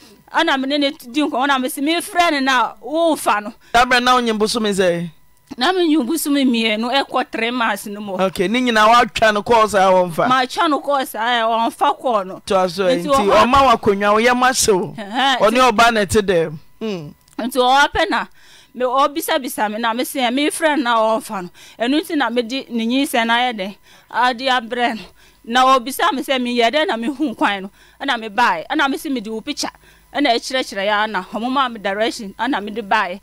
Speaker 6: ana mene ne di nkwa na me frɛ ne na wo fa na wonye bosome sɛ na mmienu ɛkɔ tre no mu okay
Speaker 2: ne no kɔɔ saa wɔmfa
Speaker 6: matwa no kɔɔ saa ɔmfa kɔɔ no toa so nti ɔma
Speaker 2: wakonnwa ɔne ɔba na ɛte
Speaker 6: hmm. nti na me ɔbisabisa me na mese ɛ na ɔmfa no na mede ne nyinsɛ no ayɛ dɛn ade abrɛ no na ɔbisa me sɛ meyɛ na mehu kwan no ɛna ɛna mede wo ɛna ɛkyerɛkyerɛ yɛ ana wɔn maa mi direction ɛna mi de baeɛ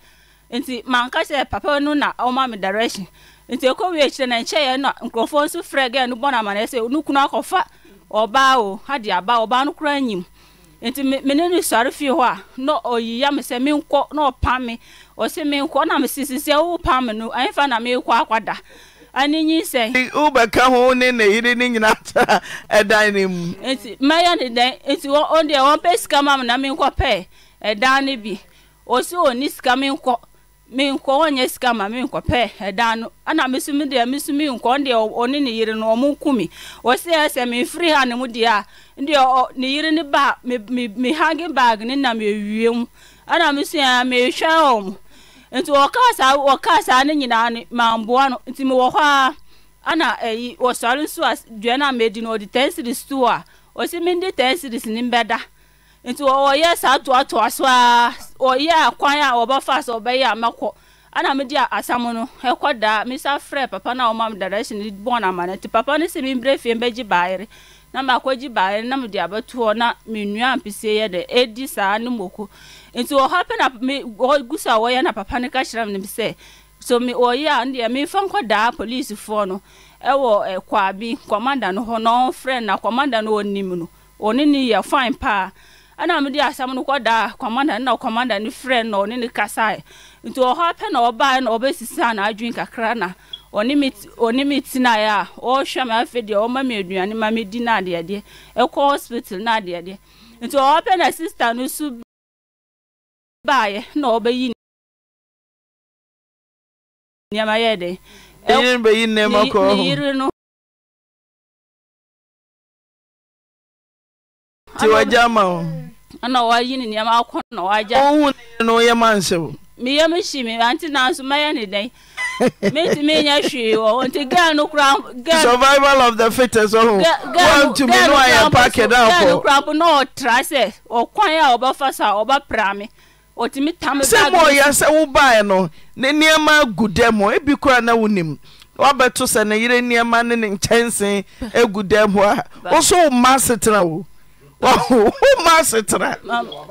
Speaker 6: nti manka sɛ papa no na ɔma mi direction nti ekɔ wie akyire na nkyɛn yɛ na nkurɔfoɔ nso frɛ gɛɛ no bɔ na amana sɛ onu kunu akɔfa ɔbaa o adi aba ɔbaa no kura enyim nti me ne no sɔre fie hɔ a na ɔyiya mi sɛ mi nkɔ na ɔpam mi ɔsi mi nkɔ na mi sisi sɛ ɔwɔ pam mi no ɛnfa na mi kɔ akɔda. Ani
Speaker 2: wobɛka ho ne na yere ne nyina ta
Speaker 6: ɛdan no mu nti mɛyɛ ne dɛn nti deɛ wɔmpɛ sika ma m na nkɔ menkɔpɛ ɛdan no bi ɔsi ɔni sika nkɔ, nkɔ, wɔn nyɛ sika ma nkɔ menkɔpɛ ɛdan no ana meso me deɛ meso nkɔ ɔdeɛ ɔne ne yere no ɔmo nku ɔsi ɛ sɛ memfiri ha ne mu deɛ a ɔ, ne yere ne ba mi hangi bag ne nam ewie mu ana meso a mehwɛ ɔmo nti wɔkaa saa wɔkaa saa ne nyinaa no mamboa no nti mewɔ hɔ a ana ɛyi wɔsɔre nso a dua no a medi no ɔde ten series to a ɔsi mi de ten series ne mbɛda nti wɔyɛ saa toatoa so a wɔyɛ kwan a wɔbɛfa so ɔbɛyɛ a ana mede asam no ɛkɔ daa mesa frɛ papa no a ɔma me direction bɔn ama no nti papa no sɛ membrɛ fie mbɛgye baayere na makɔgye baayere na mede abɛto hɔ na menua ampesie yɛ dɛ ɛdi saa ne mmɔko nti ɔhɔ pɛ na me ɔgu so a wɔyɛ na papa no ka kyerɛ me sɛ so me ɔyɛ a ndeɛ mefa nkɔ daa polisifoɔ no ɛwɔ kwaabi kɔmanda no hɔ na ɔmfrɛ na kɔmanda no ɔnim no ɔne ne yɛ fine paa ɛna mede asɛm no kɔdaa kɔmanda no na kɔmanda no frɛ na ɔne ne kasae nti ɔhɔ pɛ na ɔbae na ɔbɛsisaa na adwen kakra na ɔne me tenaeɛ a ɔrehwɛ me afei deɛ ɔma me aduane ma medi no adeadeɛ ɛkɔ hospital no adeadeɛ nti ɔwɔ pɛ na sista no so
Speaker 3: baayɛ na ɔbɛyi nneɛma yɛ dɛ ɛyere no bɛyi nneɛma kɔ ne yere no ti wagya ma wo
Speaker 6: ana wayi ne nneɛma akɔ na wagya ɔhu
Speaker 2: ne no yɛ ma nsɛw
Speaker 6: meyɛ mehyi me ante nanso mɛyɛ ne dɛn metumi nya hwee wɔ hɔ nti gaa no kora survival
Speaker 2: of the fittest ɔho
Speaker 6: woantumi no ayɛ paakɛ da akɔ gaa no kora mpo na ɔtra sɛ ɔkwan a ɔbɛfa so ɔbɛpra me sɛmu ɔyɛ sɛ
Speaker 2: wo bae no ne nneɔma gu dɛm ho ebi kora na wonim woabɛto sɛno yere nnoɔma ne ne nkyɛsee agu dɛm hɔ a wo so wo mma setena wo woma asetera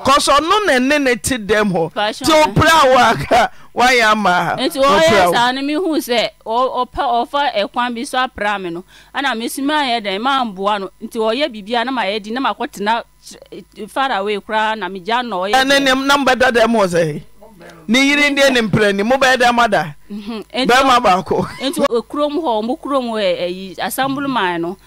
Speaker 2: kɔsɛ ɔno ne ne ne te dɛm hɔ
Speaker 6: nti ɔpra a wɔ aka
Speaker 2: woayɛ ama hantiɔyɛ saa
Speaker 6: no mehu sɛ ɔfa ɛkwan bi so apra me no ana mesumaayɛ dɛn mamboa no nti ɔyɛ biribia na mayɛ di na makɔtena faraway koraa na megya nɔ ɔyɛne
Speaker 2: na mbɛda dɛm hɔ sɛ Ni yiri ndeɛ ne mprani mobɛyɛ dɛm ada
Speaker 6: mhm. bɛma baako nti kurom hɔ mo kurom maa asambolomaa no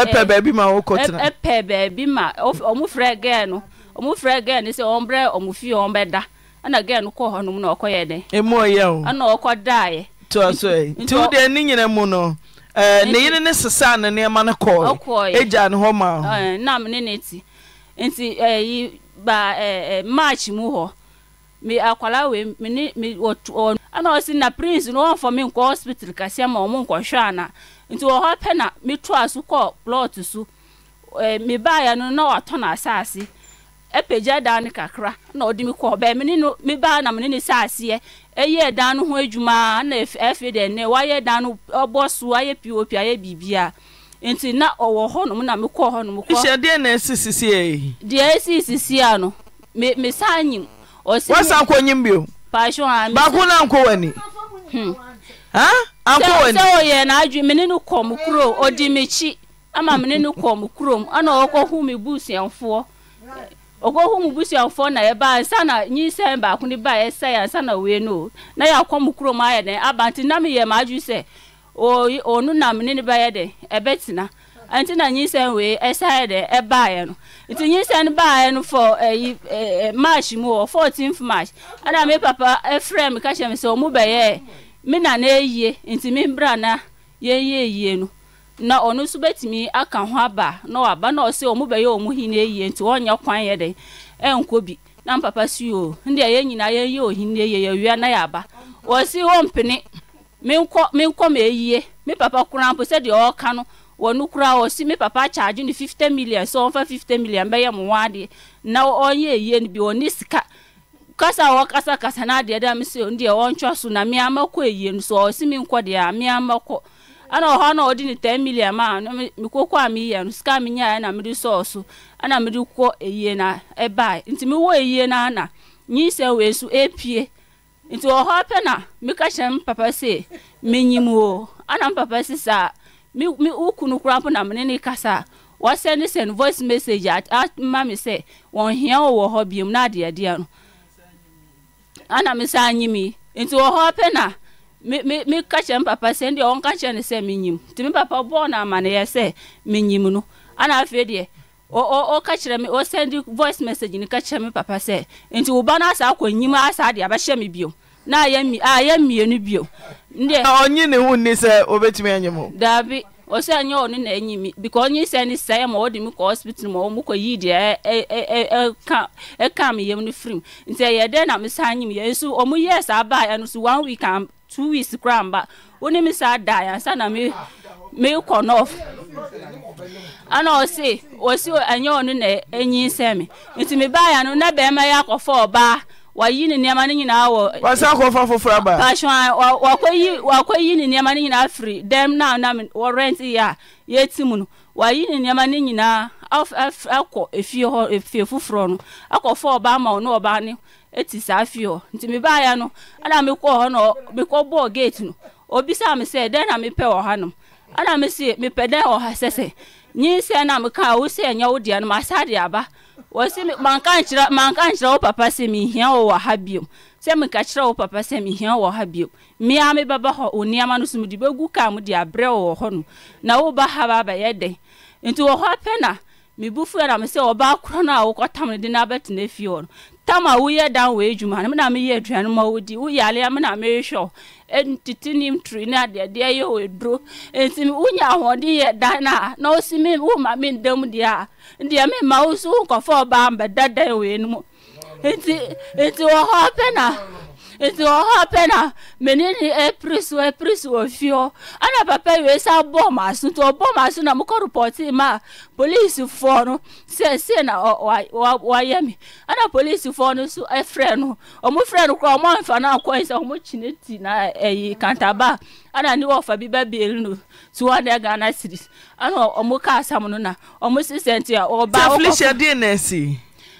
Speaker 6: ɛpɛ eh, baabi ma wokɔtenaɛpɛ ma ɔmo frɛ gɛɛ no ɔmo frɛ gɛɛ no sɛ ɔmbrɛ ɔmo fie ɔmbɛda ɛna gɛɛ no kɔ hɔ nom na ɔkɔyɛ dɛn emu ɔyɛ o ɛna ɔkɔ daeɛ
Speaker 2: toa so ɛ deɛ ne nyina nneɛma kɔɔ e ne hɔ ma
Speaker 6: nam ne ne ti akwara mi ni na prince no wɔn fɔ mi nkɔ hospital nti wɔ hɔ pɛ na metoa so kɔ plɔt so mebaeɛ no na watɔ no asase apagya dan no kakra na ɔde me kɔ bɛn mene no mebaa na mene ne saaseɛ ɛyɛ dan no ho adwuma na afei dɛ nnɛ wayɛ dan no ɔbɔ so ayɛ pop ayɛ biribia nti na ɔwɔ hɔnom na mekɔ hɔnom kɔ hyɛ
Speaker 2: deɛ na ɛsi sisie
Speaker 6: deɛ ɛsi sisie a no me me saa nyim ɔsi wasa nkɔ nyim bio paasɔn a baako na nkɔ wani. Hmm. sɛ ɔyɛ n'adwe mene no kɔ m kurom ɔdi m'akyi ama mene no kɔ m kurom ana ɔkɔho me busuamfoɔ ɔkɔho mu busuamfoɔ na yɛbaa nsa na nyinsɛn baako ne baa yɛsɛe ansa na wei no na yɛakɔ m kurom ayɛ dɛn abanti na meyɛ m'adwe sɛ ɔno na mene ne bɛyɛ dɛn ɛbɛtena nti na nyinsɛn wei ɛsaeɛ dɛn ɛbaeɛ no nti nyinsɛn no baeɛ no fɔ ɛyi eh, eh, eh, march mu wɔ 14th march ɛna me papa ɛfrɛ me ka kyerɛ sɛ ɔmo bɛyɛɛ mina na-eyie na nti mbra na yɛnyɛ eyie no na ɔno nso bɛtumi aka ho aba na ɔaba na ɔsɛ ɔmo bɛyɛ ɔmo hi na eyie nti ɔnyɛ kwan yɛ dɛ ɛnkɔ bi na mpapa si o ndeɛ yɛn nyinaa yɛnyɛ ohi na eyie yɛwia na yɛaba wɔsi ɔmpene menkɔ menkɔ ma eyie me papa koraa mpo sɛdeɛ ɔɔka no wɔn koraa wɔsi me papa kyaagye no fifty million sɛ ɔnfa fifty million bɛyɛ mo wɔn adeɛ na ɔnyɛ eyie no bi ɔne sika. kasa a wɔkasa kasa na adeɛ dɛ mesɛ ndeɛ wɔntwa so na mmea makɔ ayie e no so ɔsi me nkɔ deɛ a mmea makɔ ana ɔhɔ na ɔde ne 10 million ma mekokɔ a meyɛ no sika menyaɛ e na mede sɔɔ so ana mede kɔ ayie na ɛbae nti mewɔ eyie na ana nyi nyinsɛ wei esu epie nti ɔhɔ pɛ na meka kyerɛ m papa se menyim o ana m papa se saa me wokunu kora mpo na mene ne kasa wɔsɛ ne sɛn voice message ama me sɛ wɔnhia wɔ wɔ hɔ biom na adeadeɛ no ana m sa anyim yi nti wɔ hɔ pɛ na mi kyerɛ me papa sɛ ndeɛ ɔnka kyerɛ no sɛ menyim nti me papa bɔɔ no amanneɛ sɛ menyim no ana afei deɛ ɔka kyerɛ me ɔsɛnde voice message no ka kyerɛ papa sɛ nti wo ba no asa akɔ nyim asa de abɛhyɛ me biom na ayɛ mmienu biom ndeɛ ɔnye ne ho nni sɛ wobɛtumi anyim ho daabi osi anya onu na enyi mi biko onye isi ani saya ma odi mi ka hospital ma omu ko yi dia e e e ka e ka mi yem ni frim nti ye de na mi sa ya esu ọmụ omu sa aba ya no so one week am two weeks kra mba oni mi sa da ya sa na mi e, mi e ko north ana osi osi anya onu na enyi nsemi nti mi ba ya no na be ya akofo ọbaa. wayi ne nneɛma no nyinaa wɔ
Speaker 2: wasan kɔfa foforɔ ba
Speaker 6: paswan wakɔyi yi ne nneɛma no nyinaa firi dɛm na nam wɔ rent yɛ a yɛti mu no wayi ne nneɛma no nyinaa akɔ efie hɔ efie foforɔ no akɔfa ɔbaa ma ɔno ɔbaa ne eti saa fie hɔ nti ya no ana mekɔ hɔ no mekɔbɔɔ gate no obisaa me sɛ dɛn na mepɛ wɔ ha nom ana mesi mepɛ dɛn wɔ ha sɛsɛ nyinsɛn na mekaa wo sɛ ɛnyɛ deɛ no masaa de aba wasi manka nkyerɛ manka nkyerɛ wo papa sɛ mehia wɔ wɔ ha biom sɛ meka kyerɛ wo papa sɛ mehia wɔ ha biom mmea me bɛba hɔ wo nneɛma no so mede bɛgu kaa mu de abrɛ wɔ wɔ hɔ no na woba ha ba abɛyɛ dɛn nti wɔ hɔ apɛ na mebu fu ɛnam sɛ ɔbaa korɔ no a wokɔtam no de no abɛtena fie hɔ no tam a woyɛ dan wɔ adwuma no mena meyɛ aduane ma wodi woyɛ aleɛ mena mehwɛ ntete ne nturi ne adeɛdeɛ yɛ wɔ duro nti wonya ahoɔden yɛ dan a na wosi mi wo ma mi ndam deɛ a deɛ mi ma wo so wo nkɔfɔ ɔbaa mbɛda dan wɔ anim nti nti wɔ hɔ pɛ na. na ntiwahapena menini eprisu eprisu ofio ana papa yue sa bo masu ti obo so na muko ripoti ma polisi fonu sie sie na wayemi ana polisi fonu efrenu eh, omu frenu kura omu anfa na akoinsa omu chini ti na eyi eh, kantaba ana ni wɔfa bi bɛ no two hundred ghana siri ana ɔmo kaa sam no na ɔmo sisɛ ɔba ɔkɔ.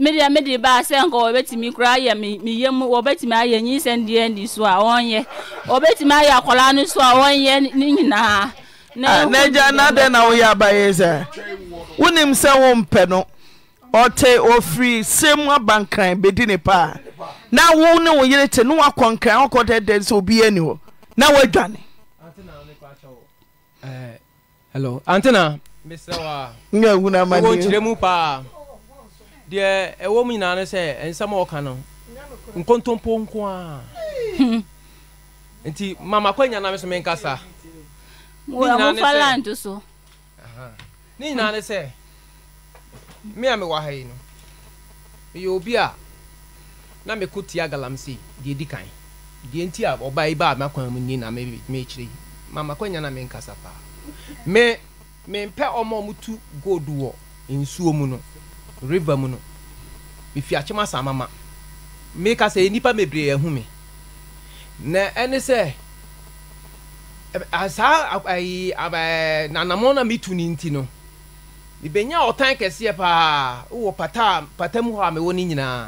Speaker 6: media media baa sɛ nka wɔbɛtumi koraa yɛ meyɛ mu wɔbɛtumi ayɛ nyinsɛn deɛ ndi so a wɔnyɛ wɔbɛtumi ayɛ akwaraa no so a wɔnyɛ ne nyinaa. n'agya n'adɛ
Speaker 2: na woyɛ abayɛ sɛ wonim sɛ wompɛ no ɔte ofiri paa na wo ne wo te ne woakɔ nkran wokɔ dị sɛ obiaa ni hɔ na woadwane
Speaker 9: hello antina mesrɛ wa
Speaker 2: nyahunamani wɔkyerɛ mu
Speaker 9: paa deɛ ɛwɔ mu nyinaa no sɛ nsɛm a ɔka no nkontompo nko a (laughs) nti mama kwanya na me so menkasa
Speaker 3: wɔmofa
Speaker 9: lanto so ne nyinaa ne sɛ me a mewɔ ha yi no meyɛ obi a na mekɔ tia galamsey deɛ di kan deɛ nti a ɔba yi baa makwan mu nyi na mekyerɛ mama kwanya na menkasa paa me mempɛ ɔma ɔmo tu gold wɔ nsuo mu no river mu no mefi akyem asa mama meka sɛ nnipa bebree ahu me na ɛne sɛ saa nanamɔ na metu ne nti no mebɛnya ɔtan kɛseɛ paa wowɔ pata pata mu hɔ a mewɔ no nyinaa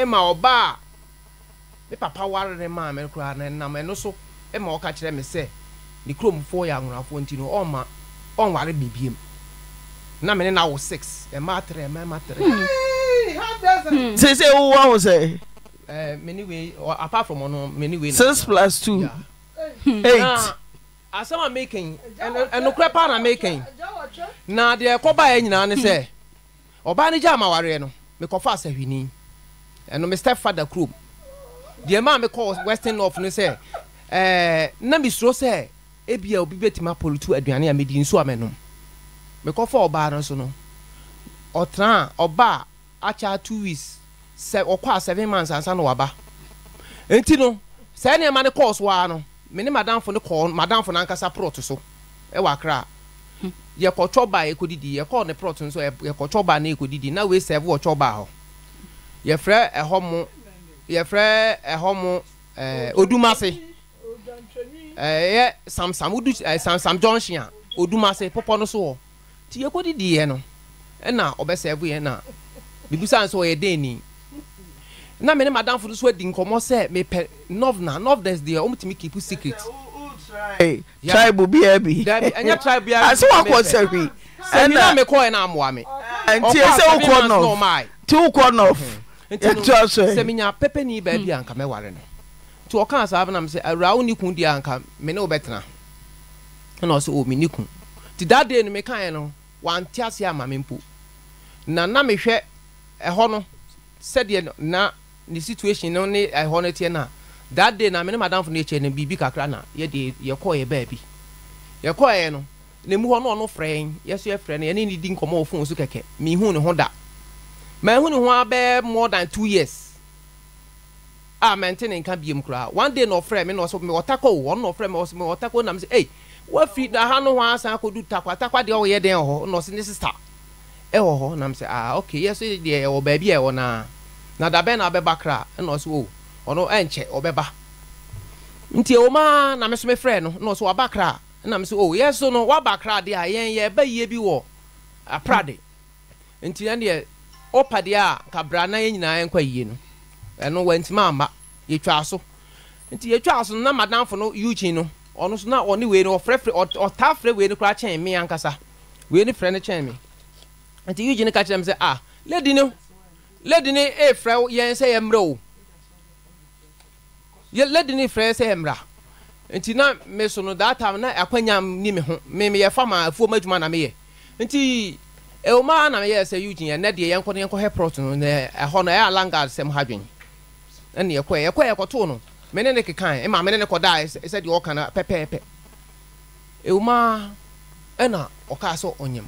Speaker 9: ɛma e ɔba a me papa ware ne maa me koraa na nam ɛno so ɛma e ɔka kyerɛ me sɛ ne kuromfoɔ yɛ awonafoɔ nti no ɔma ɔnware biribiam na mene na wo six mmaa three mmarima three. sese wo wa wo sɛ. many way or apart from ɔno many way. six plus two hmm. eight. asɛm a making ɛnukurɛ paa na making na deɛ ɛkɔba hmm. yɛ nyinaa ne sɛ ɔbaa ne gya amawareɛ no mekɔfa asahwini ɛno me step father kurom deɛ maa mekɔ western north no sɛ ɛɛ na mesuro sɛ ebia obi bɛtumi apolutu aduane a medi nsuo a mɛnom mekɔfa ɔbaa no so no ɔtena ɔbaa akyɛ two weeks sɛ ɔkɔ a seven months ansa na waba nti no sɛ nneɛma ne kɔɔ so ara no me ne madamfo ne kɔɔ madamfo n'ankasa prɔt so ɛwɔ akra yɛkɔtɔ baa yɛkɔdidi yɛkɔɔ ne prɔt nso yɛkɔtɔ baa ne yɛkɔdidi na wei sɛɛfo wɔtɔ baa hɔ yɛfrɛ ɛhɔ mo yɛfrɛ ɛhɔ mo ɛɛ odumase ɛɛ yɛ samsam odu ɛɛ samsam junction a odumase pɔpɔ no so wɔ. nti yɛkɔdi diiɛ no ɛna ɔbɛsɛɛfo yɛn na bibusa nso ɔyɛ den ni na mene madamfo no so adi nkɔmmɔ sɛ mepɛ novna novdes deɛ ɔmtumi keep secret
Speaker 2: tribe bia bi ɛnyɛ tribe bia ase wakɔ sɛhwi ɛna
Speaker 9: mekɔɛ na amoa me nti mhm. sɛ na nɔf na wokɔ nɔf yɛtoa na sɛ na pɛpɛ ni baabi na anka mɛware no nti ɔkaa saa bnam sɛ awura wo ne ku deɛ anka me ne wobɛtena ɛna ɔsɛ ɔ oh, me ne ku nti daa dee no mekaeɛ no wante ase ama me mpo na na mehwɛ ɛhɔ no sɛdeɛ na ne situation no ne ɛhɔ no teɛ no a that day na me ne madamfo no akyɛ no biribi kakra na yɛde yɛkɔɔ yɛ baabi yɛkɔɔɛ no na mu hɔ no ɔno frɛ yɛn yɛso yɛfrɛ no yɛne ne di nkɔmmɔ wɔ fon so kɛkɛ mehu ne ho da mahu ne ho abɛɛ more than two years a mente ne nka biem koraa one day na ɔfrɛ me na ɔsɛ ɔtakɔ wo ɔno na ɔfrɛ me ɔsɛ me ɔtakɔ na me sɛ ei hey, wafi aha no ho asan akɔdu takwa takwa deɛ ɔyɛ dɛn hɔ na ɔsi ne sista ɛwɔ hɔ nam sɛ ah ok yɛ so deɛ ɛwɔ baabi a ɛwɔ na dabɛn na abɛba kra ɛna ɔsi o oh, ɔno ɛnkyɛ ɔbɛba nti na mɛso mɛfrɛ no na ɔsi waba kra ɛna o oh, yɛ so no waba kra deɛ a yɛn yɛ ɛbɛ bi wɔ aprade nti deɛ a kabra na yɛn nyinaa yɛn yie no ɛno ama ɔno so na ɔne wei no ɔfrɛfrɛ ɔtaa frɛ wei no ankasa wei no frɛ no nti yugi ah lady efere lady no efrɛ yɛn sɛ yɛn mmerɛ o lady nti na me so no na akwanya ni me ho me me yɛ fama adwuma na yɛ nti ɛwɔ a na me yɛ sɛ yugi yɛn nɛ deɛ yɛn kɔ yɛn kɔ hɛ prɔt no ɛhɔ no ɛyɛ ha dwen ɛna yɛ mene ne kekae ma mene ne kɔdaa sɛdeɛ ɔka no pɛpɛɛpɛ ɛwoma ɛna ɔkaa sɛ ɔnyim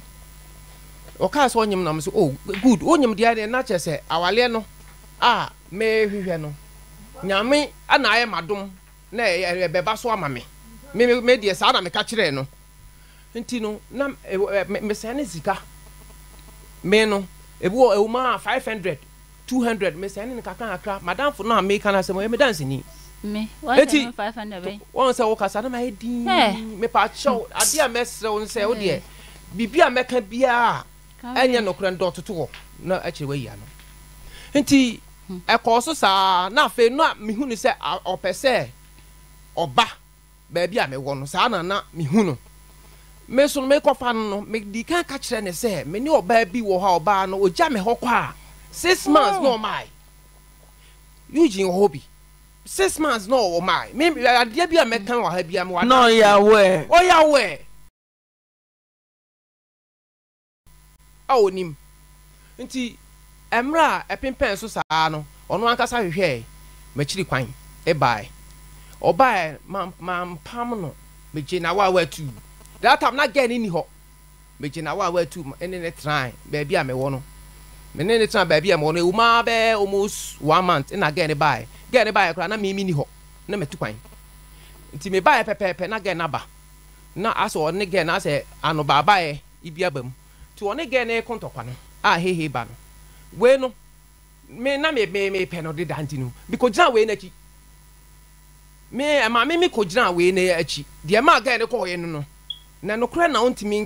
Speaker 9: ɔkaa sɛ ɔnyim nam sɛ o oh, good ɔnyim deɛ deɛ na kyerɛ sɛ awaleɛ no a mɛhwehwɛ no nyame ana ayɛ madom na ɛbɛba so ama me medeɛ saa na meka kyerɛɛ no nti no na mesɛɛ ne sika me no ebi wɔ ɛwoma five hundred two hundred mesɛɛ ne ne kakra kakra madamfo no a meka no asɛm ɔyɛ medanseni me one thousand five hundred bɛyi. wɔn sɛ wo kasa anam ayɛ diin mepa akyɛw ade a mɛsrɛ wo nsɛ wo deɛ biribi a mɛka biara ɛnyɛ nokorɛ ndɔtoto hɔ na akyerɛ wayi ano nti ɛkɔɔ so saa na afei no a mehu no sɛ ɔpɛ sɛ ɔba baabi a mewɔ no saa na na mehu no me so no mekɔfa no no medi kan ka kyerɛ ne sɛ me ne ɔbaa bi wɔ hɔ a no ɔgya me hɔ kɔ a six months na ɔmaae eugene wɔ hɔ bi six months na ọwọ maa mi adeɛ bi a mɛka wɔ ha bi a mɛ. na ɔyɛ awɛ. ɔyɛ awɛ. a onim nti mmerɛ a ɛpempɛn so saa no ɔno ankasa hwehwɛ m'akyiri kwan ɛbae ɔbae mampam no megye na wa watu that time na gɛɛ ne ni hɔ megye na wa watu ɛne ne tran baabi a mɛwɔ no. mene ne tena baabi a mɔ no ɛwuma bɛɛ almost one month ɛna ne ne na mimi ni hɔ na matu kwan nti me na gɛ naba na asɛ ɔne gɛ na asɛ anobaabaeɛ ibi aba mu nti ɔne gɛ ne ko no a hehe ba no no na me me me pɛ no deda nti no gyina n'akyi me ko gyina wee n'akyi deɛ maa na na ɔntumi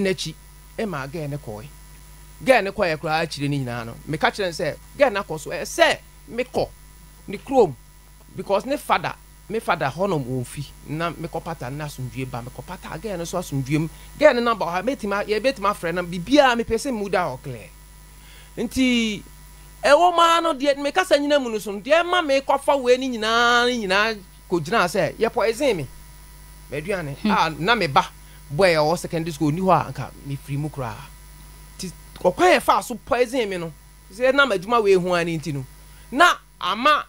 Speaker 9: nka gɛl ne kɔyɛ koraa akyire no nyinaa no meka kyerɛ no sɛ gɛl no akɔ so ɛɛ sɛ mekɔ ne kurom because ne fada me fada hɔnom wɔ fi na mekɔpata na asomdwie ba pata gɛl no so asomdwie mu gɛl no namba ɔha mɛtumi yɛbɛtumi afrɛ no biribiaa mepɛ sɛ mu da ɔklɛ nti ɛwɔ maa no deɛ mekasa nyina mu no so deɛ ma mekɔfa wei no nyinaa no nyinaa kɔgyinaa sɛ yɛpɔ ɛzen me maduane hmm. na meba bɔɛ ɔwɔ secondary school ni hɔ a nka mefiri mu koraa ɔkwan yɛ fa so poison mi no sɛ ɛnam adwuma wei ho ani no na ama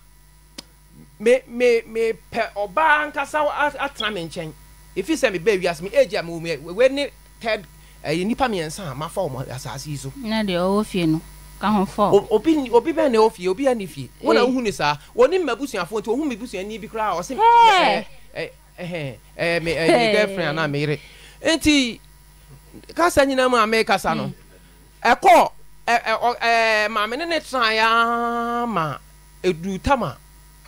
Speaker 9: me me me nkasa atena me nkyɛn efi sɛ me bɛ wiase me age a mu ne ɛyɛ nipa mmiɛnsa a ma na
Speaker 6: deɛ ɔwɔ fie no ka ho fɔ.
Speaker 9: obi obi bɛn na obi na eh. ohun ne saa wɔn ne mma busuafo nti ohun mi bi ɔsi ɛɛ ɛɛ ɛɛ ɛɛ ɛkɔ ɛɛ ɛɛ maame ne ne tena ya ma edu tam a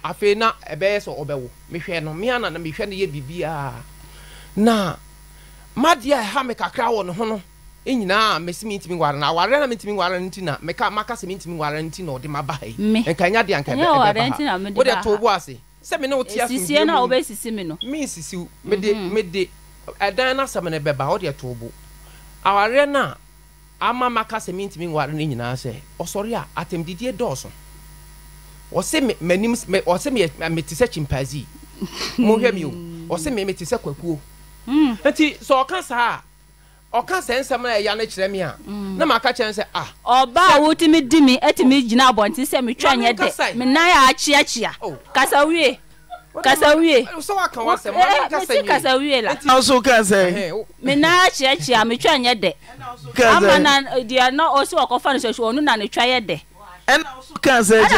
Speaker 9: afei na ɛbɛyɛ sɛ ɔbɛwo mehwɛ no mea na na mehwɛ no yɛ biribiara na madeɛ a ɛha me kakra wɔ ne ho no nyinaa mesi mentimi nware na aware na mentimi nware no nti na meka maka sɛ mentimi nware no nti na ɔde maba ha yi nka ɛnya deɛ nka ɛbɛba ha wode to wo ase sɛ me ne wo tea sisiɛ mhm. no a sisi me no mensisiw mede mede ɛdan no asɛm no bɛba wode to wo bo aware na. ama maka sɛ mentumi nware no nyinaa sɛ ɔsɔre a atɛmdidie dɔɔso ɔsɛ m'anim ɔsɛ mete sɛ chimpanzee hmm. mohwɛ mi o ɔsɛ me mete sɛ kwakuo hmm. nti sɛ ɔka saa a ɔka sɛ nsɛm na ɛya no kyerɛ me a hmm. na maka kyerɛ sɛ a ah.
Speaker 6: ɔba a wotumi di mi atumi gyina abɔnten sɛ metwa nyɛ dɛ menan a akyeakyea oh. kasa wie kasamɛti kasa we la mena akyeakyea metwa yɛ dɛama na deɛ na ɔsi wakɔfa no s no nanetwa yɛ dɛɛna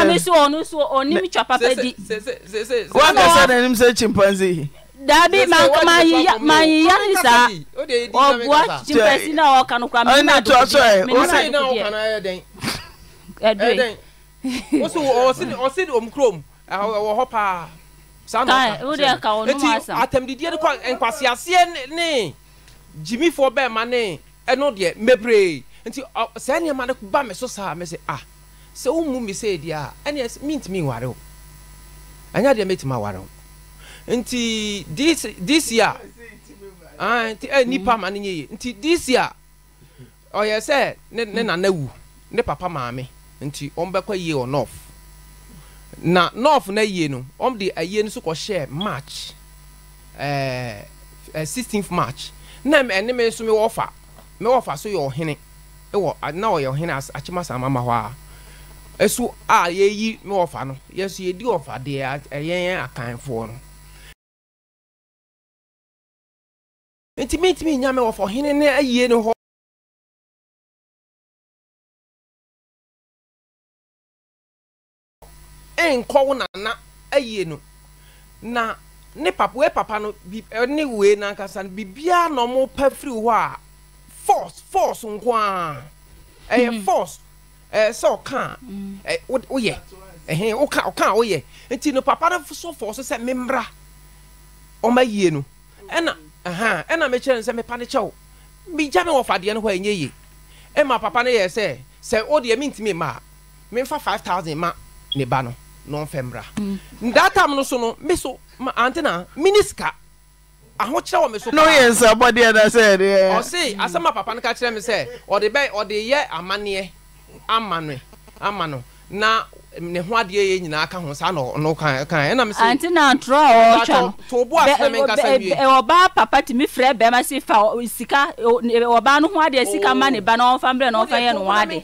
Speaker 6: meso ɔno so nim twa papa
Speaker 2: didaabi mayeya
Speaker 6: ne saa ɔgoa chimpai na wɔka no
Speaker 9: kra santi atɛmdidiɛ ne nkwaseaseɛ ne gyimifoɔ bɛɛma ne ɛno deɛ mmebree nti saa nneɛma no ba me so saa me sɛ ah sɛ womu me sɛ ɛdi a ɛneɛ mentumi nware wo ɛnyɛ deɛ mɛtumi aware wo nti this year nti ɛ eh, nipa ma ne nyɛ nti this year ɔyɛ sɛ ne nana wu ne papa maame nti wɔn bɛkɔ yie wɔ na north na yie no wɔn de ayie no so kɔhyɛ march ɛɛ eh, ɛ eh, sixteenth march na ɛne mi nso mi wɔ fa mi wɔ fa so yɛ ɔhene ɛwɔ na ɔyɛ ɔhene as akyimasa mama hɔ a ɛso a yɛyi mi wɔ fa no yɛso yɛdi wɔ fa
Speaker 3: deɛ ɛyɛn akanfoɔ no ntumi ntumi nya mi wɔ fa ɔhene ne ayie no hɔ. ɛnkɔ wo nana
Speaker 9: ɛyie no na ne papa wei papa no bi ɛne wei nankasa no biribiara na ɔmo pɛ firi hɔ a force force nko ara ɛyɛ mhm. force ɛɛ sɛ ɔka ɛɛ mhm. woyɛ ɛhɛn ɔka ɔka woyɛ nti no papa no so force sɛ mmemmra ɔmo ayie no ɛna ɛhɛn ɛna mekyerɛ no sɛ mepa ne kyɛw bigya mi wɔ fadeɛ no hɔ ɛnyɛ yie ɛma papa no yɛ sɛ sɛ o deɛ mi ntumi ma a memfa five thousand ma ne ba no. nɔfɛmbra ndaa mm. tam no so no me so antena mini sika ahokyerɛ wɔ me so n'o ye n'oyɛ nsabɔdeɛ na sɛ ɛdeɛ ɔse asɛm a papa ni ka kyerɛ me sɛ ɔde bɛ ɔde yɛ amanneɛ ama no ama no na mm, ne ho adeɛ yɛ nyinaa ka ho saa na
Speaker 6: ɔno kan kan ɛna me sɛ ante na ntorɔ a ɔretwa no tobo asɛm me nkasa wie ɔbaa papa tumi frɛ ma se fa sika ɔbaa no ho adeɛ sika ma ne ba na ɔmfa mbrɛ na ɔmfa yɛ no ho oh, ade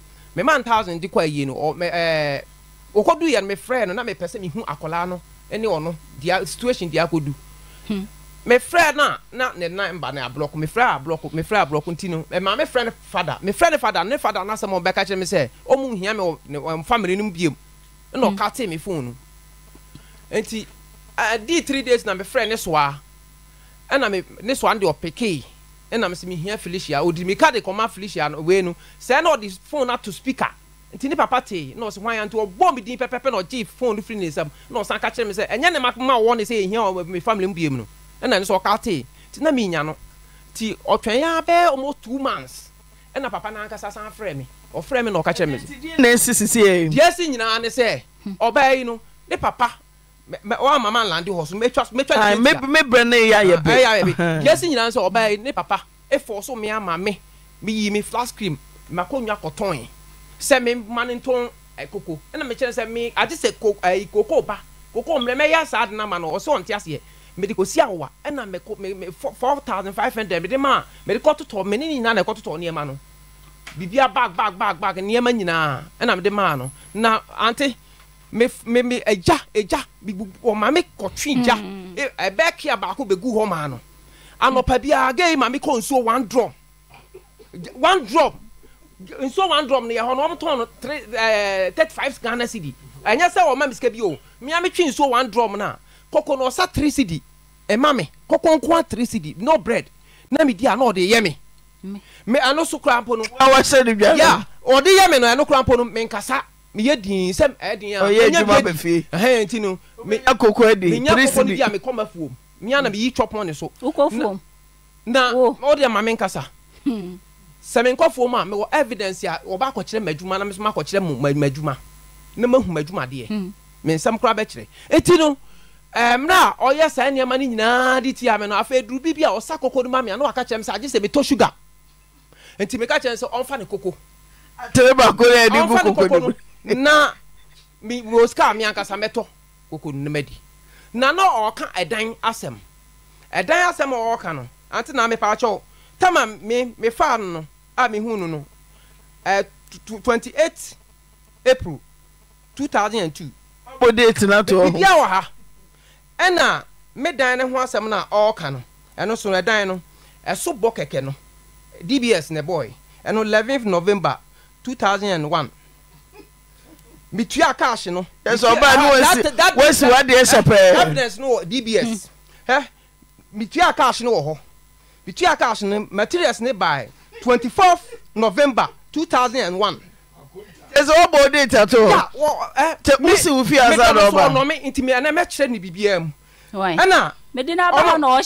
Speaker 9: me man thousand di kɔ ayie no ɛɛ okɔdu yɛ no me frɛ no na me pɛ sɛ me hu akɔlaa no ɛne ɔno dia situation dia akɔdu hmm. me frɛ na na ne nan ba ne ablɔko me frɛ ablɔko me frɛ ablɔko nti no ɛmaa eh, me frɛ ne fada me frɛ ne fada ne fada na asɛm ɔbɛka kyerɛ me sɛ ɔmu nhia me ne ɔm family no biem ɛna hmm. ɔka te me phone no nti ɛɛ eh, di three days na me frɛ ne soa ɛna me ne soa de ɔpekee ɛna mɛ sɛ mihia felicia odi mika de kɔma felicia no wei no sɛ ɛna ɔde phone to speaker nti ne papa tee na ɔsi hwan ya nti ɔbɔ mi din pɛpɛpɛ na ɔgye phone no firi ne nsam na ɔsan ka kyerɛ mi sɛ ɛnyɛ ne ma ma wɔn ne sɛ ehia ɔmɛ mi family mu biem no ɛna ne sɛ ɔka tee ti na mi nya no ti ɔtwɛn ya bɛɛ ɔmo two months ɛna papa na n'ankasa san frɛ mi ɔfrɛ mi na ɔka kyerɛ mi. na esi sisi yɛ. diɛ si nyinaa ne sɛ ɔbaa yi no ne papa wa mama lande hɔ so metwa metwa ti ti me brɛ ne ya yɛ bɛ ya yɛ bɛ (laughs) yɛsi nyinaa sɛ ɔbaa yi ne papa efɔ so mi ama mi mi yi mi flask cream ma ko nya kɔtɔn yi sɛ mi ma ne tɔn ɛ koko ɛna mi kyerɛ sɛ mi adi sɛ ko ɛ koko ba koko mìrɛ mɛ yɛ saa di na ma na ɔsɛ ɔn ti aseɛ mɛdi ko si awa ɛna mɛ ko mɛ mɛ four thousand five hundred mɛdi ma mɛdi kɔ totɔ mɛ ne nyinaa na ɛkɔ totɔ nneɛma no bibia bag bag bag bag nneɛma nyinaa ɛna mɛdi ma no na aunty mmemme ɛgya ɛgya ɔmaame kɔtwi gya ɛbɛɛ kia baako bɛgu hɔ maa no anɔpa biara gɛɛ maame kɔ nsuo one drop one drop nsuo one drop no yɛ hɔ no wɔn tɔn no three ɛɛ thirty five ghana CD. ɛnyɛ sɛ wɔn ma mi sika bi o miame twi nsuo one drop na kɔkɔ na ɔsa three CD. ɛma mi kɔkɔ nkoa three CD, no bread na mi di a na ɔde yɛ mi mi ano so kura mpo no. awa se ni bi a. ya ɔde yɛ mi no ɛno kura mpo no mi nkasa meyɛ din sɛ ɛdin eh, a ɔyɛ adwuma bɛfie eh, ɛhɛn eh, ti no me akoko ɛdi minya koko no bi a me kɔma fuom miya na mm. meyi twɛ pɔn ne so wokɔ fuom na ɔde ama me nkasa hmm. sɛ me nkɔ fuom a mewɔ evidence a wɔba akɔkyerɛ m'adwuma na mesoma akɔkyerɛ mu m'adwuma na mahu m'adwuma deɛ hmm. me nsɛm koraa bɛkyerɛ eti no mmerɛ a ɔyɛ saa nneɛma no nyinaa de tia me no afei duru bi bi a ɔsa koko no ma me a na waka kyerɛ me sɛ agye sugar nti meka kyerɛ me sɛ ɔmfa ne koko koko no na roscar me ankasa mɛtɔ wɔkɔnunoma di na na ɔɔka ɛdan asɛm ɛdan asɛm a ɔka no ante na mepaakyɛw tama mi mefaa no no a mehu no no eight april two thousand 2002 biribi a wɔ ha ɛna me dan ne ho asɛm no a no ɛno so ɛdan no ɛso bɔ kɛkɛ no dbs ne bɔe ɛno 11 november 2001 metuaa kas nocs meta kasye no wɔ hɔ metuaa kasye no materies no b 25 november 2001ɛbdes fnɔme nti meɛn mɛkyerɛ ne biribiaa
Speaker 6: muycumt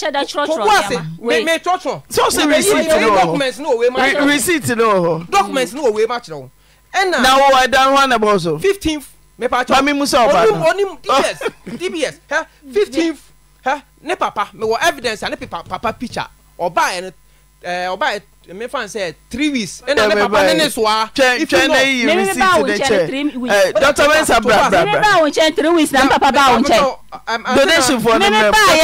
Speaker 2: i
Speaker 9: mkrɛ s5 (laughs) ne papa mewɔ vidence an papa pica ɛ3 weenpaann
Speaker 6: sa